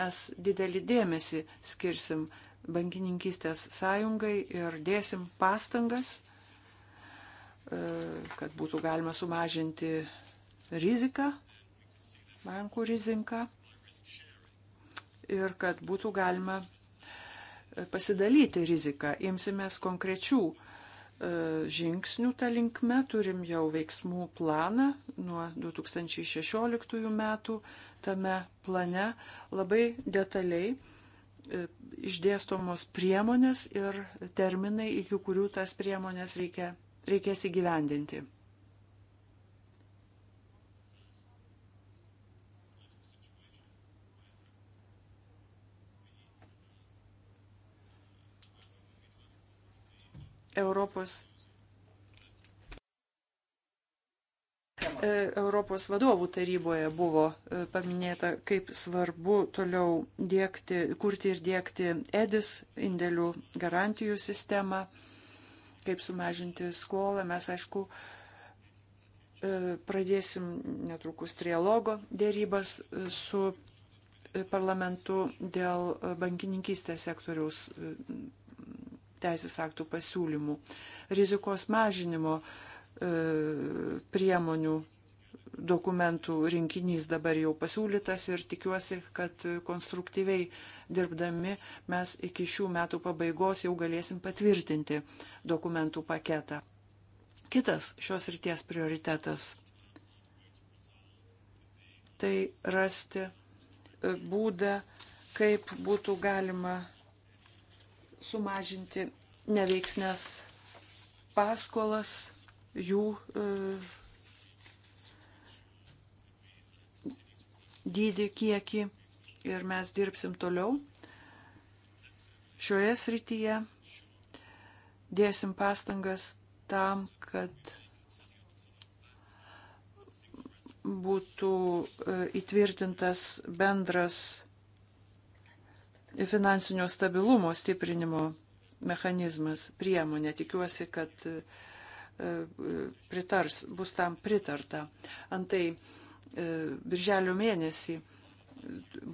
Mes didelį dėmesį skirsim bankininkystės sąjungai ir dėsim pastangas, e, kad būtų galima sumažinti riziką, bankų riziką ir kad būtų galima e, pasidalyti riziką. Imsimės konkrečių e, žingsnių tą linkme, turim jau veiksmų planą nuo 2016 metų. Tame plane labai detaliai E, išdėstomos priemonės ir terminai, iki kurių tas priemonės reikia, reikės įgyvendinti. Europos E, Europos vadovų taryboje buvo e, paminėta, kaip svarbu toliau dėkti, kurti ir dėkti EDIS indėlių garantijų sistemą, kaip sumažinti skolą. Mes, aišku, e, pradėsim netrukus trialogo dėrybas su parlamentu dėl bankininkystės sektoriaus teisės aktų pasiūlymų. Rizikos mažinimo uh, E, priemonių dokumentų rinkinys dabar jau pasiūlytas ir tikiuosi, kad konstruktyviai dirbdami mes iki šių metų pabaigos jau galėsim patvirtinti dokumentų paketą. Kitas šios ryties prioritetas - tai rasti e, būdą, kaip būtų galima sumažinti neveiksnės paskolas jų e, dydį, kiekį ir mes dirbsim toliau šioje srityje, dėsim pastangas tam, kad būtų e, įtvirtintas bendras finansinio stabilumo stiprinimo mechanizmas, priemonė. Tikiuosi, kad uh, E, pritars, bus tam pritarta. Antai e, birželio mėnesį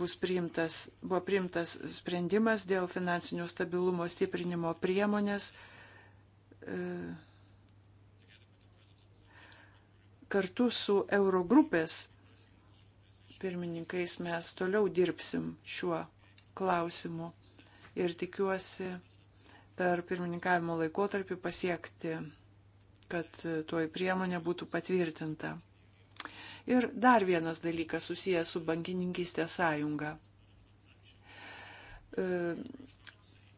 bus priimtas, buvo priimtas sprendimas dėl finansinio stabilumo stiprinimo priemonės e, kartu su Eurogrupės pirmininkais mes toliau dirbsim šiuo klausimu ir tikiuosi per pirmininkavimo laikotarpį pasiekti kad e, toji priemonė būtų patvirtinta. Ir dar vienas dalykas susijęs su bankininkystės sąjunga. E,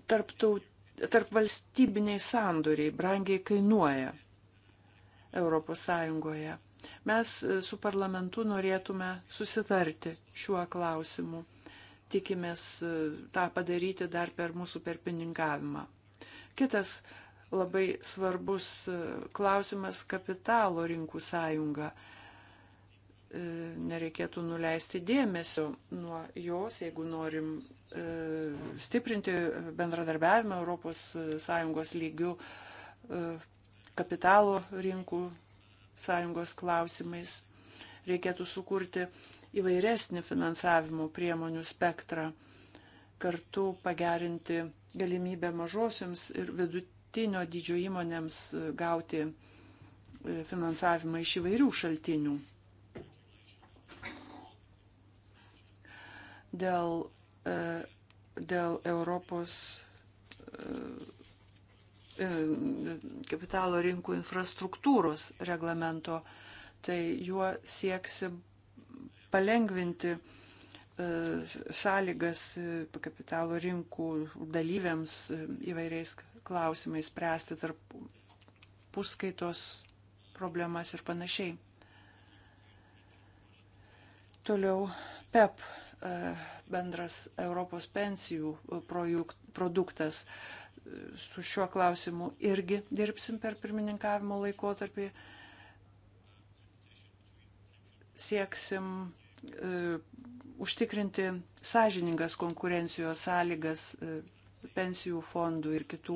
Tarptaut, tarp valstybiniai sandoriai brangiai kainuoja Europos Sąjungoje. Mes e, su parlamentu norėtume susitarti šiuo klausimu. Tikimės tą padaryti dar per mūsų perpininkavimą. Kitas labai svarbus e, klausimas kapitalo rinkų sąjunga. E, nereikėtų nuleisti dėmesio nuo jos, jeigu norim e, stiprinti bendradarbiavimą ES lygių kapitalo rinkų sąjungos klausimais. Reikėtų sukurti įvairesnį finansavimo priemonių spektrą, kartu pagerinti galimybę mažosioms ir vidutinėms vidutinio dydžio įmonėms e, gauti e, finansavimą iš įvairių šaltinių. Dėl, e, dėl Europos kapitalo rinkų infrastruktūros reglamento, tai juo sieksi palengvinti sąlygas kapitalo rinkų dalyviams įvairiais klausimai, spręsti tarp puskaitos problemas ir panašiai. Toliau PEP e, bendras Europos pensijų produktas. Su šiuo klausimu irgi dirbsim per pirmininkavimo laikotarpį. Sieksim e, užtikrinti sąžiningas konkurencijos sąlygas e, pensijų fondų ir kitų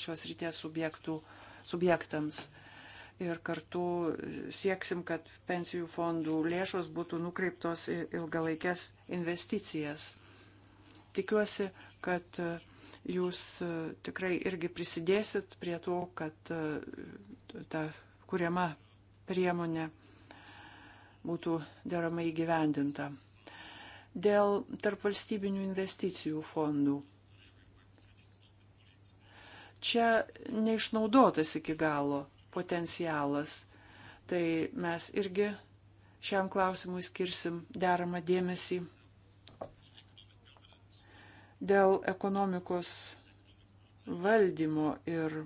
šios ryties subjektų, subjektams. Ir kartu sieksim, kad pensijų fondų lėšos būtų nukreiptos į ilgalaikės investicijas. Tikiuosi, kad jūs tikrai irgi prisidėsit prie to, kad ta kuriama priemonė būtų deramai įgyvendinta. Dėl tarpvalstybinių investicijų fondų čia neišnaudotas iki galo potencialas. Tai mes irgi šiam klausimui skirsim deramą dėmesį. Dėl ekonomikos valdymo ir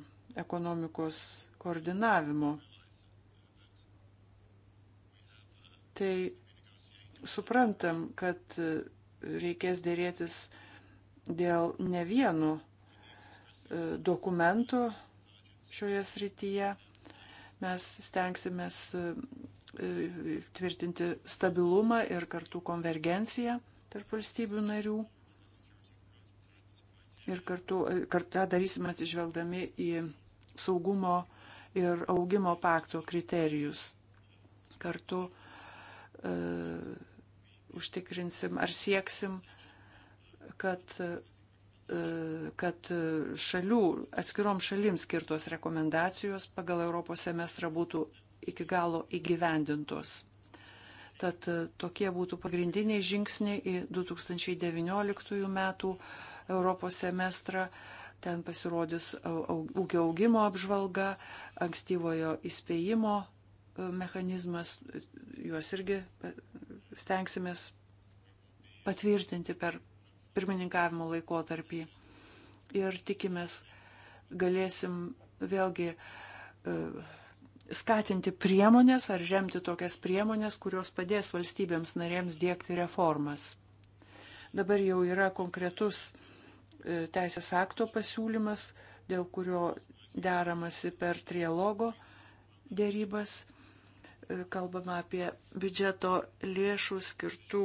ekonomikos koordinavimo. Tai suprantam, kad reikės dėrėtis dėl ne vieno E, dokumentų šioje srityje. Mes stengsimės e, e, tvirtinti stabilumą ir kartu konvergenciją tarp valstybių narių. Ir kartu, kartu darysime atsižvelgdami į saugumo ir augimo pakto kriterijus. Kartu uh, užtikrinsim ar sieksim, kad uh, E, kad šalių, atskirom šalim skirtos rekomendacijos pagal Europos semestrą būtų iki galo įgyvendintos. Tad e, tokie būtų pagrindiniai žingsniai į 2019 metų Europos semestrą. Ten pasirodys ūkio augimo apžvalga, ankstyvojo įspėjimo e, mechanizmas, juos irgi stengsimės patvirtinti per pirmininkavimo laikotarpį. Ir tikimės, galėsim vėlgi e, skatinti priemonės ar remti tokias priemonės, kurios padės valstybėms narėms dėkti reformas. Dabar jau yra konkretus e, teisės akto pasiūlymas, dėl kurio deramasi per trialogo dėrybas. E, kalbama apie biudžeto lėšų skirtų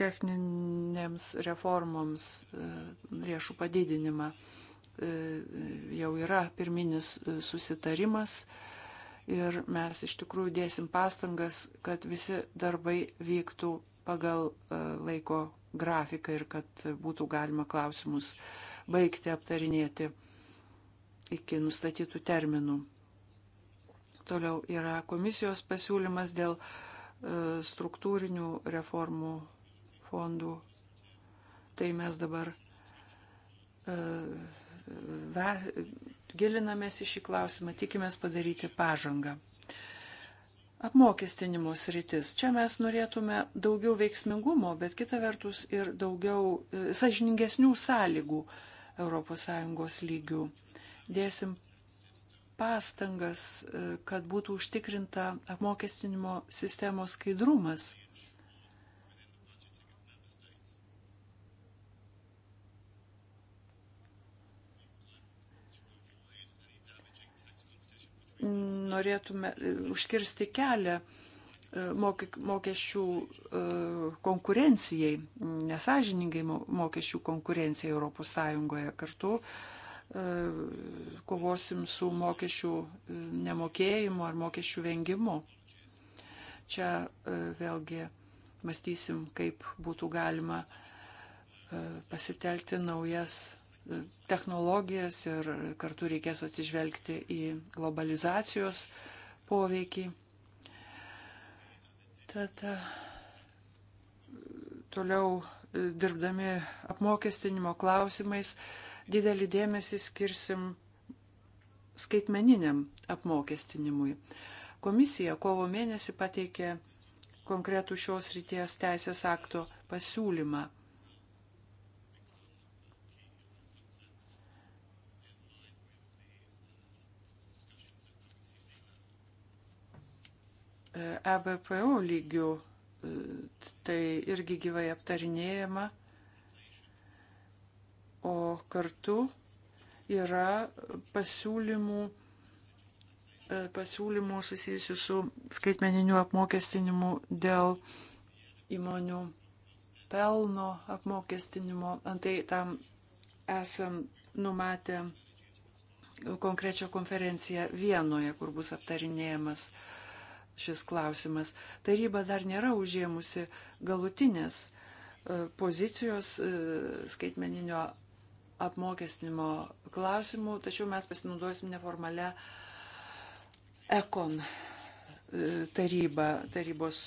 techninėms reformoms e, lėšų padidinimą. E, jau yra pirminis e, susitarimas ir mes iš tikrųjų dėsim pastangas, kad visi darbai vyktų pagal laiko grafiką ir kad būtų galima klausimus baigti aptarinėti iki nustatytų terminų. Toliau yra komisijos pasiūlymas dėl struktūrinių reformų fondų. Tai mes dabar e, ver, gilinamės į šį klausimą, tikimės padaryti pažangą. Apmokestinimo sritis. Čia mes norėtume daugiau veiksmingumo, bet kita vertus ir daugiau e, sažiningesnių sąlygų ES lygių. Dėsim pastangas, e, kad būtų užtikrinta apmokestinimo sistemos skaidrumas norėtume e, užkirsti kelią e, e, mokesčių konkurencijai, nesažiningai mokesčių konkurencijai ES kartu kovosim su mokesčių nemokėjimu ar mokesčių vengimu. Čia vėlgi mąstysim, kaip būtų galima pasitelkti naujas technologijas ir kartu reikės atsižvelgti į globalizacijos poveikį. Tad toliau e, dirbdami apmokestinimo klausimais didelį dėmesį skirsim skaitmeniniam apmokestinimui. Komisija kovo mėnesį pateikė konkretų šios ryties teisės akto pasiūlymą. EBPO lygių e, tai irgi gyvai aptarinėjama, o kartu yra pasiūlymų, e, pasiūlymų susijusių su skaitmeniniu apmokestinimu dėl įmonių pelno apmokestinimo. Antai tam esam numatę konkrečią konferenciją Vienoje, kur bus aptarinėjamas uh, šis klausimas. Taryba dar nėra užėmusi galutinės e, pozicijos e, skaitmeninio apmokestinimo klausimų, tačiau mes pasinaudosim neformalią ekon e, tarybą, tarybos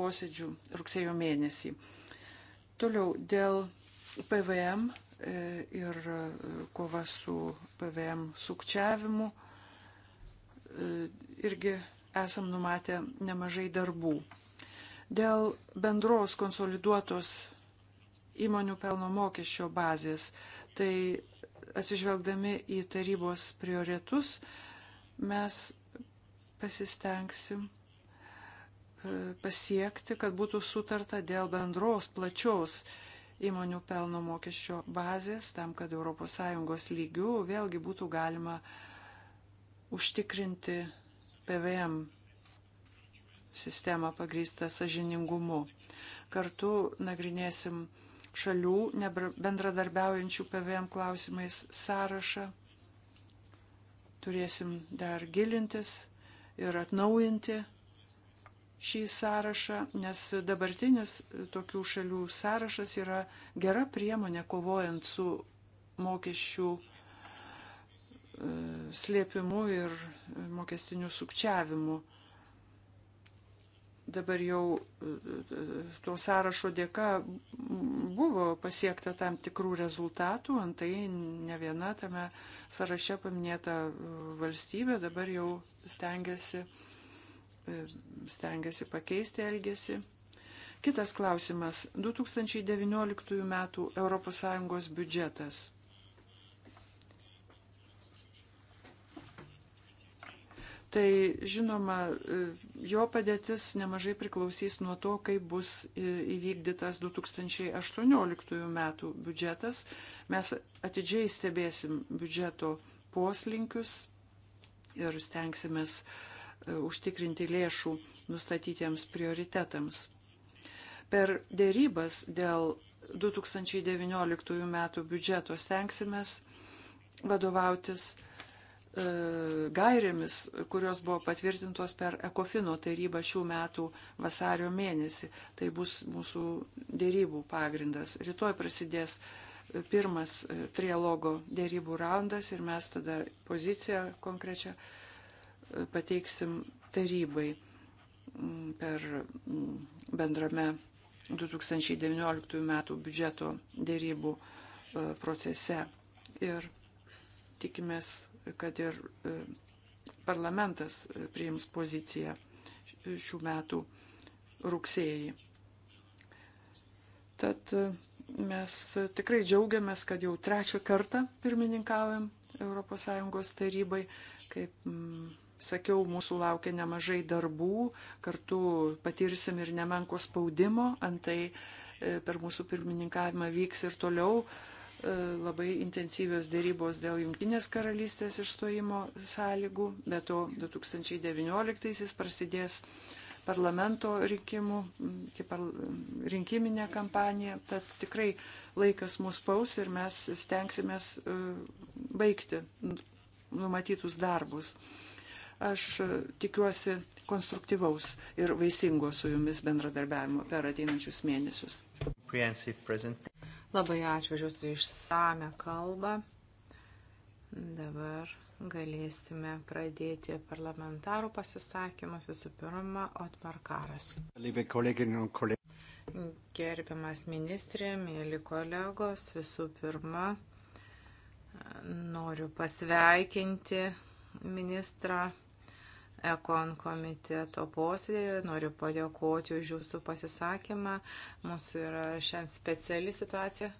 posėdžių rugsėjo mėnesį. Toliau dėl PVM ir kova su PVM sukčiavimu irgi esam numatę nemažai darbų. Dėl bendros konsoliduotos įmonių pelno mokesčio bazės, tai atsižvelgdami į tarybos prioritetus mes pasistengsim e, pasiekti, kad būtų sutarta dėl bendros plačios įmonių pelno mokesčio bazės, tam, kad ES lygių vėlgi būtų galima užtikrinti PVM sistemą pagrįstą sažiningumu. Kartu nagrinėsim šalių bendradarbiaujančių PVM klausimais sąrašą. Turėsim dar gilintis ir atnaujinti šį sąrašą, nes dabartinis tokių šalių sąrašas yra gera priemonė kovojant su mokesčių slėpimu ir mokestiniu sukčiavimu. Dabar jau to sąrašo dėka buvo pasiekta tam tikrų rezultatų, antai ne viena tame sąraše paminėta valstybė dabar jau stengiasi, stengiasi pakeisti elgesį. Kitas klausimas - 2019 m. ES biudžetas Tai žinoma, e, jo padėtis nemažai priklausys nuo to, kaip bus e, įvykdytas 2018 metų biudžetas. Mes atidžiai stebėsim biudžeto poslinkius ir stengsimės e, užtikrinti lėšų nustatytiems prioritetams. Per dėrybas dėl 2019 metų biudžeto stengsimės vadovautis E, gairėmis, kurios buvo patvirtintos per Ekofino tarybą šių metų vasario mėnesį. Tai bus mūsų dėrybų pagrindas. Rytoj prasidės pirmas e, trialogo dėrybų raundas ir mes tada poziciją konkrečią e, pateiksim tarybai per bendrame 2019 m. biudžeto dėrybų procese. Ir tikimės, kad ir e, parlamentas e, priims poziciją šių metų rugsėjį. Tad e, mes tikrai džiaugiamės, kad jau trečią kartą pirmininkaujam ES tarybai. Kaip m, sakiau, mūsų laukia nemažai darbų, kartu patirsim ir nemenko spaudimo, antai per mūsų pirmininkavimą vyks ir toliau uh, E, labai intensyvios dėrybos dėl Junktinės karalystės išstojimo sąlygų, bet to 2019-aisiais prasidės parlamento rinkimų, rinkiminė kampanija, tad tikrai laikas mus paus ir mes stengsimės e, baigti numatytus darbus. Aš e, tikiuosi konstruktyvaus ir vaisingo su jumis bendradarbiavimo per ateinančius mėnesius. Labai ačiū už jūsų išsame kalbą. Dabar galėsime pradėti parlamentarų pasisakymus. Visų pirma, Otmar Karas. Gerbiamas ministrė, mėly kolegos, visų pirma, noriu pasveikinti ministrą Ekon komiteto posėdėje. Noriu padėkoti už jūsų pasisakymą. Mūsų yra šiandien speciali situacija.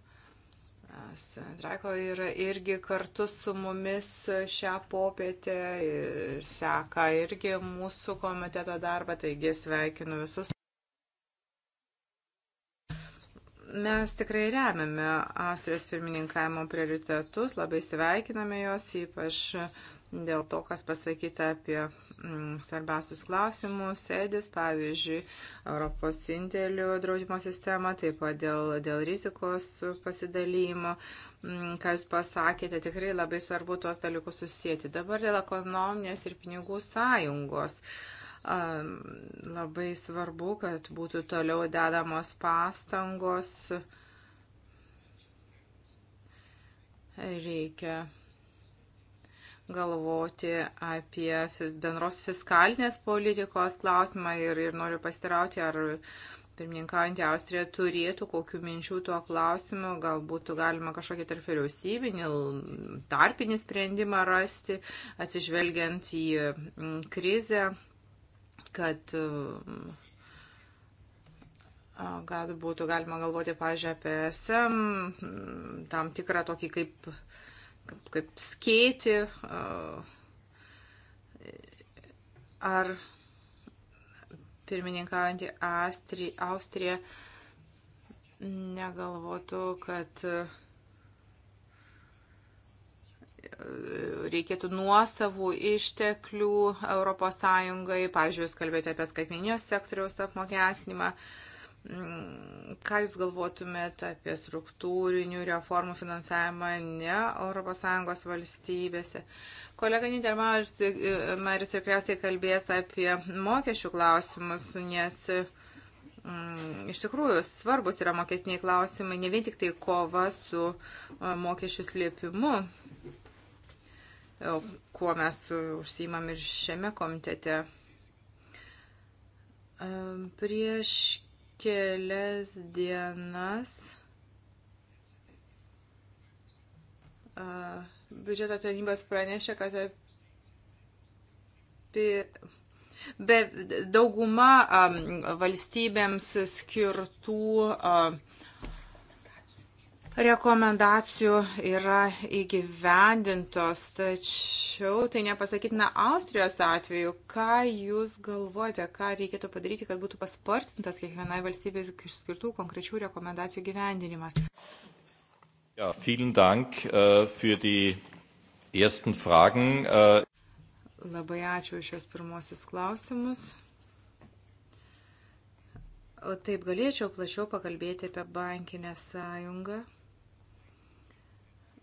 Drako yra irgi kartu su mumis šią popietę ir seka irgi mūsų komiteto darbą, taigi sveikinu visus. Mes tikrai remiame Austrijos pirmininkavimo prioritetus, labai sveikiname juos, ypač dėl to, kas pasakyta apie mm, svarbiausius klausimus, sėdis, pavyzdžiui, Europos indėlių draudimo sistema, taip pat dėl, dėl rizikos pasidalymo, mm, ką jūs pasakėte, tikrai labai svarbu tuos dalykus susijęti. Dabar dėl ekonominės ir pinigų sąjungos. Um, labai svarbu, kad būtų toliau dedamos pastangos. Reikia galvoti apie bendros fiskalinės politikos klausimą ir, ir noriu pastirauti, ar pirmininkaujantį Austriją turėtų kokių minčių tuo klausimu, gal būtų galima kažkokį tarp vyriausybinį, tarpinį sprendimą rasti, atsižvelgiant į krizę, kad gal būtų galima galvoti, pažiūrėjau, apie SM, tam tikrą tokį kaip kaip, kaip skėti, ar pirmininkaujantį Austriją negalvotų, kad e, reikėtų nuosavų išteklių ES, pavyzdžiui, jūs kalbėjote apie skaitminio sektoriaus apmokesnimą. Uh, Ką Jūs galvotumėte apie struktūrinių reformų finansavimą ne ES valstybėse? Kolega Nidermaris tikriausiai kalbės apie mokesčių klausimus, nes mm, iš tikrųjų svarbus yra mokesniai klausimai, ne vien tik tai kova su mokesčių slėpimu, kuo mes užsiimam ir šiame komitete. Prieš kelias dienas biudžeto tarnybas pranešė, kad apie be dauguma valstybėms skirtų rekomendacijų yra įgyvendintos, tačiau tai nepasakytina Austrijos atveju. Ką Jūs galvojate, ką reikėtų padaryti, kad būtų paspartintas kiekvienai valstybės išskirtų konkrečių rekomendacijų gyvendinimas? Ja, vielen Dank uh, für die ersten Fragen. Uh... Labai ačiū už šios pirmosius klausimus. O taip galėčiau plačiau pakalbėti apie bankinę sąjungą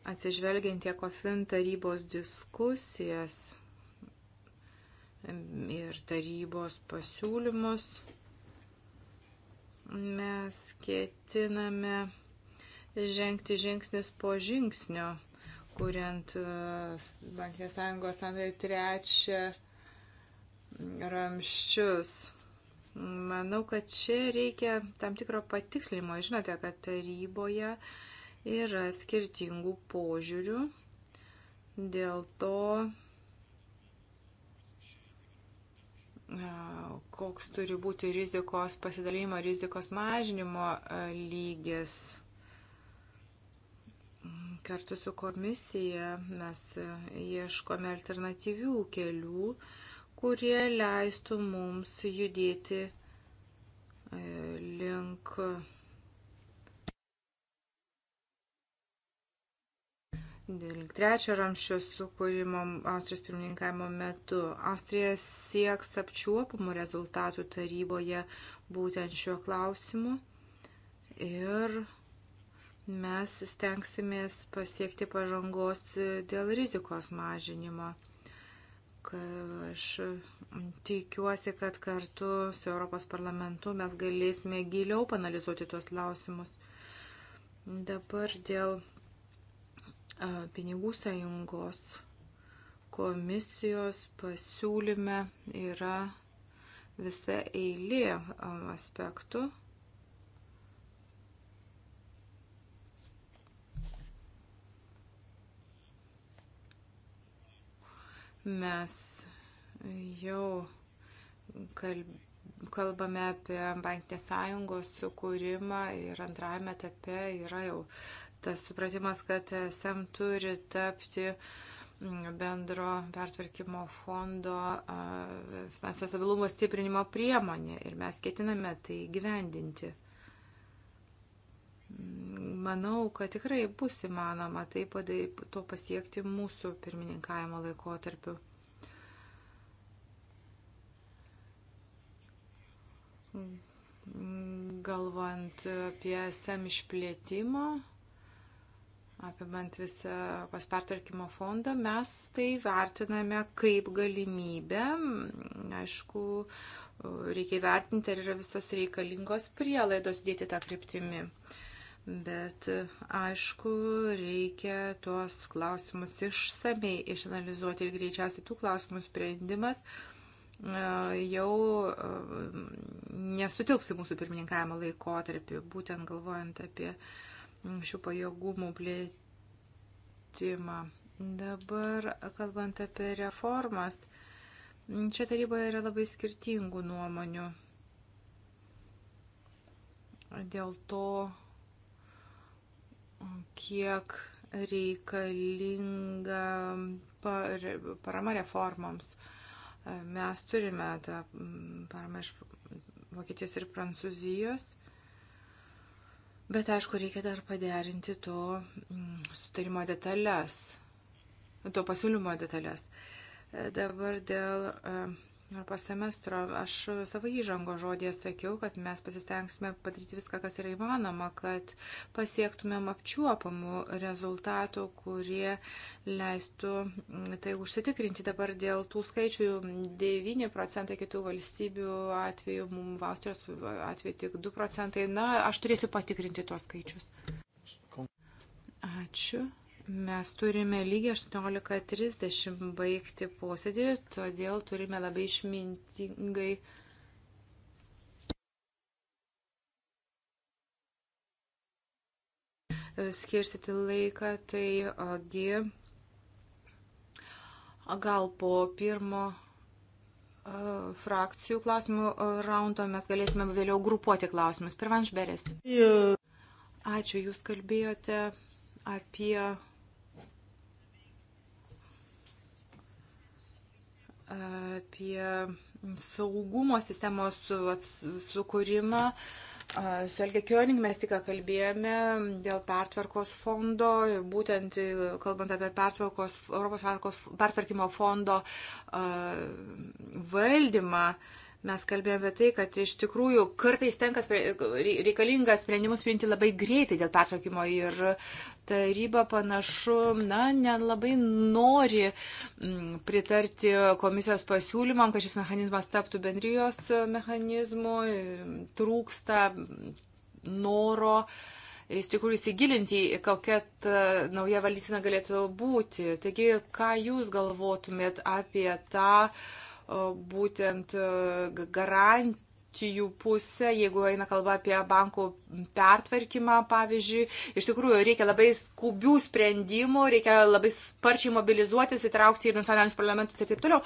atsižvelgiant į COFIN tarybos diskusijas ir tarybos pasiūlymus, mes ketiname žengti žingsnis po žingsnio, kuriant e, Bankinės sąjungos antrąjį trečią ramščius. Manau, kad čia reikia tam tikro patikslinimo. Žinote, kad taryboje uh, yra skirtingų požiūrių, dėl to, koks turi būti rizikos pasidalymo, rizikos mažinimo lygis. Kartu su komisija mes ieškome alternatyvių kelių, kurie leistų mums judėti link dėl trečio ramščio sukūrimo Austrijos pirmininkavimo metu. Austrija sieks apčiuopamų rezultatų taryboje būtent šiuo klausimu ir mes stengsimės pasiekti pažangos dėl rizikos mažinimo. Aš tikiuosi, kad kartu su Europos parlamentu mes galėsime giliau panalizuoti tuos klausimus. Dabar dėl pinigų sąjungos komisijos pasiūlyme yra visa eilė aspektų. Mes jau kalbėjome kalbame apie bankinės sąjungos sukūrimą ir antrajame etape yra jau tas supratimas, kad SM turi tapti mm, bendro pertvarkymo fondo finansinio stabilumo stiprinimo priemonė ir mes ketiname tai gyvendinti. Mm, manau, kad tikrai bus įmanoma tai padai, to pasiekti mūsų pirmininkavimo laikotarpiu. Mm, galvojant apie SM išplėtimą, apimant visą paspertvarkymo fondą, mes tai vertiname kaip galimybę, aišku, reikia vertinti, ar yra visas reikalingos prielaidos dėti tą kryptimį. Bet aišku, reikia tuos klausimus išsamei išanalizuoti ir greičiausiai tų klausimų sprendimas e, jau e, nesutilps į mūsų pirmininkavimo laikotarpį, būtent galvojant apie uh, Mm, šių pajėgumų plėtimą. Dabar, kalbant apie reformas, mm, čia taryboje yra labai skirtingų nuomonių. Dėl to, kiek reikalinga parama reformoms. Mes turime tą mm, paramą iš Vokietijos ir Prancūzijos. Bet aišku, reikia dar paderinti to mm, sutarimo detalės, to pasiūlymo detalės. E, dabar dėl e, Europos semestro. Aš savo įžango žodėje sakiau, kad mes pasistengsime padaryti viską, kas yra įmanoma, kad pasiektumėm apčiuopamų rezultatų, kurie leistų mm, tai užsitikrinti. Dabar dėl tų skaičių 9 procentai kitų valstybių atveju, mums Austrijos atveju tik 2 procentai. Na, aš turėsiu patikrinti tuos skaičius. Ačiū. Mes turime lygiai 18.30 baigti posėdį, todėl turime labai išmintingai. skirstyti laiką, taigi gal po pirmo e, frakcijų klausimų raundo mes galėsime vėliau grupuoti klausimus. Pirmanš Beres. Ačiū, jūs kalbėjote apie apie saugumo sistemos sukūrimą. Su Elke Kioning mes tik kalbėjome dėl pertvarkos fondo, būtent e, kalbant apie pertvarkos, Europos pertvarkymo fondo valdymą. Uh, Mes kalbėjome apie tai, kad iš tikrųjų kartais tenka reikalinga sprendimus priimti labai greitai dėl pertraukimo ir taryba panašu, na, nelabai nori mm, pritarti komisijos pasiūlymam, kad šis mechanizmas taptų bendrijos mechanizmu, trūksta noro iš tikrųjų įsigilinti, kokia ta nauja valdysena galėtų būti. Taigi, ką jūs galvotumėt apie tą uh, būtent garantijų pusę, jeigu eina kalba apie bankų pertvarkymą, pavyzdžiui. Iš tikrųjų, reikia labai skubių sprendimų, reikia labai sparčiai mobilizuotis, įtraukti ir nacionalinius parlamentus ir taip toliau.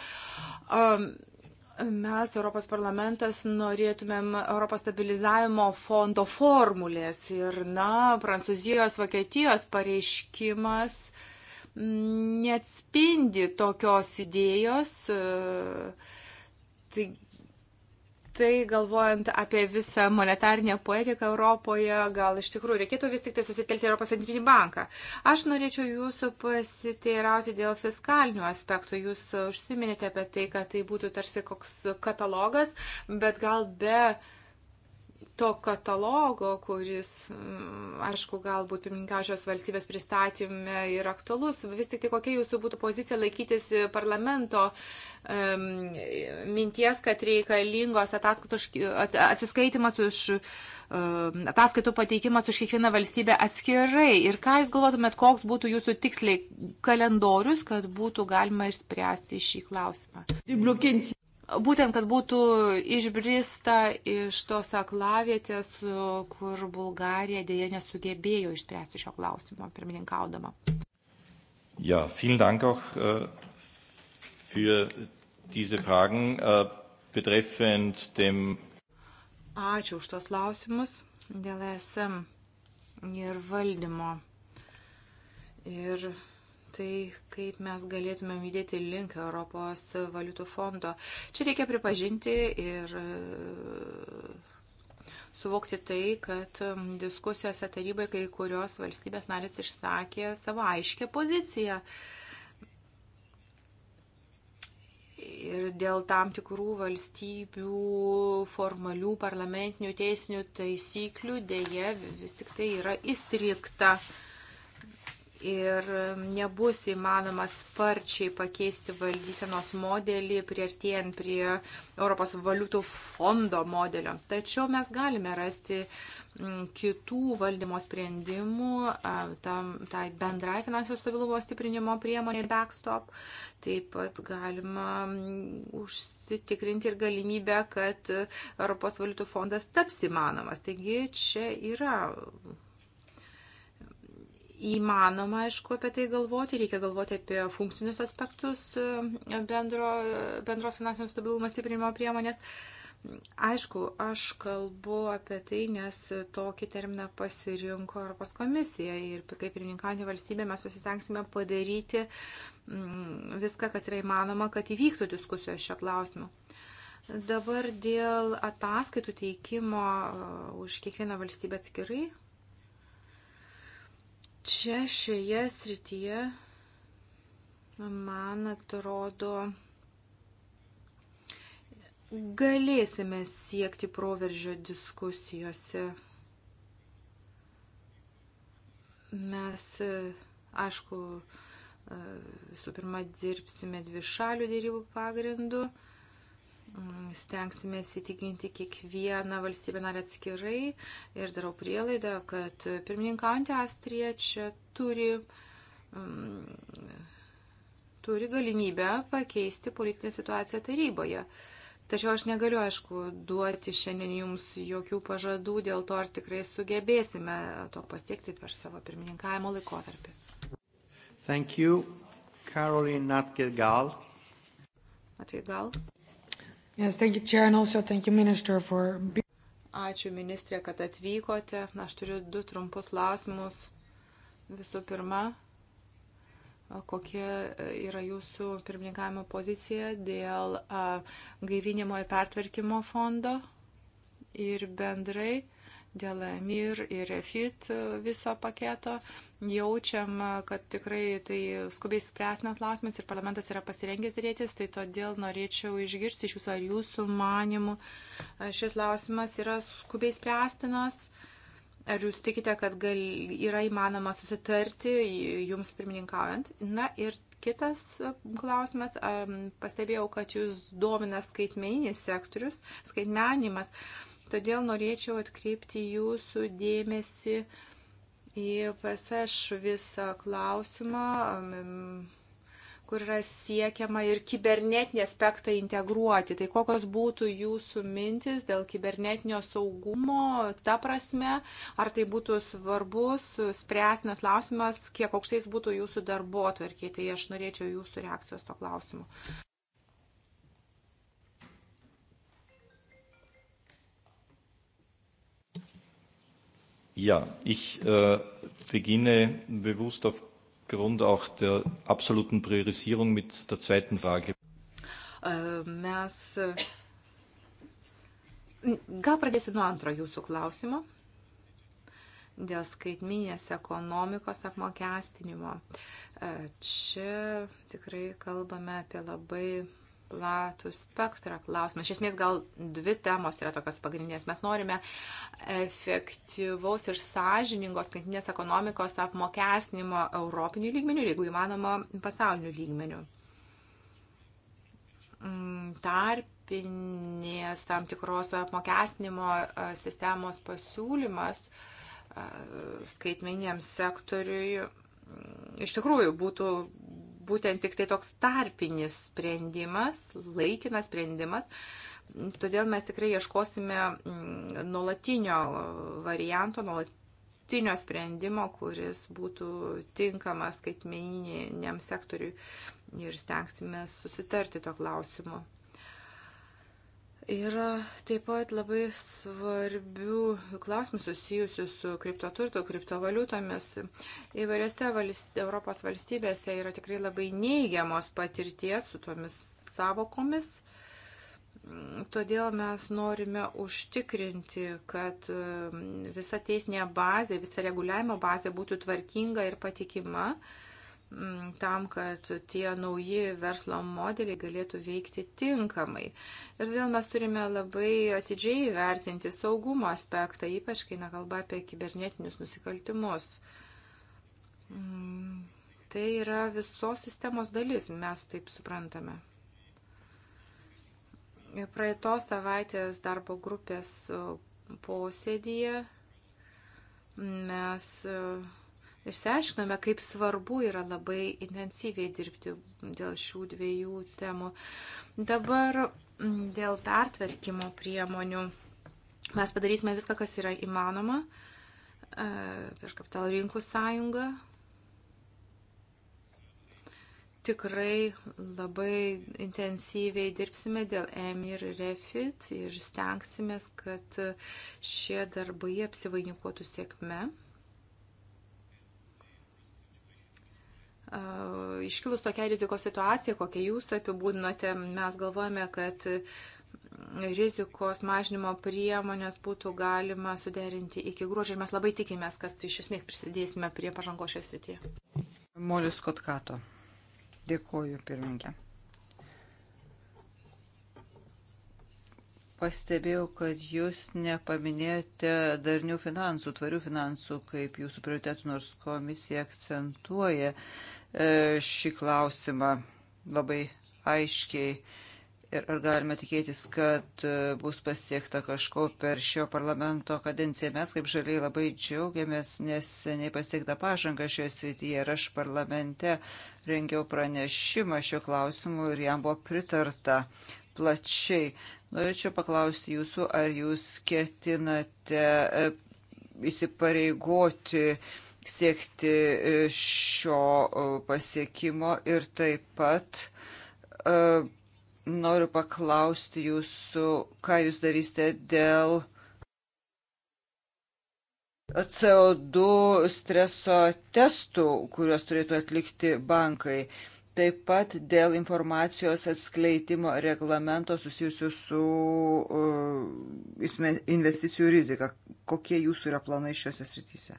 Um, mes, Europos parlamentas, norėtumėm Europos stabilizavimo fondo formulės ir, na, Prancūzijos, Vokietijos pareiškimas uh, neatspindi tokios idėjos. Tai, tai galvojant apie visą monetarinę poetiką Europoje, gal iš tikrųjų reikėtų vis tik tai susitelti Europos centrinį banką. Aš norėčiau jūsų pasiteirauti dėl fiskalinių aspektų. Jūs užsiminėte apie tai, kad tai būtų tarsi koks katalogas, bet gal be. Uh, to katalogo, kuris, mm, aišku, galbūt pirmininkaušios valstybės pristatymė ir aktualus, vis tik tai kokia jūsų būtų pozicija laikytis parlamento um, minties, kad reikalingos ataskaitos atsiskaitimas už um, ataskaitų pateikimas už kiekvieną valstybę atskirai. Ir ką Jūs galvotumėt, koks būtų Jūsų tiksliai kalendorius, kad būtų galima išspręsti šį klausimą? būtent, kad būtų išbrista iš tos aklavietės, kur Bulgarija dėja nesugebėjo išspręsti šio klausimo, pirmininkaudama. Ja, vielen Dank auch äh, für diese Fragen äh, betreffend dem. Ačiū už tos klausimus dėl SM ir valdymo. Ir tai, kaip mes galėtumėm judėti link Europos valiutų fondo. Čia reikia pripažinti ir e, suvokti tai, kad diskusijose tarybai kai kurios valstybės narės išsakė savo aiškę poziciją. Ir dėl tam tikrų valstybių formalių parlamentinių teisinių taisyklių dėje vis tik tai yra įstrikta. Uh, ir nebus įmanoma sparčiai pakeisti valdysenos modelį prieartėjant prie Europos valiutų fondo modelio. Tačiau mes galime rasti mm, kitų valdymo sprendimų, tam, tai bendrai finansijos stabilumo stiprinimo priemonė backstop. Taip pat galima mm, užsitikrinti ir galimybę, kad Europos valiutų fondas taps įmanomas. Taigi čia yra Įmanoma, aišku, apie tai galvoti, reikia galvoti apie funkcinius aspektus e, bendro, bendros finansinio stabilumo stiprinimo priemonės. Aišku, aš kalbu apie tai, nes tokį terminą pasirinko Europos komisija ir kaip pirmininkaujantį valstybę mes pasistengsime padaryti mm, viską, kas yra įmanoma, kad įvyktų diskusijos šio klausimu. Dabar dėl ataskaitų teikimo e, už kiekvieną valstybę atskirai čia šioje srityje, man atrodo, galėsime siekti proveržio diskusijose. Mes, aišku, visų pirma, dirbsime dvi šalių dėrybų pagrindu. Mm, stengsime įtikinti kiekvieną valstybę narę atskirai ir darau prielaidą, kad pirmininkaujantį Austriją čia turi, um, turi galimybę pakeisti politinę situaciją taryboje. Tačiau aš negaliu, aišku, duoti šiandien jums jokių pažadų dėl to, ar tikrai sugebėsime to pasiekti per savo pirmininkavimo laikotarpį. Thank you, Caroline Natgergal. Atgal. Yes, thank you, Chair, and also thank you, Minister, for... Ačiū, ministrė, kad atvykote. Aš turiu du trumpus klausimus. Visų pirma, kokia yra jūsų pirmininkavimo pozicija dėl gaivinimo ir pertvarkymo fondo ir bendrai dėl MIR ir FIT viso paketo. Jaučiam, kad tikrai tai skubiai spręsnas klausimas ir parlamentas yra pasirengęs dėrėtis, tai todėl norėčiau išgirsti iš jūsų, ar jūsų manimų e, šis klausimas yra skubiai spręstinas. Ar jūs tikite, kad gal, yra įmanoma susitarti jums pirmininkaujant? Na ir kitas klausimas. Pastebėjau, kad jūs domina skaitmeninis sektorius, skaitmenimas. Um, Todėl norėčiau atkreipti jūsų dėmesį į PSH visą klausimą, kur yra siekiama ir kibernetinį aspektą integruoti. Tai kokios būtų jūsų mintis dėl kibernetinio saugumo, ta prasme, ar tai būtų svarbus, spręsnas klausimas, kiek aukštais būtų jūsų darbo atvarkiai. Tai aš norėčiau jūsų reakcijos to klausimu. Ja, ich äh, beginne bewusst aufgrund auch der absoluten Priorisierung mit der zweiten Frage. Äh, mes. Äh, gal pradėsiu nuo antro jūsų klausimo dėl skaitminės ekonomikos apmokestinimo. Äh, čia tikrai kalbame apie labai platų spektrą klausimų. Iš esmės gal dvi temos yra tokios pagrindinės. Mes norime efektyvaus ir sąžiningos skaitinės ekonomikos apmokesnimo europinių lygmenių ir jeigu įmanoma pasaulinių lygmenių. Mm, tarpinės tam tikros apmokesnimo e, sistemos pasiūlymas e, skaitmeniniam sektoriui mm, iš tikrųjų būtų būtent tik tai toks tarpinis sprendimas, laikinas sprendimas. Todėl mes tikrai ieškosime mm, nuolatinio varianto, nuolatinio sprendimo, kuris būtų tinkamas skaitmeniniam sektoriui ir stengsime susitarti to klausimu. Yra taip pat labai svarbių klausimų susijusių su kriptoturto, kriptovaliutomis. Įvairiose valst, Europos valstybėse yra tikrai labai neigiamos patirties su tomis savokomis. Todėl mes norime užtikrinti, kad um, visa teisinė bazė, visa reguliavimo bazė būtų tvarkinga ir patikima. Uh, tam, kad tie nauji verslo modeliai galėtų veikti tinkamai. Ir todėl mes turime labai atidžiai vertinti saugumo aspektą, ypač kai nekalba apie kibernetinius nusikaltimus. Tai yra visos sistemos dalis, mes taip suprantame. Praeitos savaitės darbo grupės posėdėje mes uh, išsiaiškinome, kaip svarbu yra labai intensyviai dirbti dėl šių dviejų temų. Dabar dėl pertvarkymo priemonių mes padarysime viską, kas yra įmanoma e, prieš kapital rinkų sąjungą. Tikrai labai intensyviai dirbsime dėl EMIR REFIT ir stengsime, kad šie darbai apsivainikuotų sėkme. Iškilus tokia rizikos situacija, kokią jūs apibūdinote, mes galvojame, kad rizikos mažinimo priemonės būtų galima suderinti iki gruodžio ir mes labai tikimės, kad iš esmės prisidėsime prie pažangos šioje srityje. Molis Kotkato. Dėkoju, pirmininkė. Pastebėjau, kad jūs nepaminėjote darnių finansų, tvarių finansų kaip jūsų prioritetų, nors komisija akcentuoja E, šį klausimą labai aiškiai ir ar galime tikėtis, kad e, bus pasiekta kažko per šio parlamento kadenciją. Mes kaip žaliai labai džiaugiamės neseniai pasiekta pažanga šioje srityje ir aš parlamente rengiau pranešimą šio klausimu ir jam buvo pritarta plačiai. Norėčiau paklausti jūsų, ar jūs ketinate e, įsipareigoti siekti e, šio e, pasiekimo ir taip pat e, noriu paklausti jūsų, ką jūs darysite dėl CO2 streso testų, kuriuos turėtų atlikti bankai. Taip pat dėl informacijos atskleidimo reglamento susijusiu su uh, investicijų rizika. Kokie jūsų yra planai šiuose srityse?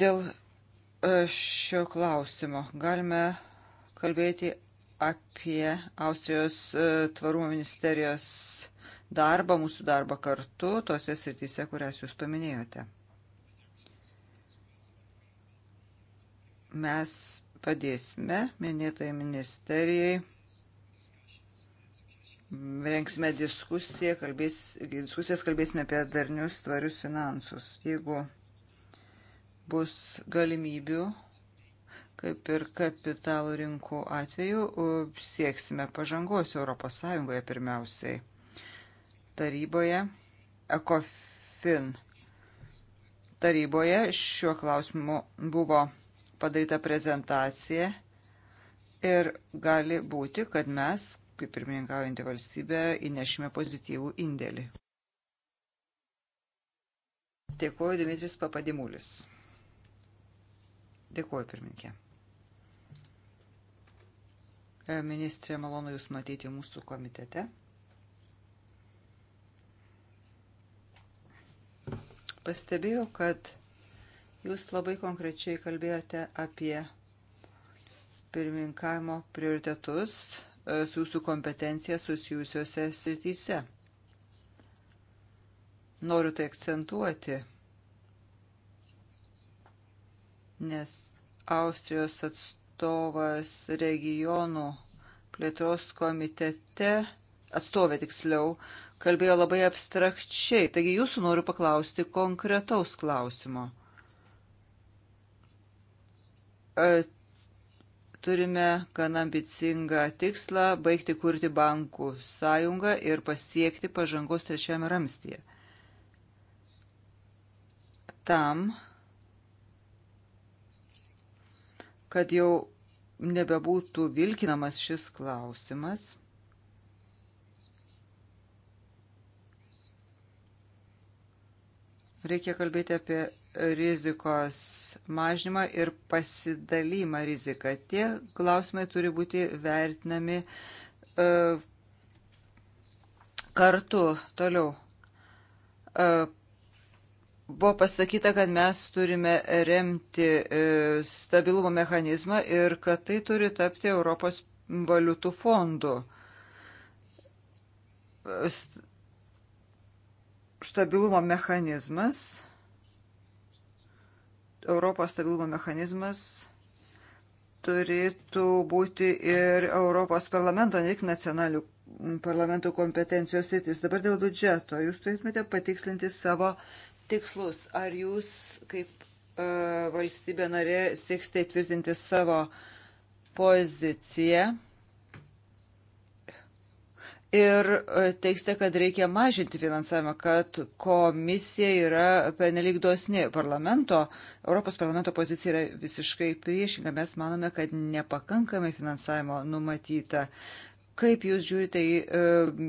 Dėl e, šio klausimo galime kalbėti apie Austrijos e, tvarumo ministerijos darbą, mūsų darbą kartu tose srityse, kurias jūs paminėjote. Mes padėsime minėtai ministerijai, rengsime diskusiją, kalbės, diskusijas kalbėsime apie darnius tvarius finansus. Jeigu bus galimybių, kaip ir kapitalų rinkų atveju, sieksime pažangos Europos Sąjungoje pirmiausiai. Taryboje, ECOFIN taryboje šiuo klausimu buvo padaryta prezentacija ir gali būti, kad mes, kaip pirmininkaujantį valstybę, įnešime pozityvų indėlį. Dėkuoju Dimitris Papadimulis. Dėkuoju, pirminkė. E, ministrė, malonu Jūs matyti mūsų komitete. Pastebėjau, kad Jūs labai konkrečiai kalbėjote apie pirmininkavimo prioritetus e, su jūsų kompetencija susijusiuose srityse. Noriu tai akcentuoti nes Austrijos atstovas regionų plėtros komitete, atstovė tiksliau, kalbėjo labai abstrakčiai. Taigi jūsų noriu paklausti konkretaus klausimo. E, turime gana ambicingą tikslą baigti kurti bankų sąjungą ir pasiekti pažangos trečiame ramstyje. Tam kad jau nebebūtų vilkinamas šis klausimas. Reikia kalbėti apie rizikos mažinimą ir pasidalymą riziką. Tie klausimai turi būti vertinami uh, kartu toliau. Uh, Buvo pasakyta, kad mes turime remti e, stabilumo mechanizmą ir kad tai turi tapti Europos valiutų fondu. Stabilumo mechanizmas, Europos stabilumo mechanizmas turėtų būti ir Europos parlamento, ne tik nacionalių parlamentų kompetencijos sritis. Dabar dėl biudžeto. Jūs turėtumėte patikslinti savo tikslus. Ar jūs kaip uh, valstybė narė sieksite įtvirtinti savo poziciją? ir e, teiksite, kad reikia mažinti finansavimą, kad komisija yra penelik dosni. Parlamento, Europos parlamento pozicija yra visiškai priešinga. Mes manome, kad nepakankamai finansavimo numatyta. Kaip jūs žiūrite į e,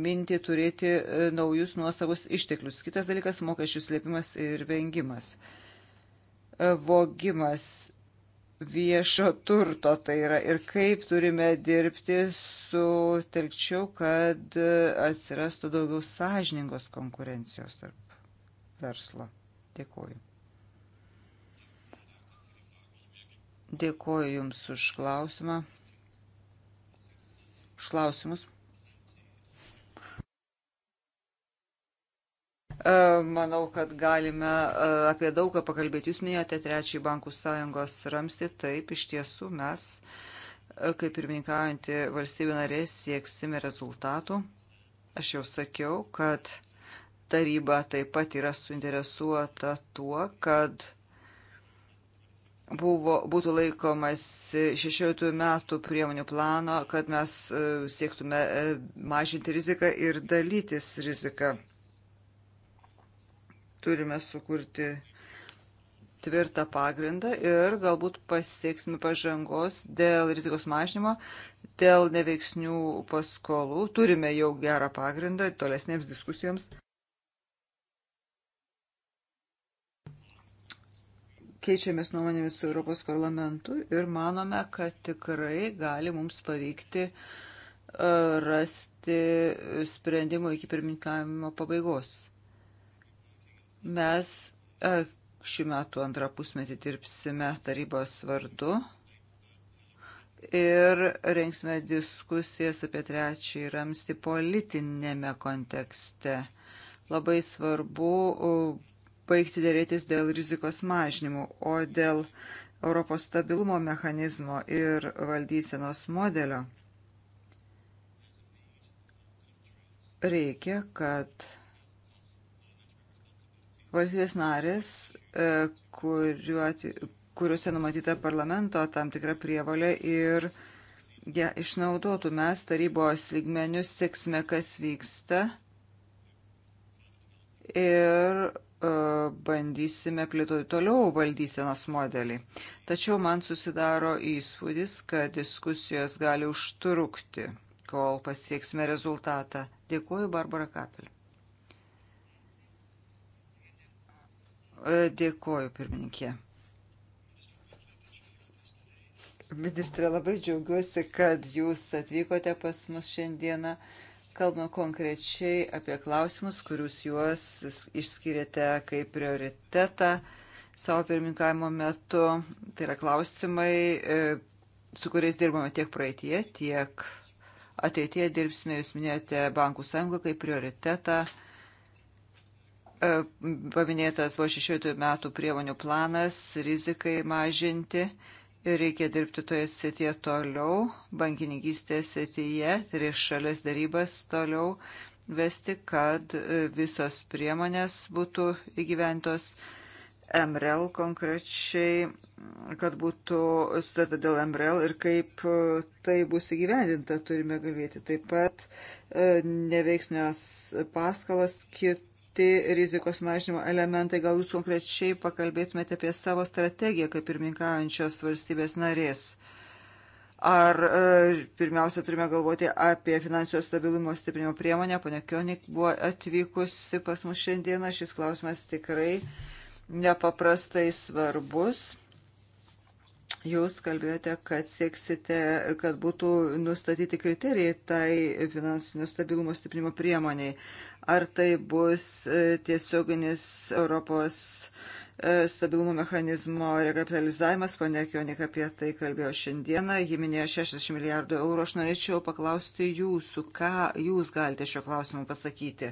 mintį turėti e, naujus nuosavus išteklius? Kitas dalykas - mokesčių slėpimas ir vengimas. E, vogimas viešo turto tai yra ir kaip turime dirbti su telkčiau, kad e, atsirastų daugiau sąžiningos konkurencijos tarp verslo. Dėkuoju. Dėkuoju Jums už klausimą už klausimus. E, manau, kad galime e, apie daugą pakalbėti. Jūs minėjote trečiąjį bankų sąjungos ramstį. Taip, iš tiesų mes, e, kaip pirmininkaujantį valstybę narė, sieksime rezultatų. Aš jau sakiau, kad taryba taip pat yra suinteresuota tuo, kad buvo, būtų laikomas 16 metų priemonių plano, kad mes e, siektume e, mažinti riziką ir dalytis riziką. Turime sukurti tvirtą pagrindą ir galbūt pasieksime pažangos dėl rizikos mažinimo, dėl neveiksnių paskolų. Turime jau gerą pagrindą tolesnėms diskusijoms. keičiamės nuomonėmis su Europos parlamentu ir manome, kad tikrai gali mums pavykti e, rasti sprendimo iki pirmininkavimo pabaigos. Mes e, šių metų antrą pusmetį dirbsime tarybos vardu ir rengsime diskusijas apie trečiąjį ramstį politinėme kontekste. Labai svarbu baigti dėrėtis dėl rizikos mažinimų, o dėl Europos stabilumo mechanizmo ir valdysenos modelio reikia, kad valstybės narės, e, kuriuose numatyta parlamento tam tikra prievalė ir ją ja, išnaudotų. Mes tarybos lygmenius seksime, kas vyksta ir E, bandysime plėtoti toliau valdysenos modelį. Tačiau man susidaro įspūdis, kad diskusijos gali užtrukti, kol pasieksime rezultatą. Dėkuoju, Barbara Kapel. E, dėkuoju, pirmininkė. Ministrė, labai džiaugiuosi, kad jūs atvykote pas mus šiandieną. Uh, Kalbame konkrečiai apie klausimus, kurius juos išskiriate kaip prioritetą savo pirmininkavimo metu. Tai yra klausimai, e, su kuriais dirbame tiek praeitie, tiek ateitie dirbsime. Jūs minėjote Bankų sąjungą kaip prioritetą e, paminėtas buvo 16 metų priemonių planas rizikai mažinti. Reikia dirbti toje srityje toliau, bankininkystės srityje, trišalės darybas toliau vesti, kad e, visos priemonės būtų įgyventos. MREL konkrečiai, kad būtų sutarta dėl MREL ir kaip e, tai bus įgyvendinta, turime galvėti. Taip pat e, neveiksnios paskalas, kit kiti rizikos mažinimo elementai. Gal jūs konkrečiai pakalbėtumėte apie savo strategiją kaip pirmininkaujančios valstybės narės? Ar e, pirmiausia turime galvoti apie finansinio stabilumo stiprinimo priemonę? Pane Kionik buvo atvykusi pas mus šiandieną. Šis klausimas tikrai nepaprastai svarbus. Jūs kalbėjote, kad sieksite, kad būtų nustatyti kriterijai tai finansinio stabilumo stiprinimo priemoniai ar tai bus e, tiesioginis Europos e, stabilumo mechanizmo rekapitalizavimas. Pane Kionik apie tai kalbėjo šiandieną. Ji minėjo 60 milijardų eurų. Aš norėčiau paklausti jūsų, ką jūs galite šio klausimu pasakyti.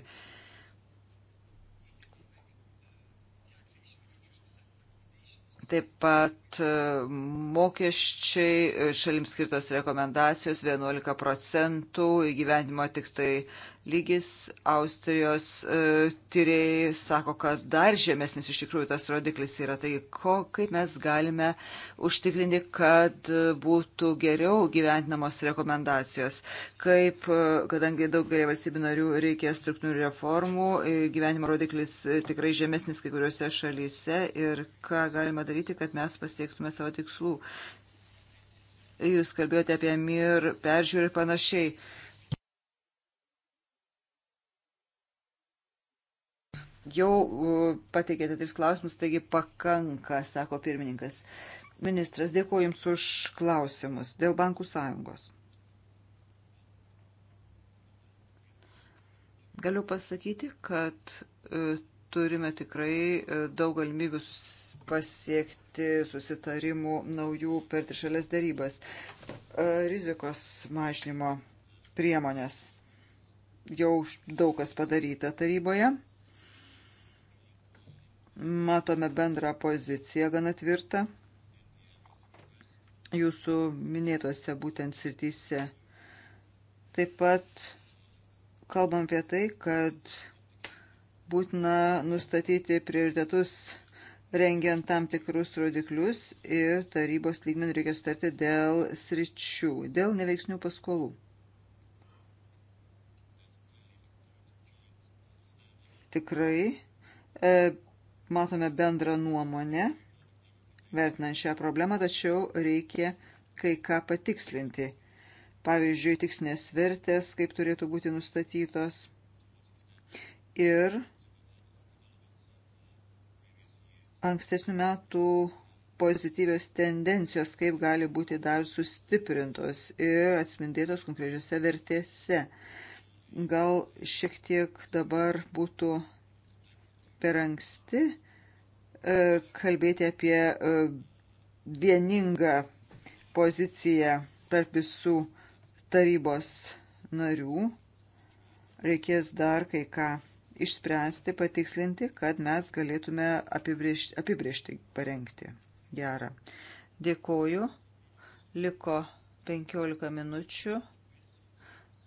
Taip pat e, mokesčiai, šalims skirtos rekomendacijos 11 procentų, įgyvendimo tik tai lygis. Austrijos e, tyrėjai sako, kad dar žemesnis iš tikrųjų tas rodiklis yra. Tai ko, kaip mes galime užtikrinti, kad būtų geriau gyventinamos rekomendacijos. Kaip, e, kadangi daugelį valstybių narių reikia struktūrinių reformų, e, gyvenimo rodiklis e, tikrai žemesnis kai kuriuose šalyse ir ką galima daryti, kad mes pasiektume savo tikslų. Jūs kalbėjote apie mir peržiūrį ir panašiai. Jau pateikėte tris klausimus, taigi pakanka, sako pirmininkas. Ministras, dėkuoju Jums už klausimus dėl bankų sąjungos. Galiu pasakyti, kad e, turime tikrai e, daug galimybių pasiekti susitarimų naujų per trišalės darybas. E, rizikos mažinimo priemonės jau daug kas padaryta taryboje. Matome bendrą poziciją gana tvirtą jūsų minėtose būtent srityse. Taip pat kalbam apie tai, kad būtina nustatyti prioritetus rengiant tam tikrus rodiklius ir tarybos lygmenį reikia sutarti dėl sričių, dėl neveiksnių paskolų. Tikrai e, matome bendrą nuomonę, vertinant šią problemą, tačiau reikia kai ką patikslinti. Pavyzdžiui, tiksnės vertės, kaip turėtų būti nustatytos. Ir ankstesnių metų pozityvios tendencijos, kaip gali būti dar sustiprintos ir atspindėtos konkrečiose vertėse. Gal šiek tiek dabar būtų per anksti e, kalbėti apie e, vieningą poziciją tarp visų tarybos narių. Reikės dar kai ką išspręsti, patikslinti, kad mes galėtume apibriežti, apibriežti parengti. Gerą. Dėkoju. Liko 15 minučių.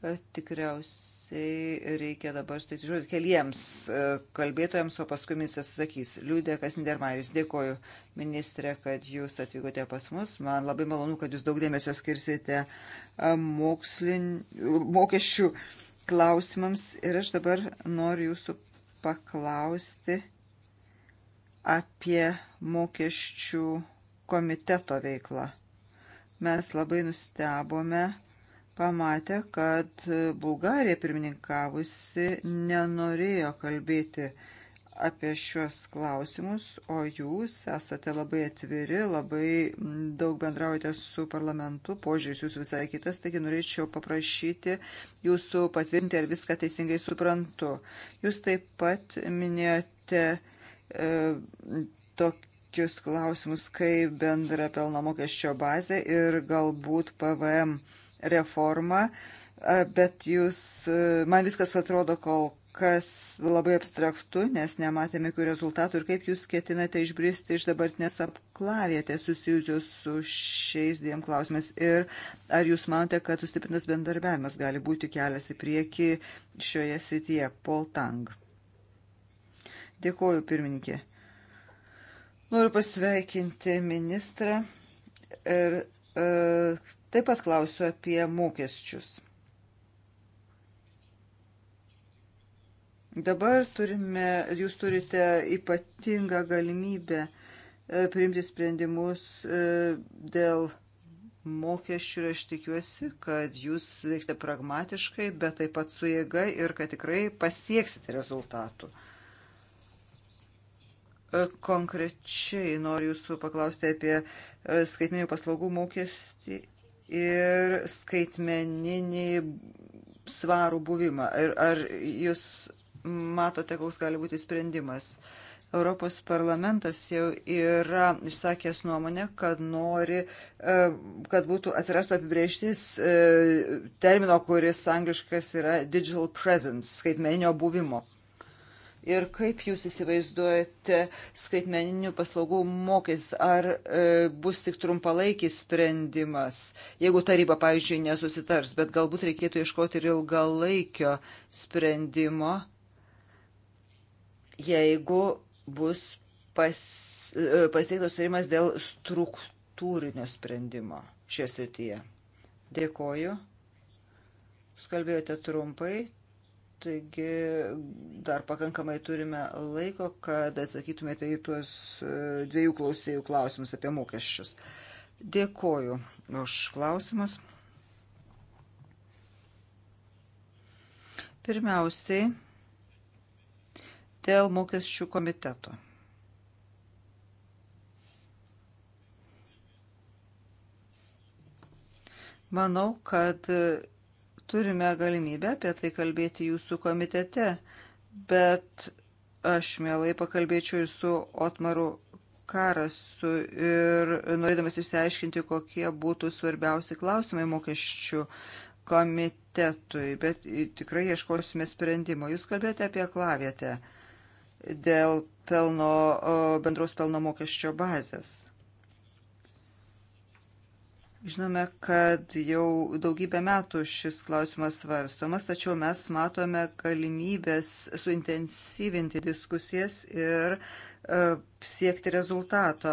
Tikriausiai reikia dabar steigti žodį keliems e, kalbėtojams, o paskui ministras sakys. Liūdė Kasindermaris, dėkoju ministrė, kad jūs atvykote pas mus. Man labai malonu, kad jūs daug dėmesio skirsite e, mokslin... mokesčių klausimams. Ir aš dabar noriu jūsų paklausti apie mokesčių komiteto veiklą. Mes labai nustebome pamatė, kad Bulgarija pirmininkavusi nenorėjo kalbėti apie šios klausimus, o jūs esate labai atviri, labai daug bendraujate su parlamentu, požiūris jūsų visai kitas, taigi norėčiau paprašyti jūsų patvirtinti, ar viską teisingai suprantu. Jūs taip pat minėjote e, tokį tokius klausimus kaip bendra pelno mokesčio bazė ir galbūt PVM reformą, bet jūs, man viskas atrodo kol kas labai abstraktu, nes nematėme jokių rezultatų ir kaip jūs ketinate išbristi iš dabartinės aklavietės susijusios su šiais dviem klausimais ir ar jūs manote, kad sustiprintas bendarbiavimas gali būti kelias į priekį šioje srityje. Paul Tang. Dėkuoju, pirmininkė. Noriu pasveikinti ministrą ir E, taip pat klausiu apie mokesčius. Dabar turime, jūs turite ypatingą galimybę e, priimti sprendimus e, dėl mokesčių ir aš tikiuosi, kad jūs veiksite pragmatiškai, bet taip pat su jėga ir kad tikrai pasieksite rezultatų. E, konkrečiai noriu jūsų paklausti apie e, skaitmeninių paslaugų mokestį ir skaitmeninį svarų buvimą. Ir ar jūs matote, koks gali būti sprendimas? Europos parlamentas jau yra išsakęs nuomonę, kad nori, e, kad būtų atsirastų apibrieštis termino, kuris angliškas yra digital presence, skaitmeninio buvimo ir kaip jūs įsivaizduojate skaitmeninių paslaugų mokės, ar e, bus tik trumpalaikis sprendimas, jeigu taryba, pavyzdžiui, nesusitars, bet galbūt reikėtų ieškoti ir ilgalaikio sprendimo, jeigu bus pas, e, pasiektas sutarimas dėl struktūrinio sprendimo šioje srityje. Dėkoju. Jūs kalbėjote trumpai, Taigi dar pakankamai turime laiko, kad atsakytumėte į tuos e, dviejų klausėjų klausimus apie mokesčius. Dėkoju už klausimus. Pirmiausiai, dėl mokesčių komiteto. Manau, kad turime galimybę apie tai kalbėti jūsų komitete, bet aš mielai pakalbėčiau ir su Otmaru Karasu ir norėdamas išsiaiškinti, kokie būtų svarbiausi klausimai mokesčių komitetui, bet tikrai ieškosime sprendimo. Jūs kalbėjote apie klavietę dėl pelno, bendros pelno mokesčio bazės. Žinome, kad jau daugybę metų šis klausimas svarstomas, tačiau mes matome galimybės suintensyvinti diskusijas ir uh, siekti rezultato.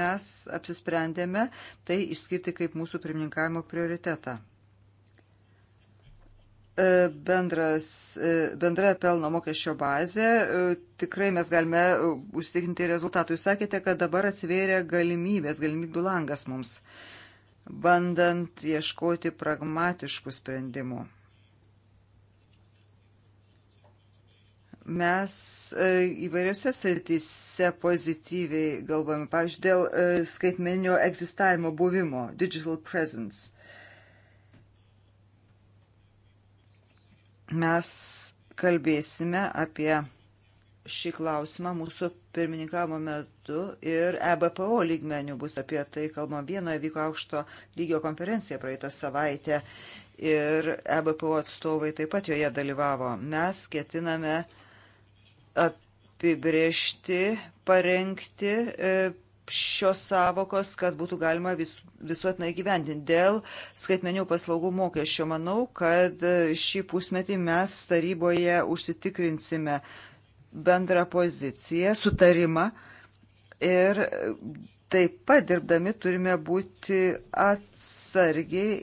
Mes apsisprendėme tai išskirti kaip mūsų pirmininkavimo prioritetą. E, bendras, e, bendra pelno mokesčio bazė, tikrai mes galime užtikrinti rezultatų. Jūs sakėte, kad dabar atsivėrė galimybės, galimybių langas mums. Uh, bandant ieškoti pragmatiškų sprendimų. Mes e, įvairiose srityse pozityviai galvojame, pavyzdžiui, dėl e, skaitmeninio egzistavimo buvimo, digital presence. Mes kalbėsime apie šį klausimą mūsų pirmininkavimo metu mastu ir EBPO lygmenių bus apie tai kalbama. Vienoje vyko aukšto lygio konferencija praeitą savaitę ir EBPO atstovai taip pat joje dalyvavo. Mes ketiname apibriežti, parengti e, šios savokos, kad būtų galima vis, visuotinai gyvendinti. Dėl skaitmenių paslaugų mokesčio manau, kad e, šį pusmetį mes taryboje užsitikrinsime bendrą poziciją, sutarimą Ir taip pat dirbdami turime būti atsargiai,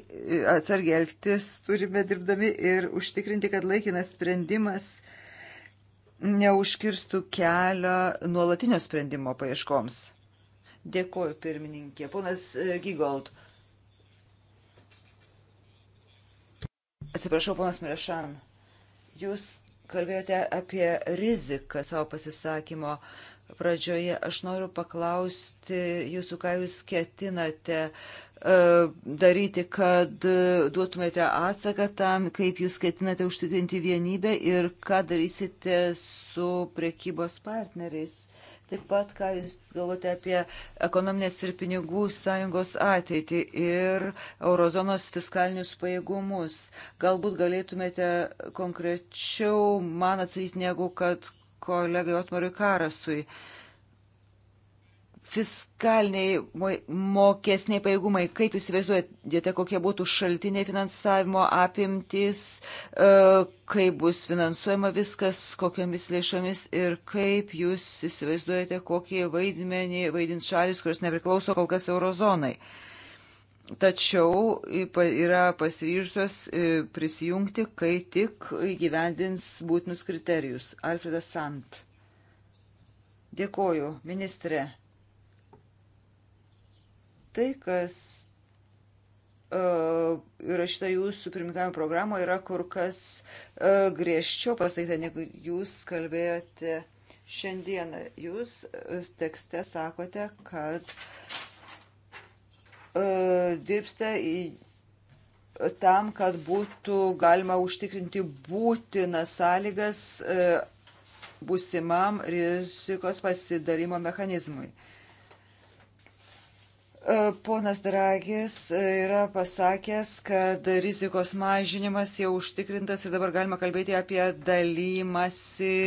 atsargiai elgtis, turime dirbdami ir užtikrinti, kad laikinas sprendimas neužkirstų kelią nuolatinio sprendimo paieškoms. Dėkoju, pirmininkė. Ponas e, Gigold. Atsiprašau, ponas Mirešan. Jūs kalbėjote apie riziką savo pasisakymo uh, pradžioje. Aš noriu paklausti jūsų, ką jūs ketinate e, daryti, kad duotumėte atsaką tam, kaip jūs ketinate užtikrinti vienybę ir ką darysite su prekybos partneriais. Taip pat, ką jūs galvote apie ekonominės ir pinigų sąjungos ateitį ir eurozonos fiskalinius pajėgumus. Galbūt galėtumėte konkrečiau man atsakyti, negu kad kolegai Otmarui Karasui. Fiskaliniai mokesniai pajėgumai, kaip jūs įsivaizduojate, kokie būtų šaltiniai finansavimo apimtis, e, kaip bus finansuojama viskas, kokiamis lėšomis ir kaip jūs įsivaizduojate, kokie vaidmenį vaidins šalis, kurios nepriklauso kol kas eurozonai. Uh, tačiau yra pasiryžusios e, prisijungti, kai tik įgyvendins būtinus kriterijus. Alfredas Sant. Dėkoju, ministrė. Tai, kas e, įrašyta jūsų pirmininkavimo programoje yra kur kas e, griežčiau pasakyta, negu jūs kalbėjote šiandieną. Jūs tekste sakote, kad E, dirbsta tam, kad būtų galima užtikrinti būtinas sąlygas e, būsimam rizikos pasidalimo mechanizmui. E, ponas Dragis yra pasakęs, kad rizikos mažinimas jau užtikrintas ir dabar galima kalbėti apie dalymasi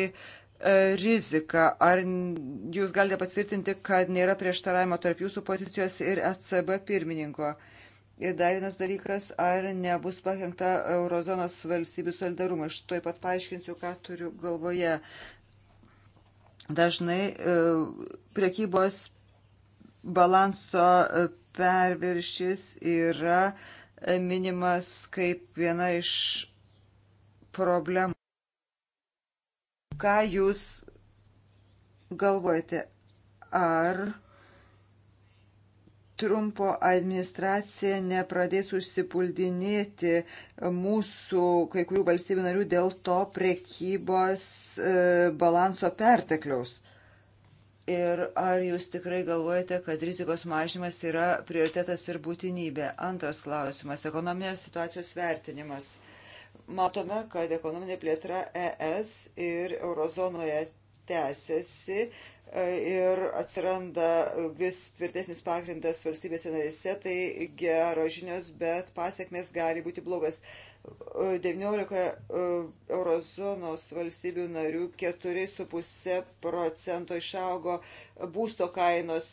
E, rizika. Ar jūs galite patvirtinti, kad nėra prieštaravimo tarp jūsų pozicijos ir ECB pirmininko? Ir dar vienas dalykas, ar nebus pakengta eurozonos valstybių solidarumui. Aš toj pat paaiškinsiu, ką turiu galvoje. Dažnai e, priekybos balanso e, perviršis yra minimas kaip viena iš problemų. Ką jūs galvojate, ar Trumpo administracija nepradės užsipuldinėti mūsų kai kurių valstybių narių dėl to prekybos e, balanso pertekliaus. Ir ar jūs tikrai galvojate, kad rizikos mažymas yra prioritetas ir būtinybė? Antras klausimas - ekonominės situacijos vertinimas matome, kad ekonominė plėtra ES ir eurozonoje tęsiasi e, ir atsiranda vis tvirtesnis pagrindas valstybėse narėse, tai geros žinios, bet pasiekmes gali būti blogas. 19 e, e, eurozonos valstybių narių 4,5 procento išaugo būsto kainos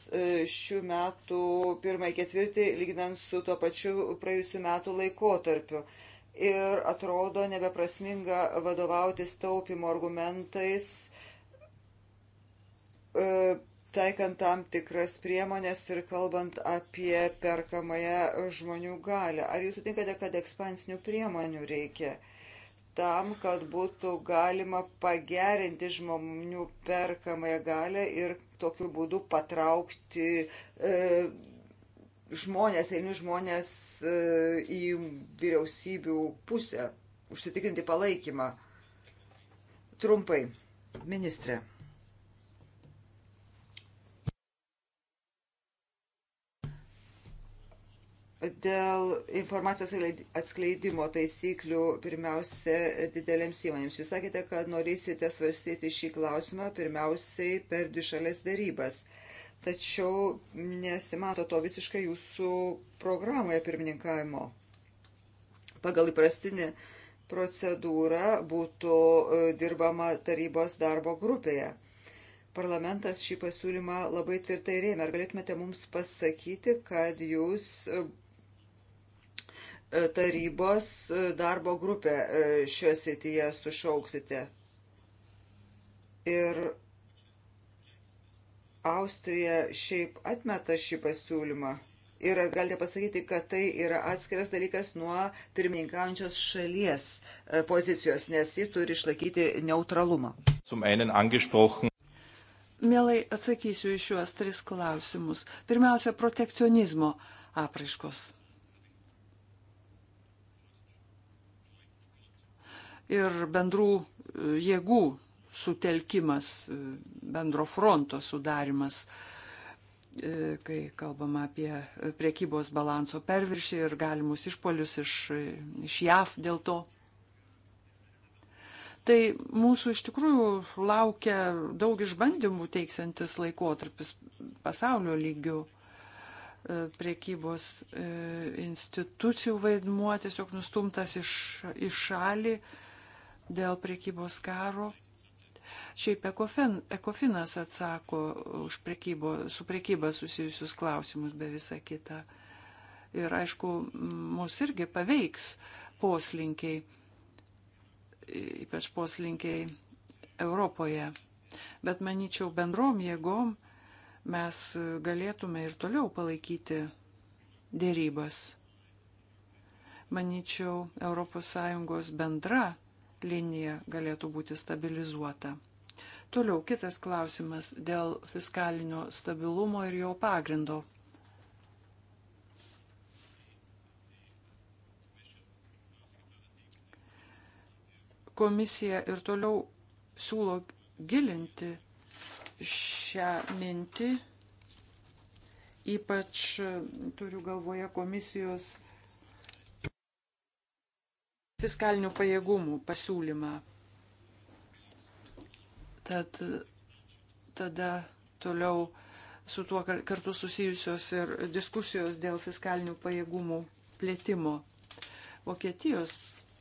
šių metų pirmąjį ketvirtį, lyginant su tuo pačiu praėjusiu metu laikotarpiu ir atrodo nebeprasminga vadovautis taupimo argumentais, e, taikant tam tikras priemonės ir kalbant apie perkamąją žmonių galę. Ar jūs sutinkate, kad ekspansinių priemonių reikia? tam, kad būtų galima pagerinti žmonių perkamąją galę ir tokiu būdu patraukti e, žmonės, eilinius žmonės e, į vyriausybių pusę, užsitikrinti palaikymą. Trumpai, ministrė. Dėl informacijos atskleidimo taisyklių pirmiausia didelėms įmonėms. Jūs sakėte, kad norėsite svarstyti šį klausimą pirmiausiai per dvišalės darybas. darybas tačiau nesimato to visiškai jūsų programoje pirmininkavimo. Pagal įprastinį procedūrą būtų e, dirbama tarybos darbo grupėje. Parlamentas šį pasiūlymą labai tvirtai rėmė. Ar galėtumėte mums pasakyti, kad jūs e, e, tarybos darbo grupę šioje srityje sušauksite? Ir Austrija šiaip atmeta šį pasiūlymą. Ir ar galite pasakyti, kad tai yra atskiras dalykas nuo pirmininkaujančios šalies e, pozicijos, nes ji turi išlaikyti neutralumą? Mielai atsakysiu iš juos tris klausimus. Pirmiausia, protekcionizmo apraiškos. Ir bendrų e, jėgų sutelkimas, bendro fronto sudarimas, e, kai kalbama apie priekybos balanso perviršį ir galimus išpolius iš, iš JAV dėl to. Tai mūsų iš tikrųjų laukia daug išbandymų teiksantis laikotarpis pasaulio lygių e, priekybos e, institucijų vaidmuo tiesiog nustumtas iš, iš šalį dėl priekybos karo. Šiaip ekofin, ekofinas atsako už prekybo, su prekyba susijusius klausimus be visą kitą. Ir aišku, mus irgi paveiks poslinkiai, ypač poslinkiai Europoje. Bet manyčiau, bendrom jėgom mes galėtume ir toliau palaikyti dėrybas manyčiau, ES bendra linija galėtų būti stabilizuota. Toliau kitas klausimas dėl fiskalinio stabilumo ir jo pagrindo. Komisija ir toliau siūlo gilinti šią mintį, ypač turiu galvoje komisijos fiskalinių pajėgumų pasiūlymą. Tad tada toliau su tuo kartu susijusios ir diskusijos dėl fiskalinių pajėgumų plėtimo. Vokietijos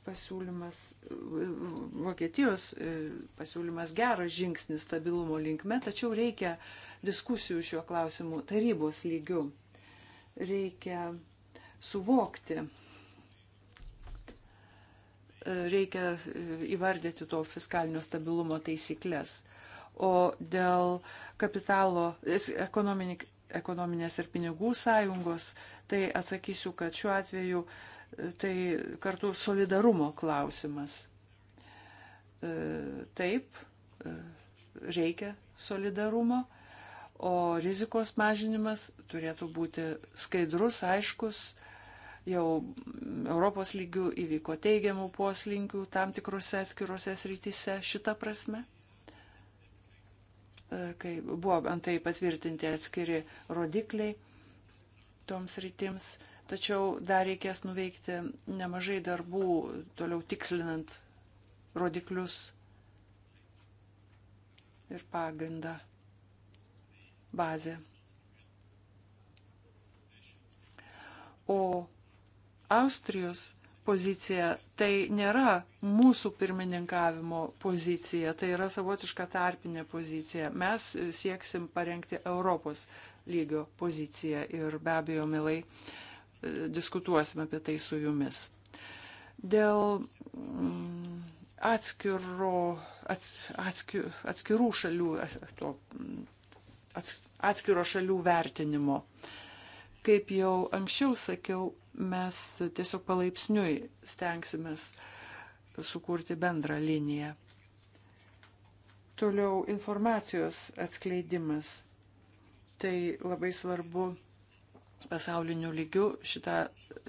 pasiūlymas, Vokietijos e, pasiūlymas geras žingsnis stabilumo linkme, tačiau reikia diskusijų šiuo klausimu tarybos lygiu. Reikia suvokti, reikia e, įvardyti to fiskalinio stabilumo taisyklės. O dėl kapitalo, e, ekonominės ir pinigų sąjungos, tai atsakysiu, kad šiuo atveju e, tai kartu solidarumo klausimas. Taip, reikia solidarumo, o rizikos mažinimas turėtų būti skaidrus, aiškus jau Europos lygių įvyko teigiamų poslinkių tam tikrose atskirose srityse šitą prasme, e, kai buvo antai patvirtinti atskiri rodikliai toms rytims, tačiau dar reikės nuveikti nemažai darbų toliau tikslinant rodiklius ir pagrindą, bazę. O Austrijos pozicija tai nėra mūsų pirmininkavimo pozicija, tai yra savotiška tarpinė pozicija. Mes sieksim parengti Europos lygio poziciją ir be abejo, milai, e, diskutuosime apie tai su jumis. Dėl mm, atskiro, ats, atskir, atskirų šalių, e, to, mm, ats, atskiro šalių vertinimo. Uh, Kaip jau anksčiau sakiau, mes tiesiog palaipsniui stengsimės sukurti bendrą liniją. Toliau informacijos atskleidimas. Tai labai svarbu pasauliniu lygiu. Šita,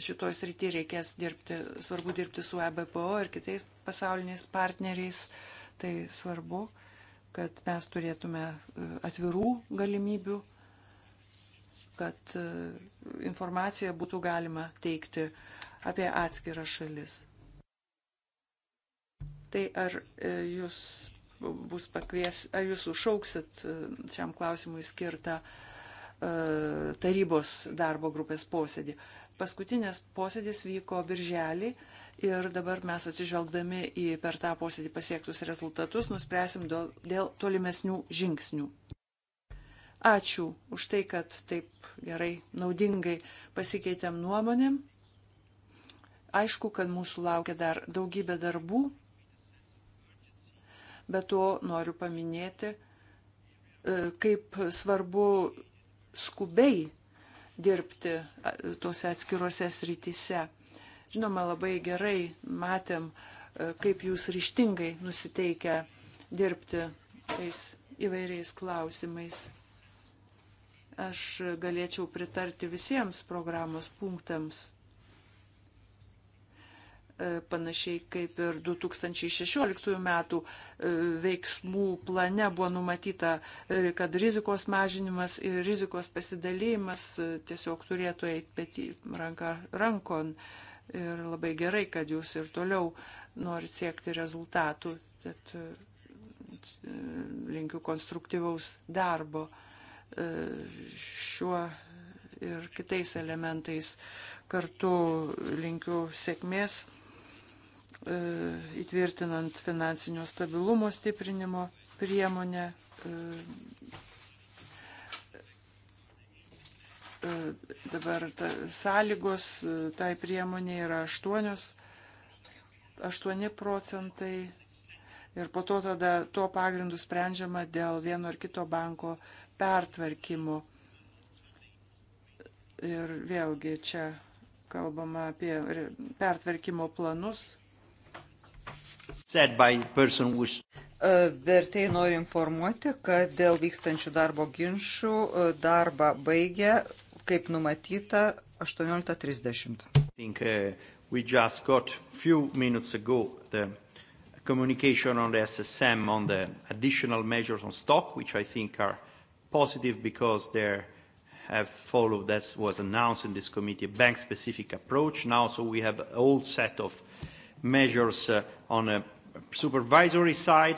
šitoj srity reikės dirbti, svarbu dirbti su EBPO ir kitais pasauliniais partneriais. Tai svarbu, kad mes turėtume e, atvirų galimybių kad e, informaciją būtų galima teikti apie atskirą šalis. Tai ar e, jūs bus pakvies, ar jūs užšauksit e, šiam klausimui skirtą tarybos darbo grupės posėdį. Paskutinės posėdis vyko birželį ir dabar mes atsižvelgdami į per tą posėdį pasiektus rezultatus nuspręsim dėl tolimesnių žingsnių. Ačiū už tai, kad taip gerai, naudingai pasikeitėm nuomonėm. Aišku, kad mūsų laukia dar daugybė darbų, bet to noriu paminėti, e, kaip svarbu skubiai dirbti e, tuose atskiruose srityse. Žinoma, labai gerai matėm, e, kaip jūs ryštingai nusiteikę dirbti tais įvairiais klausimais. Aš galėčiau pritarti visiems programos punktams e, panašiai kaip ir 2016 metų e, veiksmų plane buvo numatyta, e, kad rizikos mažinimas ir rizikos pasidalymas tiesiog turėtų eiti petį ranką rankon. Ir labai gerai, kad jūs ir toliau norit siekti rezultatų. Tad linkiu konstruktyvaus darbo. E, šiuo ir kitais elementais kartu linkiu sėkmės e, įtvirtinant finansinio stabilumo stiprinimo priemonę. E, dabar ta, sąlygos tai priemonė yra 8, 8 procentai ir po to tada tuo pagrindu sprendžiama dėl vieno ar kito banko pertvarkymu. Ir vėlgi čia kalbama apie pertvarkymo planus. E, vertėjai nori informuoti, kad dėl vykstančių darbo ginčių e, darbą baigia, kaip numatyta, 18.30. Uh, we just got a few minutes ago the communication on the SSM on the additional measures on stock, which I think are uh, positive because there have followed, that was announced in this committee, a bank-specific approach now. So we have a whole set of measures uh, on a supervisory side,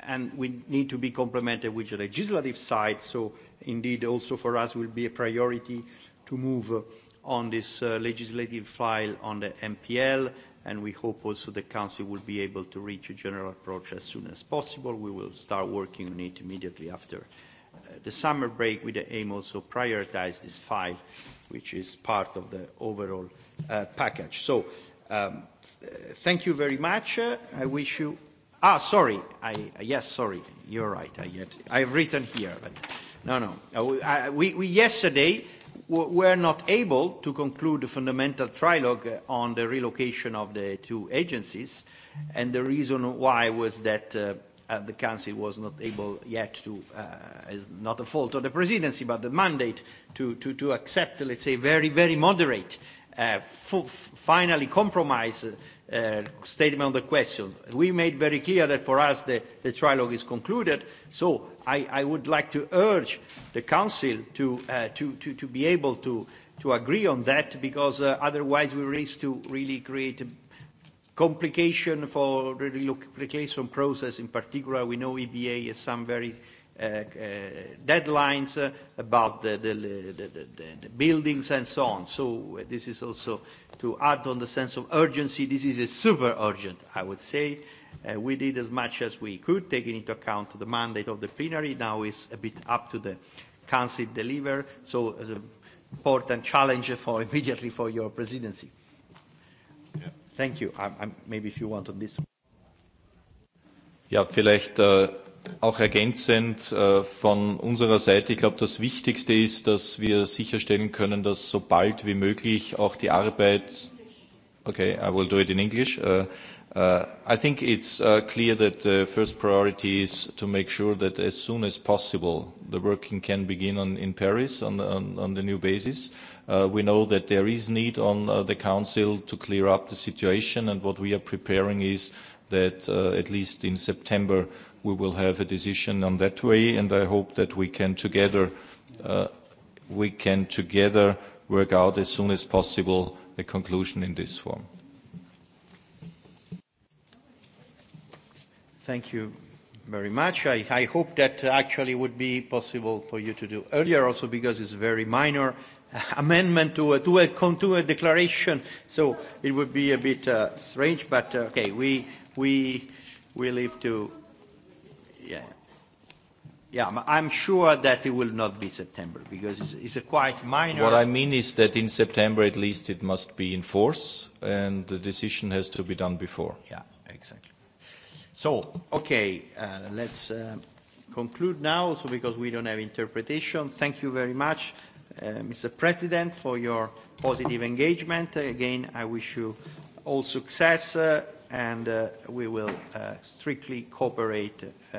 and we need to be complemented with the legislative side. So indeed, also for us will be a priority to move uh, on this uh, legislative file on the MPL, and we hope also the Council will be able to reach a general approach as soon as possible. We will start working on it immediately after uh, Uh, the summer break with the aim also prioritize this file, which is part of the overall uh, package. So um, uh, thank you very much. Uh, I wish you. Ah, sorry. I, uh, yes, sorry. You're right. I yet, I've written here, but no, no. I, I, we, we yesterday were not able to conclude the fundamental trilogue on the relocation of the two agencies, and the reason why was that. Uh, uh, the Council was not able yet to, uh, is not a fault of the presidency, but the mandate to, to, to accept, let's say, very, very moderate, uh, f- finally compromise uh, uh, statement on the question. We made very clear that for us the, the trilogue is concluded, so I, I would like to urge the Council to, uh, to, to, to be able to, to agree on that, because uh, otherwise we risk to really create a Complication for the relocation process, in particular, we know EBA has some very uh, uh, deadlines uh, about the, the, the, the, the buildings and so on. So uh, this is also to add on the sense of urgency. This is a super urgent, I would say. Uh, we did as much as we could, taking into account the mandate of the plenary. Now it's a bit up to the council deliver. So uh, important challenge for immediately for your presidency. Thank you. I'm, I'm, maybe if you want on this. Ja, vielleicht äh, auch ergänzend äh, von unserer Seite. Ich glaube, das Wichtigste ist, dass wir sicherstellen können, dass so bald wie möglich auch die Arbeit. Okay, I will do it in English. Uh, uh, I think it's uh, clear that the first priority is to make sure that as soon as possible the working can begin on, in Paris on, on, on the new basis. Uh, Uh, we know that there is need on uh, the Council to clear up the situation, and what we are preparing is that uh, at least in September we will have a decision on that way, and I hope that we can together, uh, we can together work out as soon as possible a conclusion in this form. Thank you very much. I, I hope that actually would be possible for you to do earlier also because it's very minor amendment to a, to a, to a declaration. So it would be a bit uh, strange, but uh, okay, we, we, we leave to, yeah. Yeah, I'm sure that it will not be September because it's, it's a quite minor. What I mean is that in September at least it must be in force and the decision has to be done before. Yeah, exactly. So, okay, uh, let's uh, conclude now so because we don't have interpretation. Thank you very much uh, Mr. President, for your positive engagement. Again, I wish you all success, uh, and uh, we will uh, strictly cooperate uh,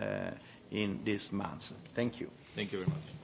in this month. Thank you. Thank you very much.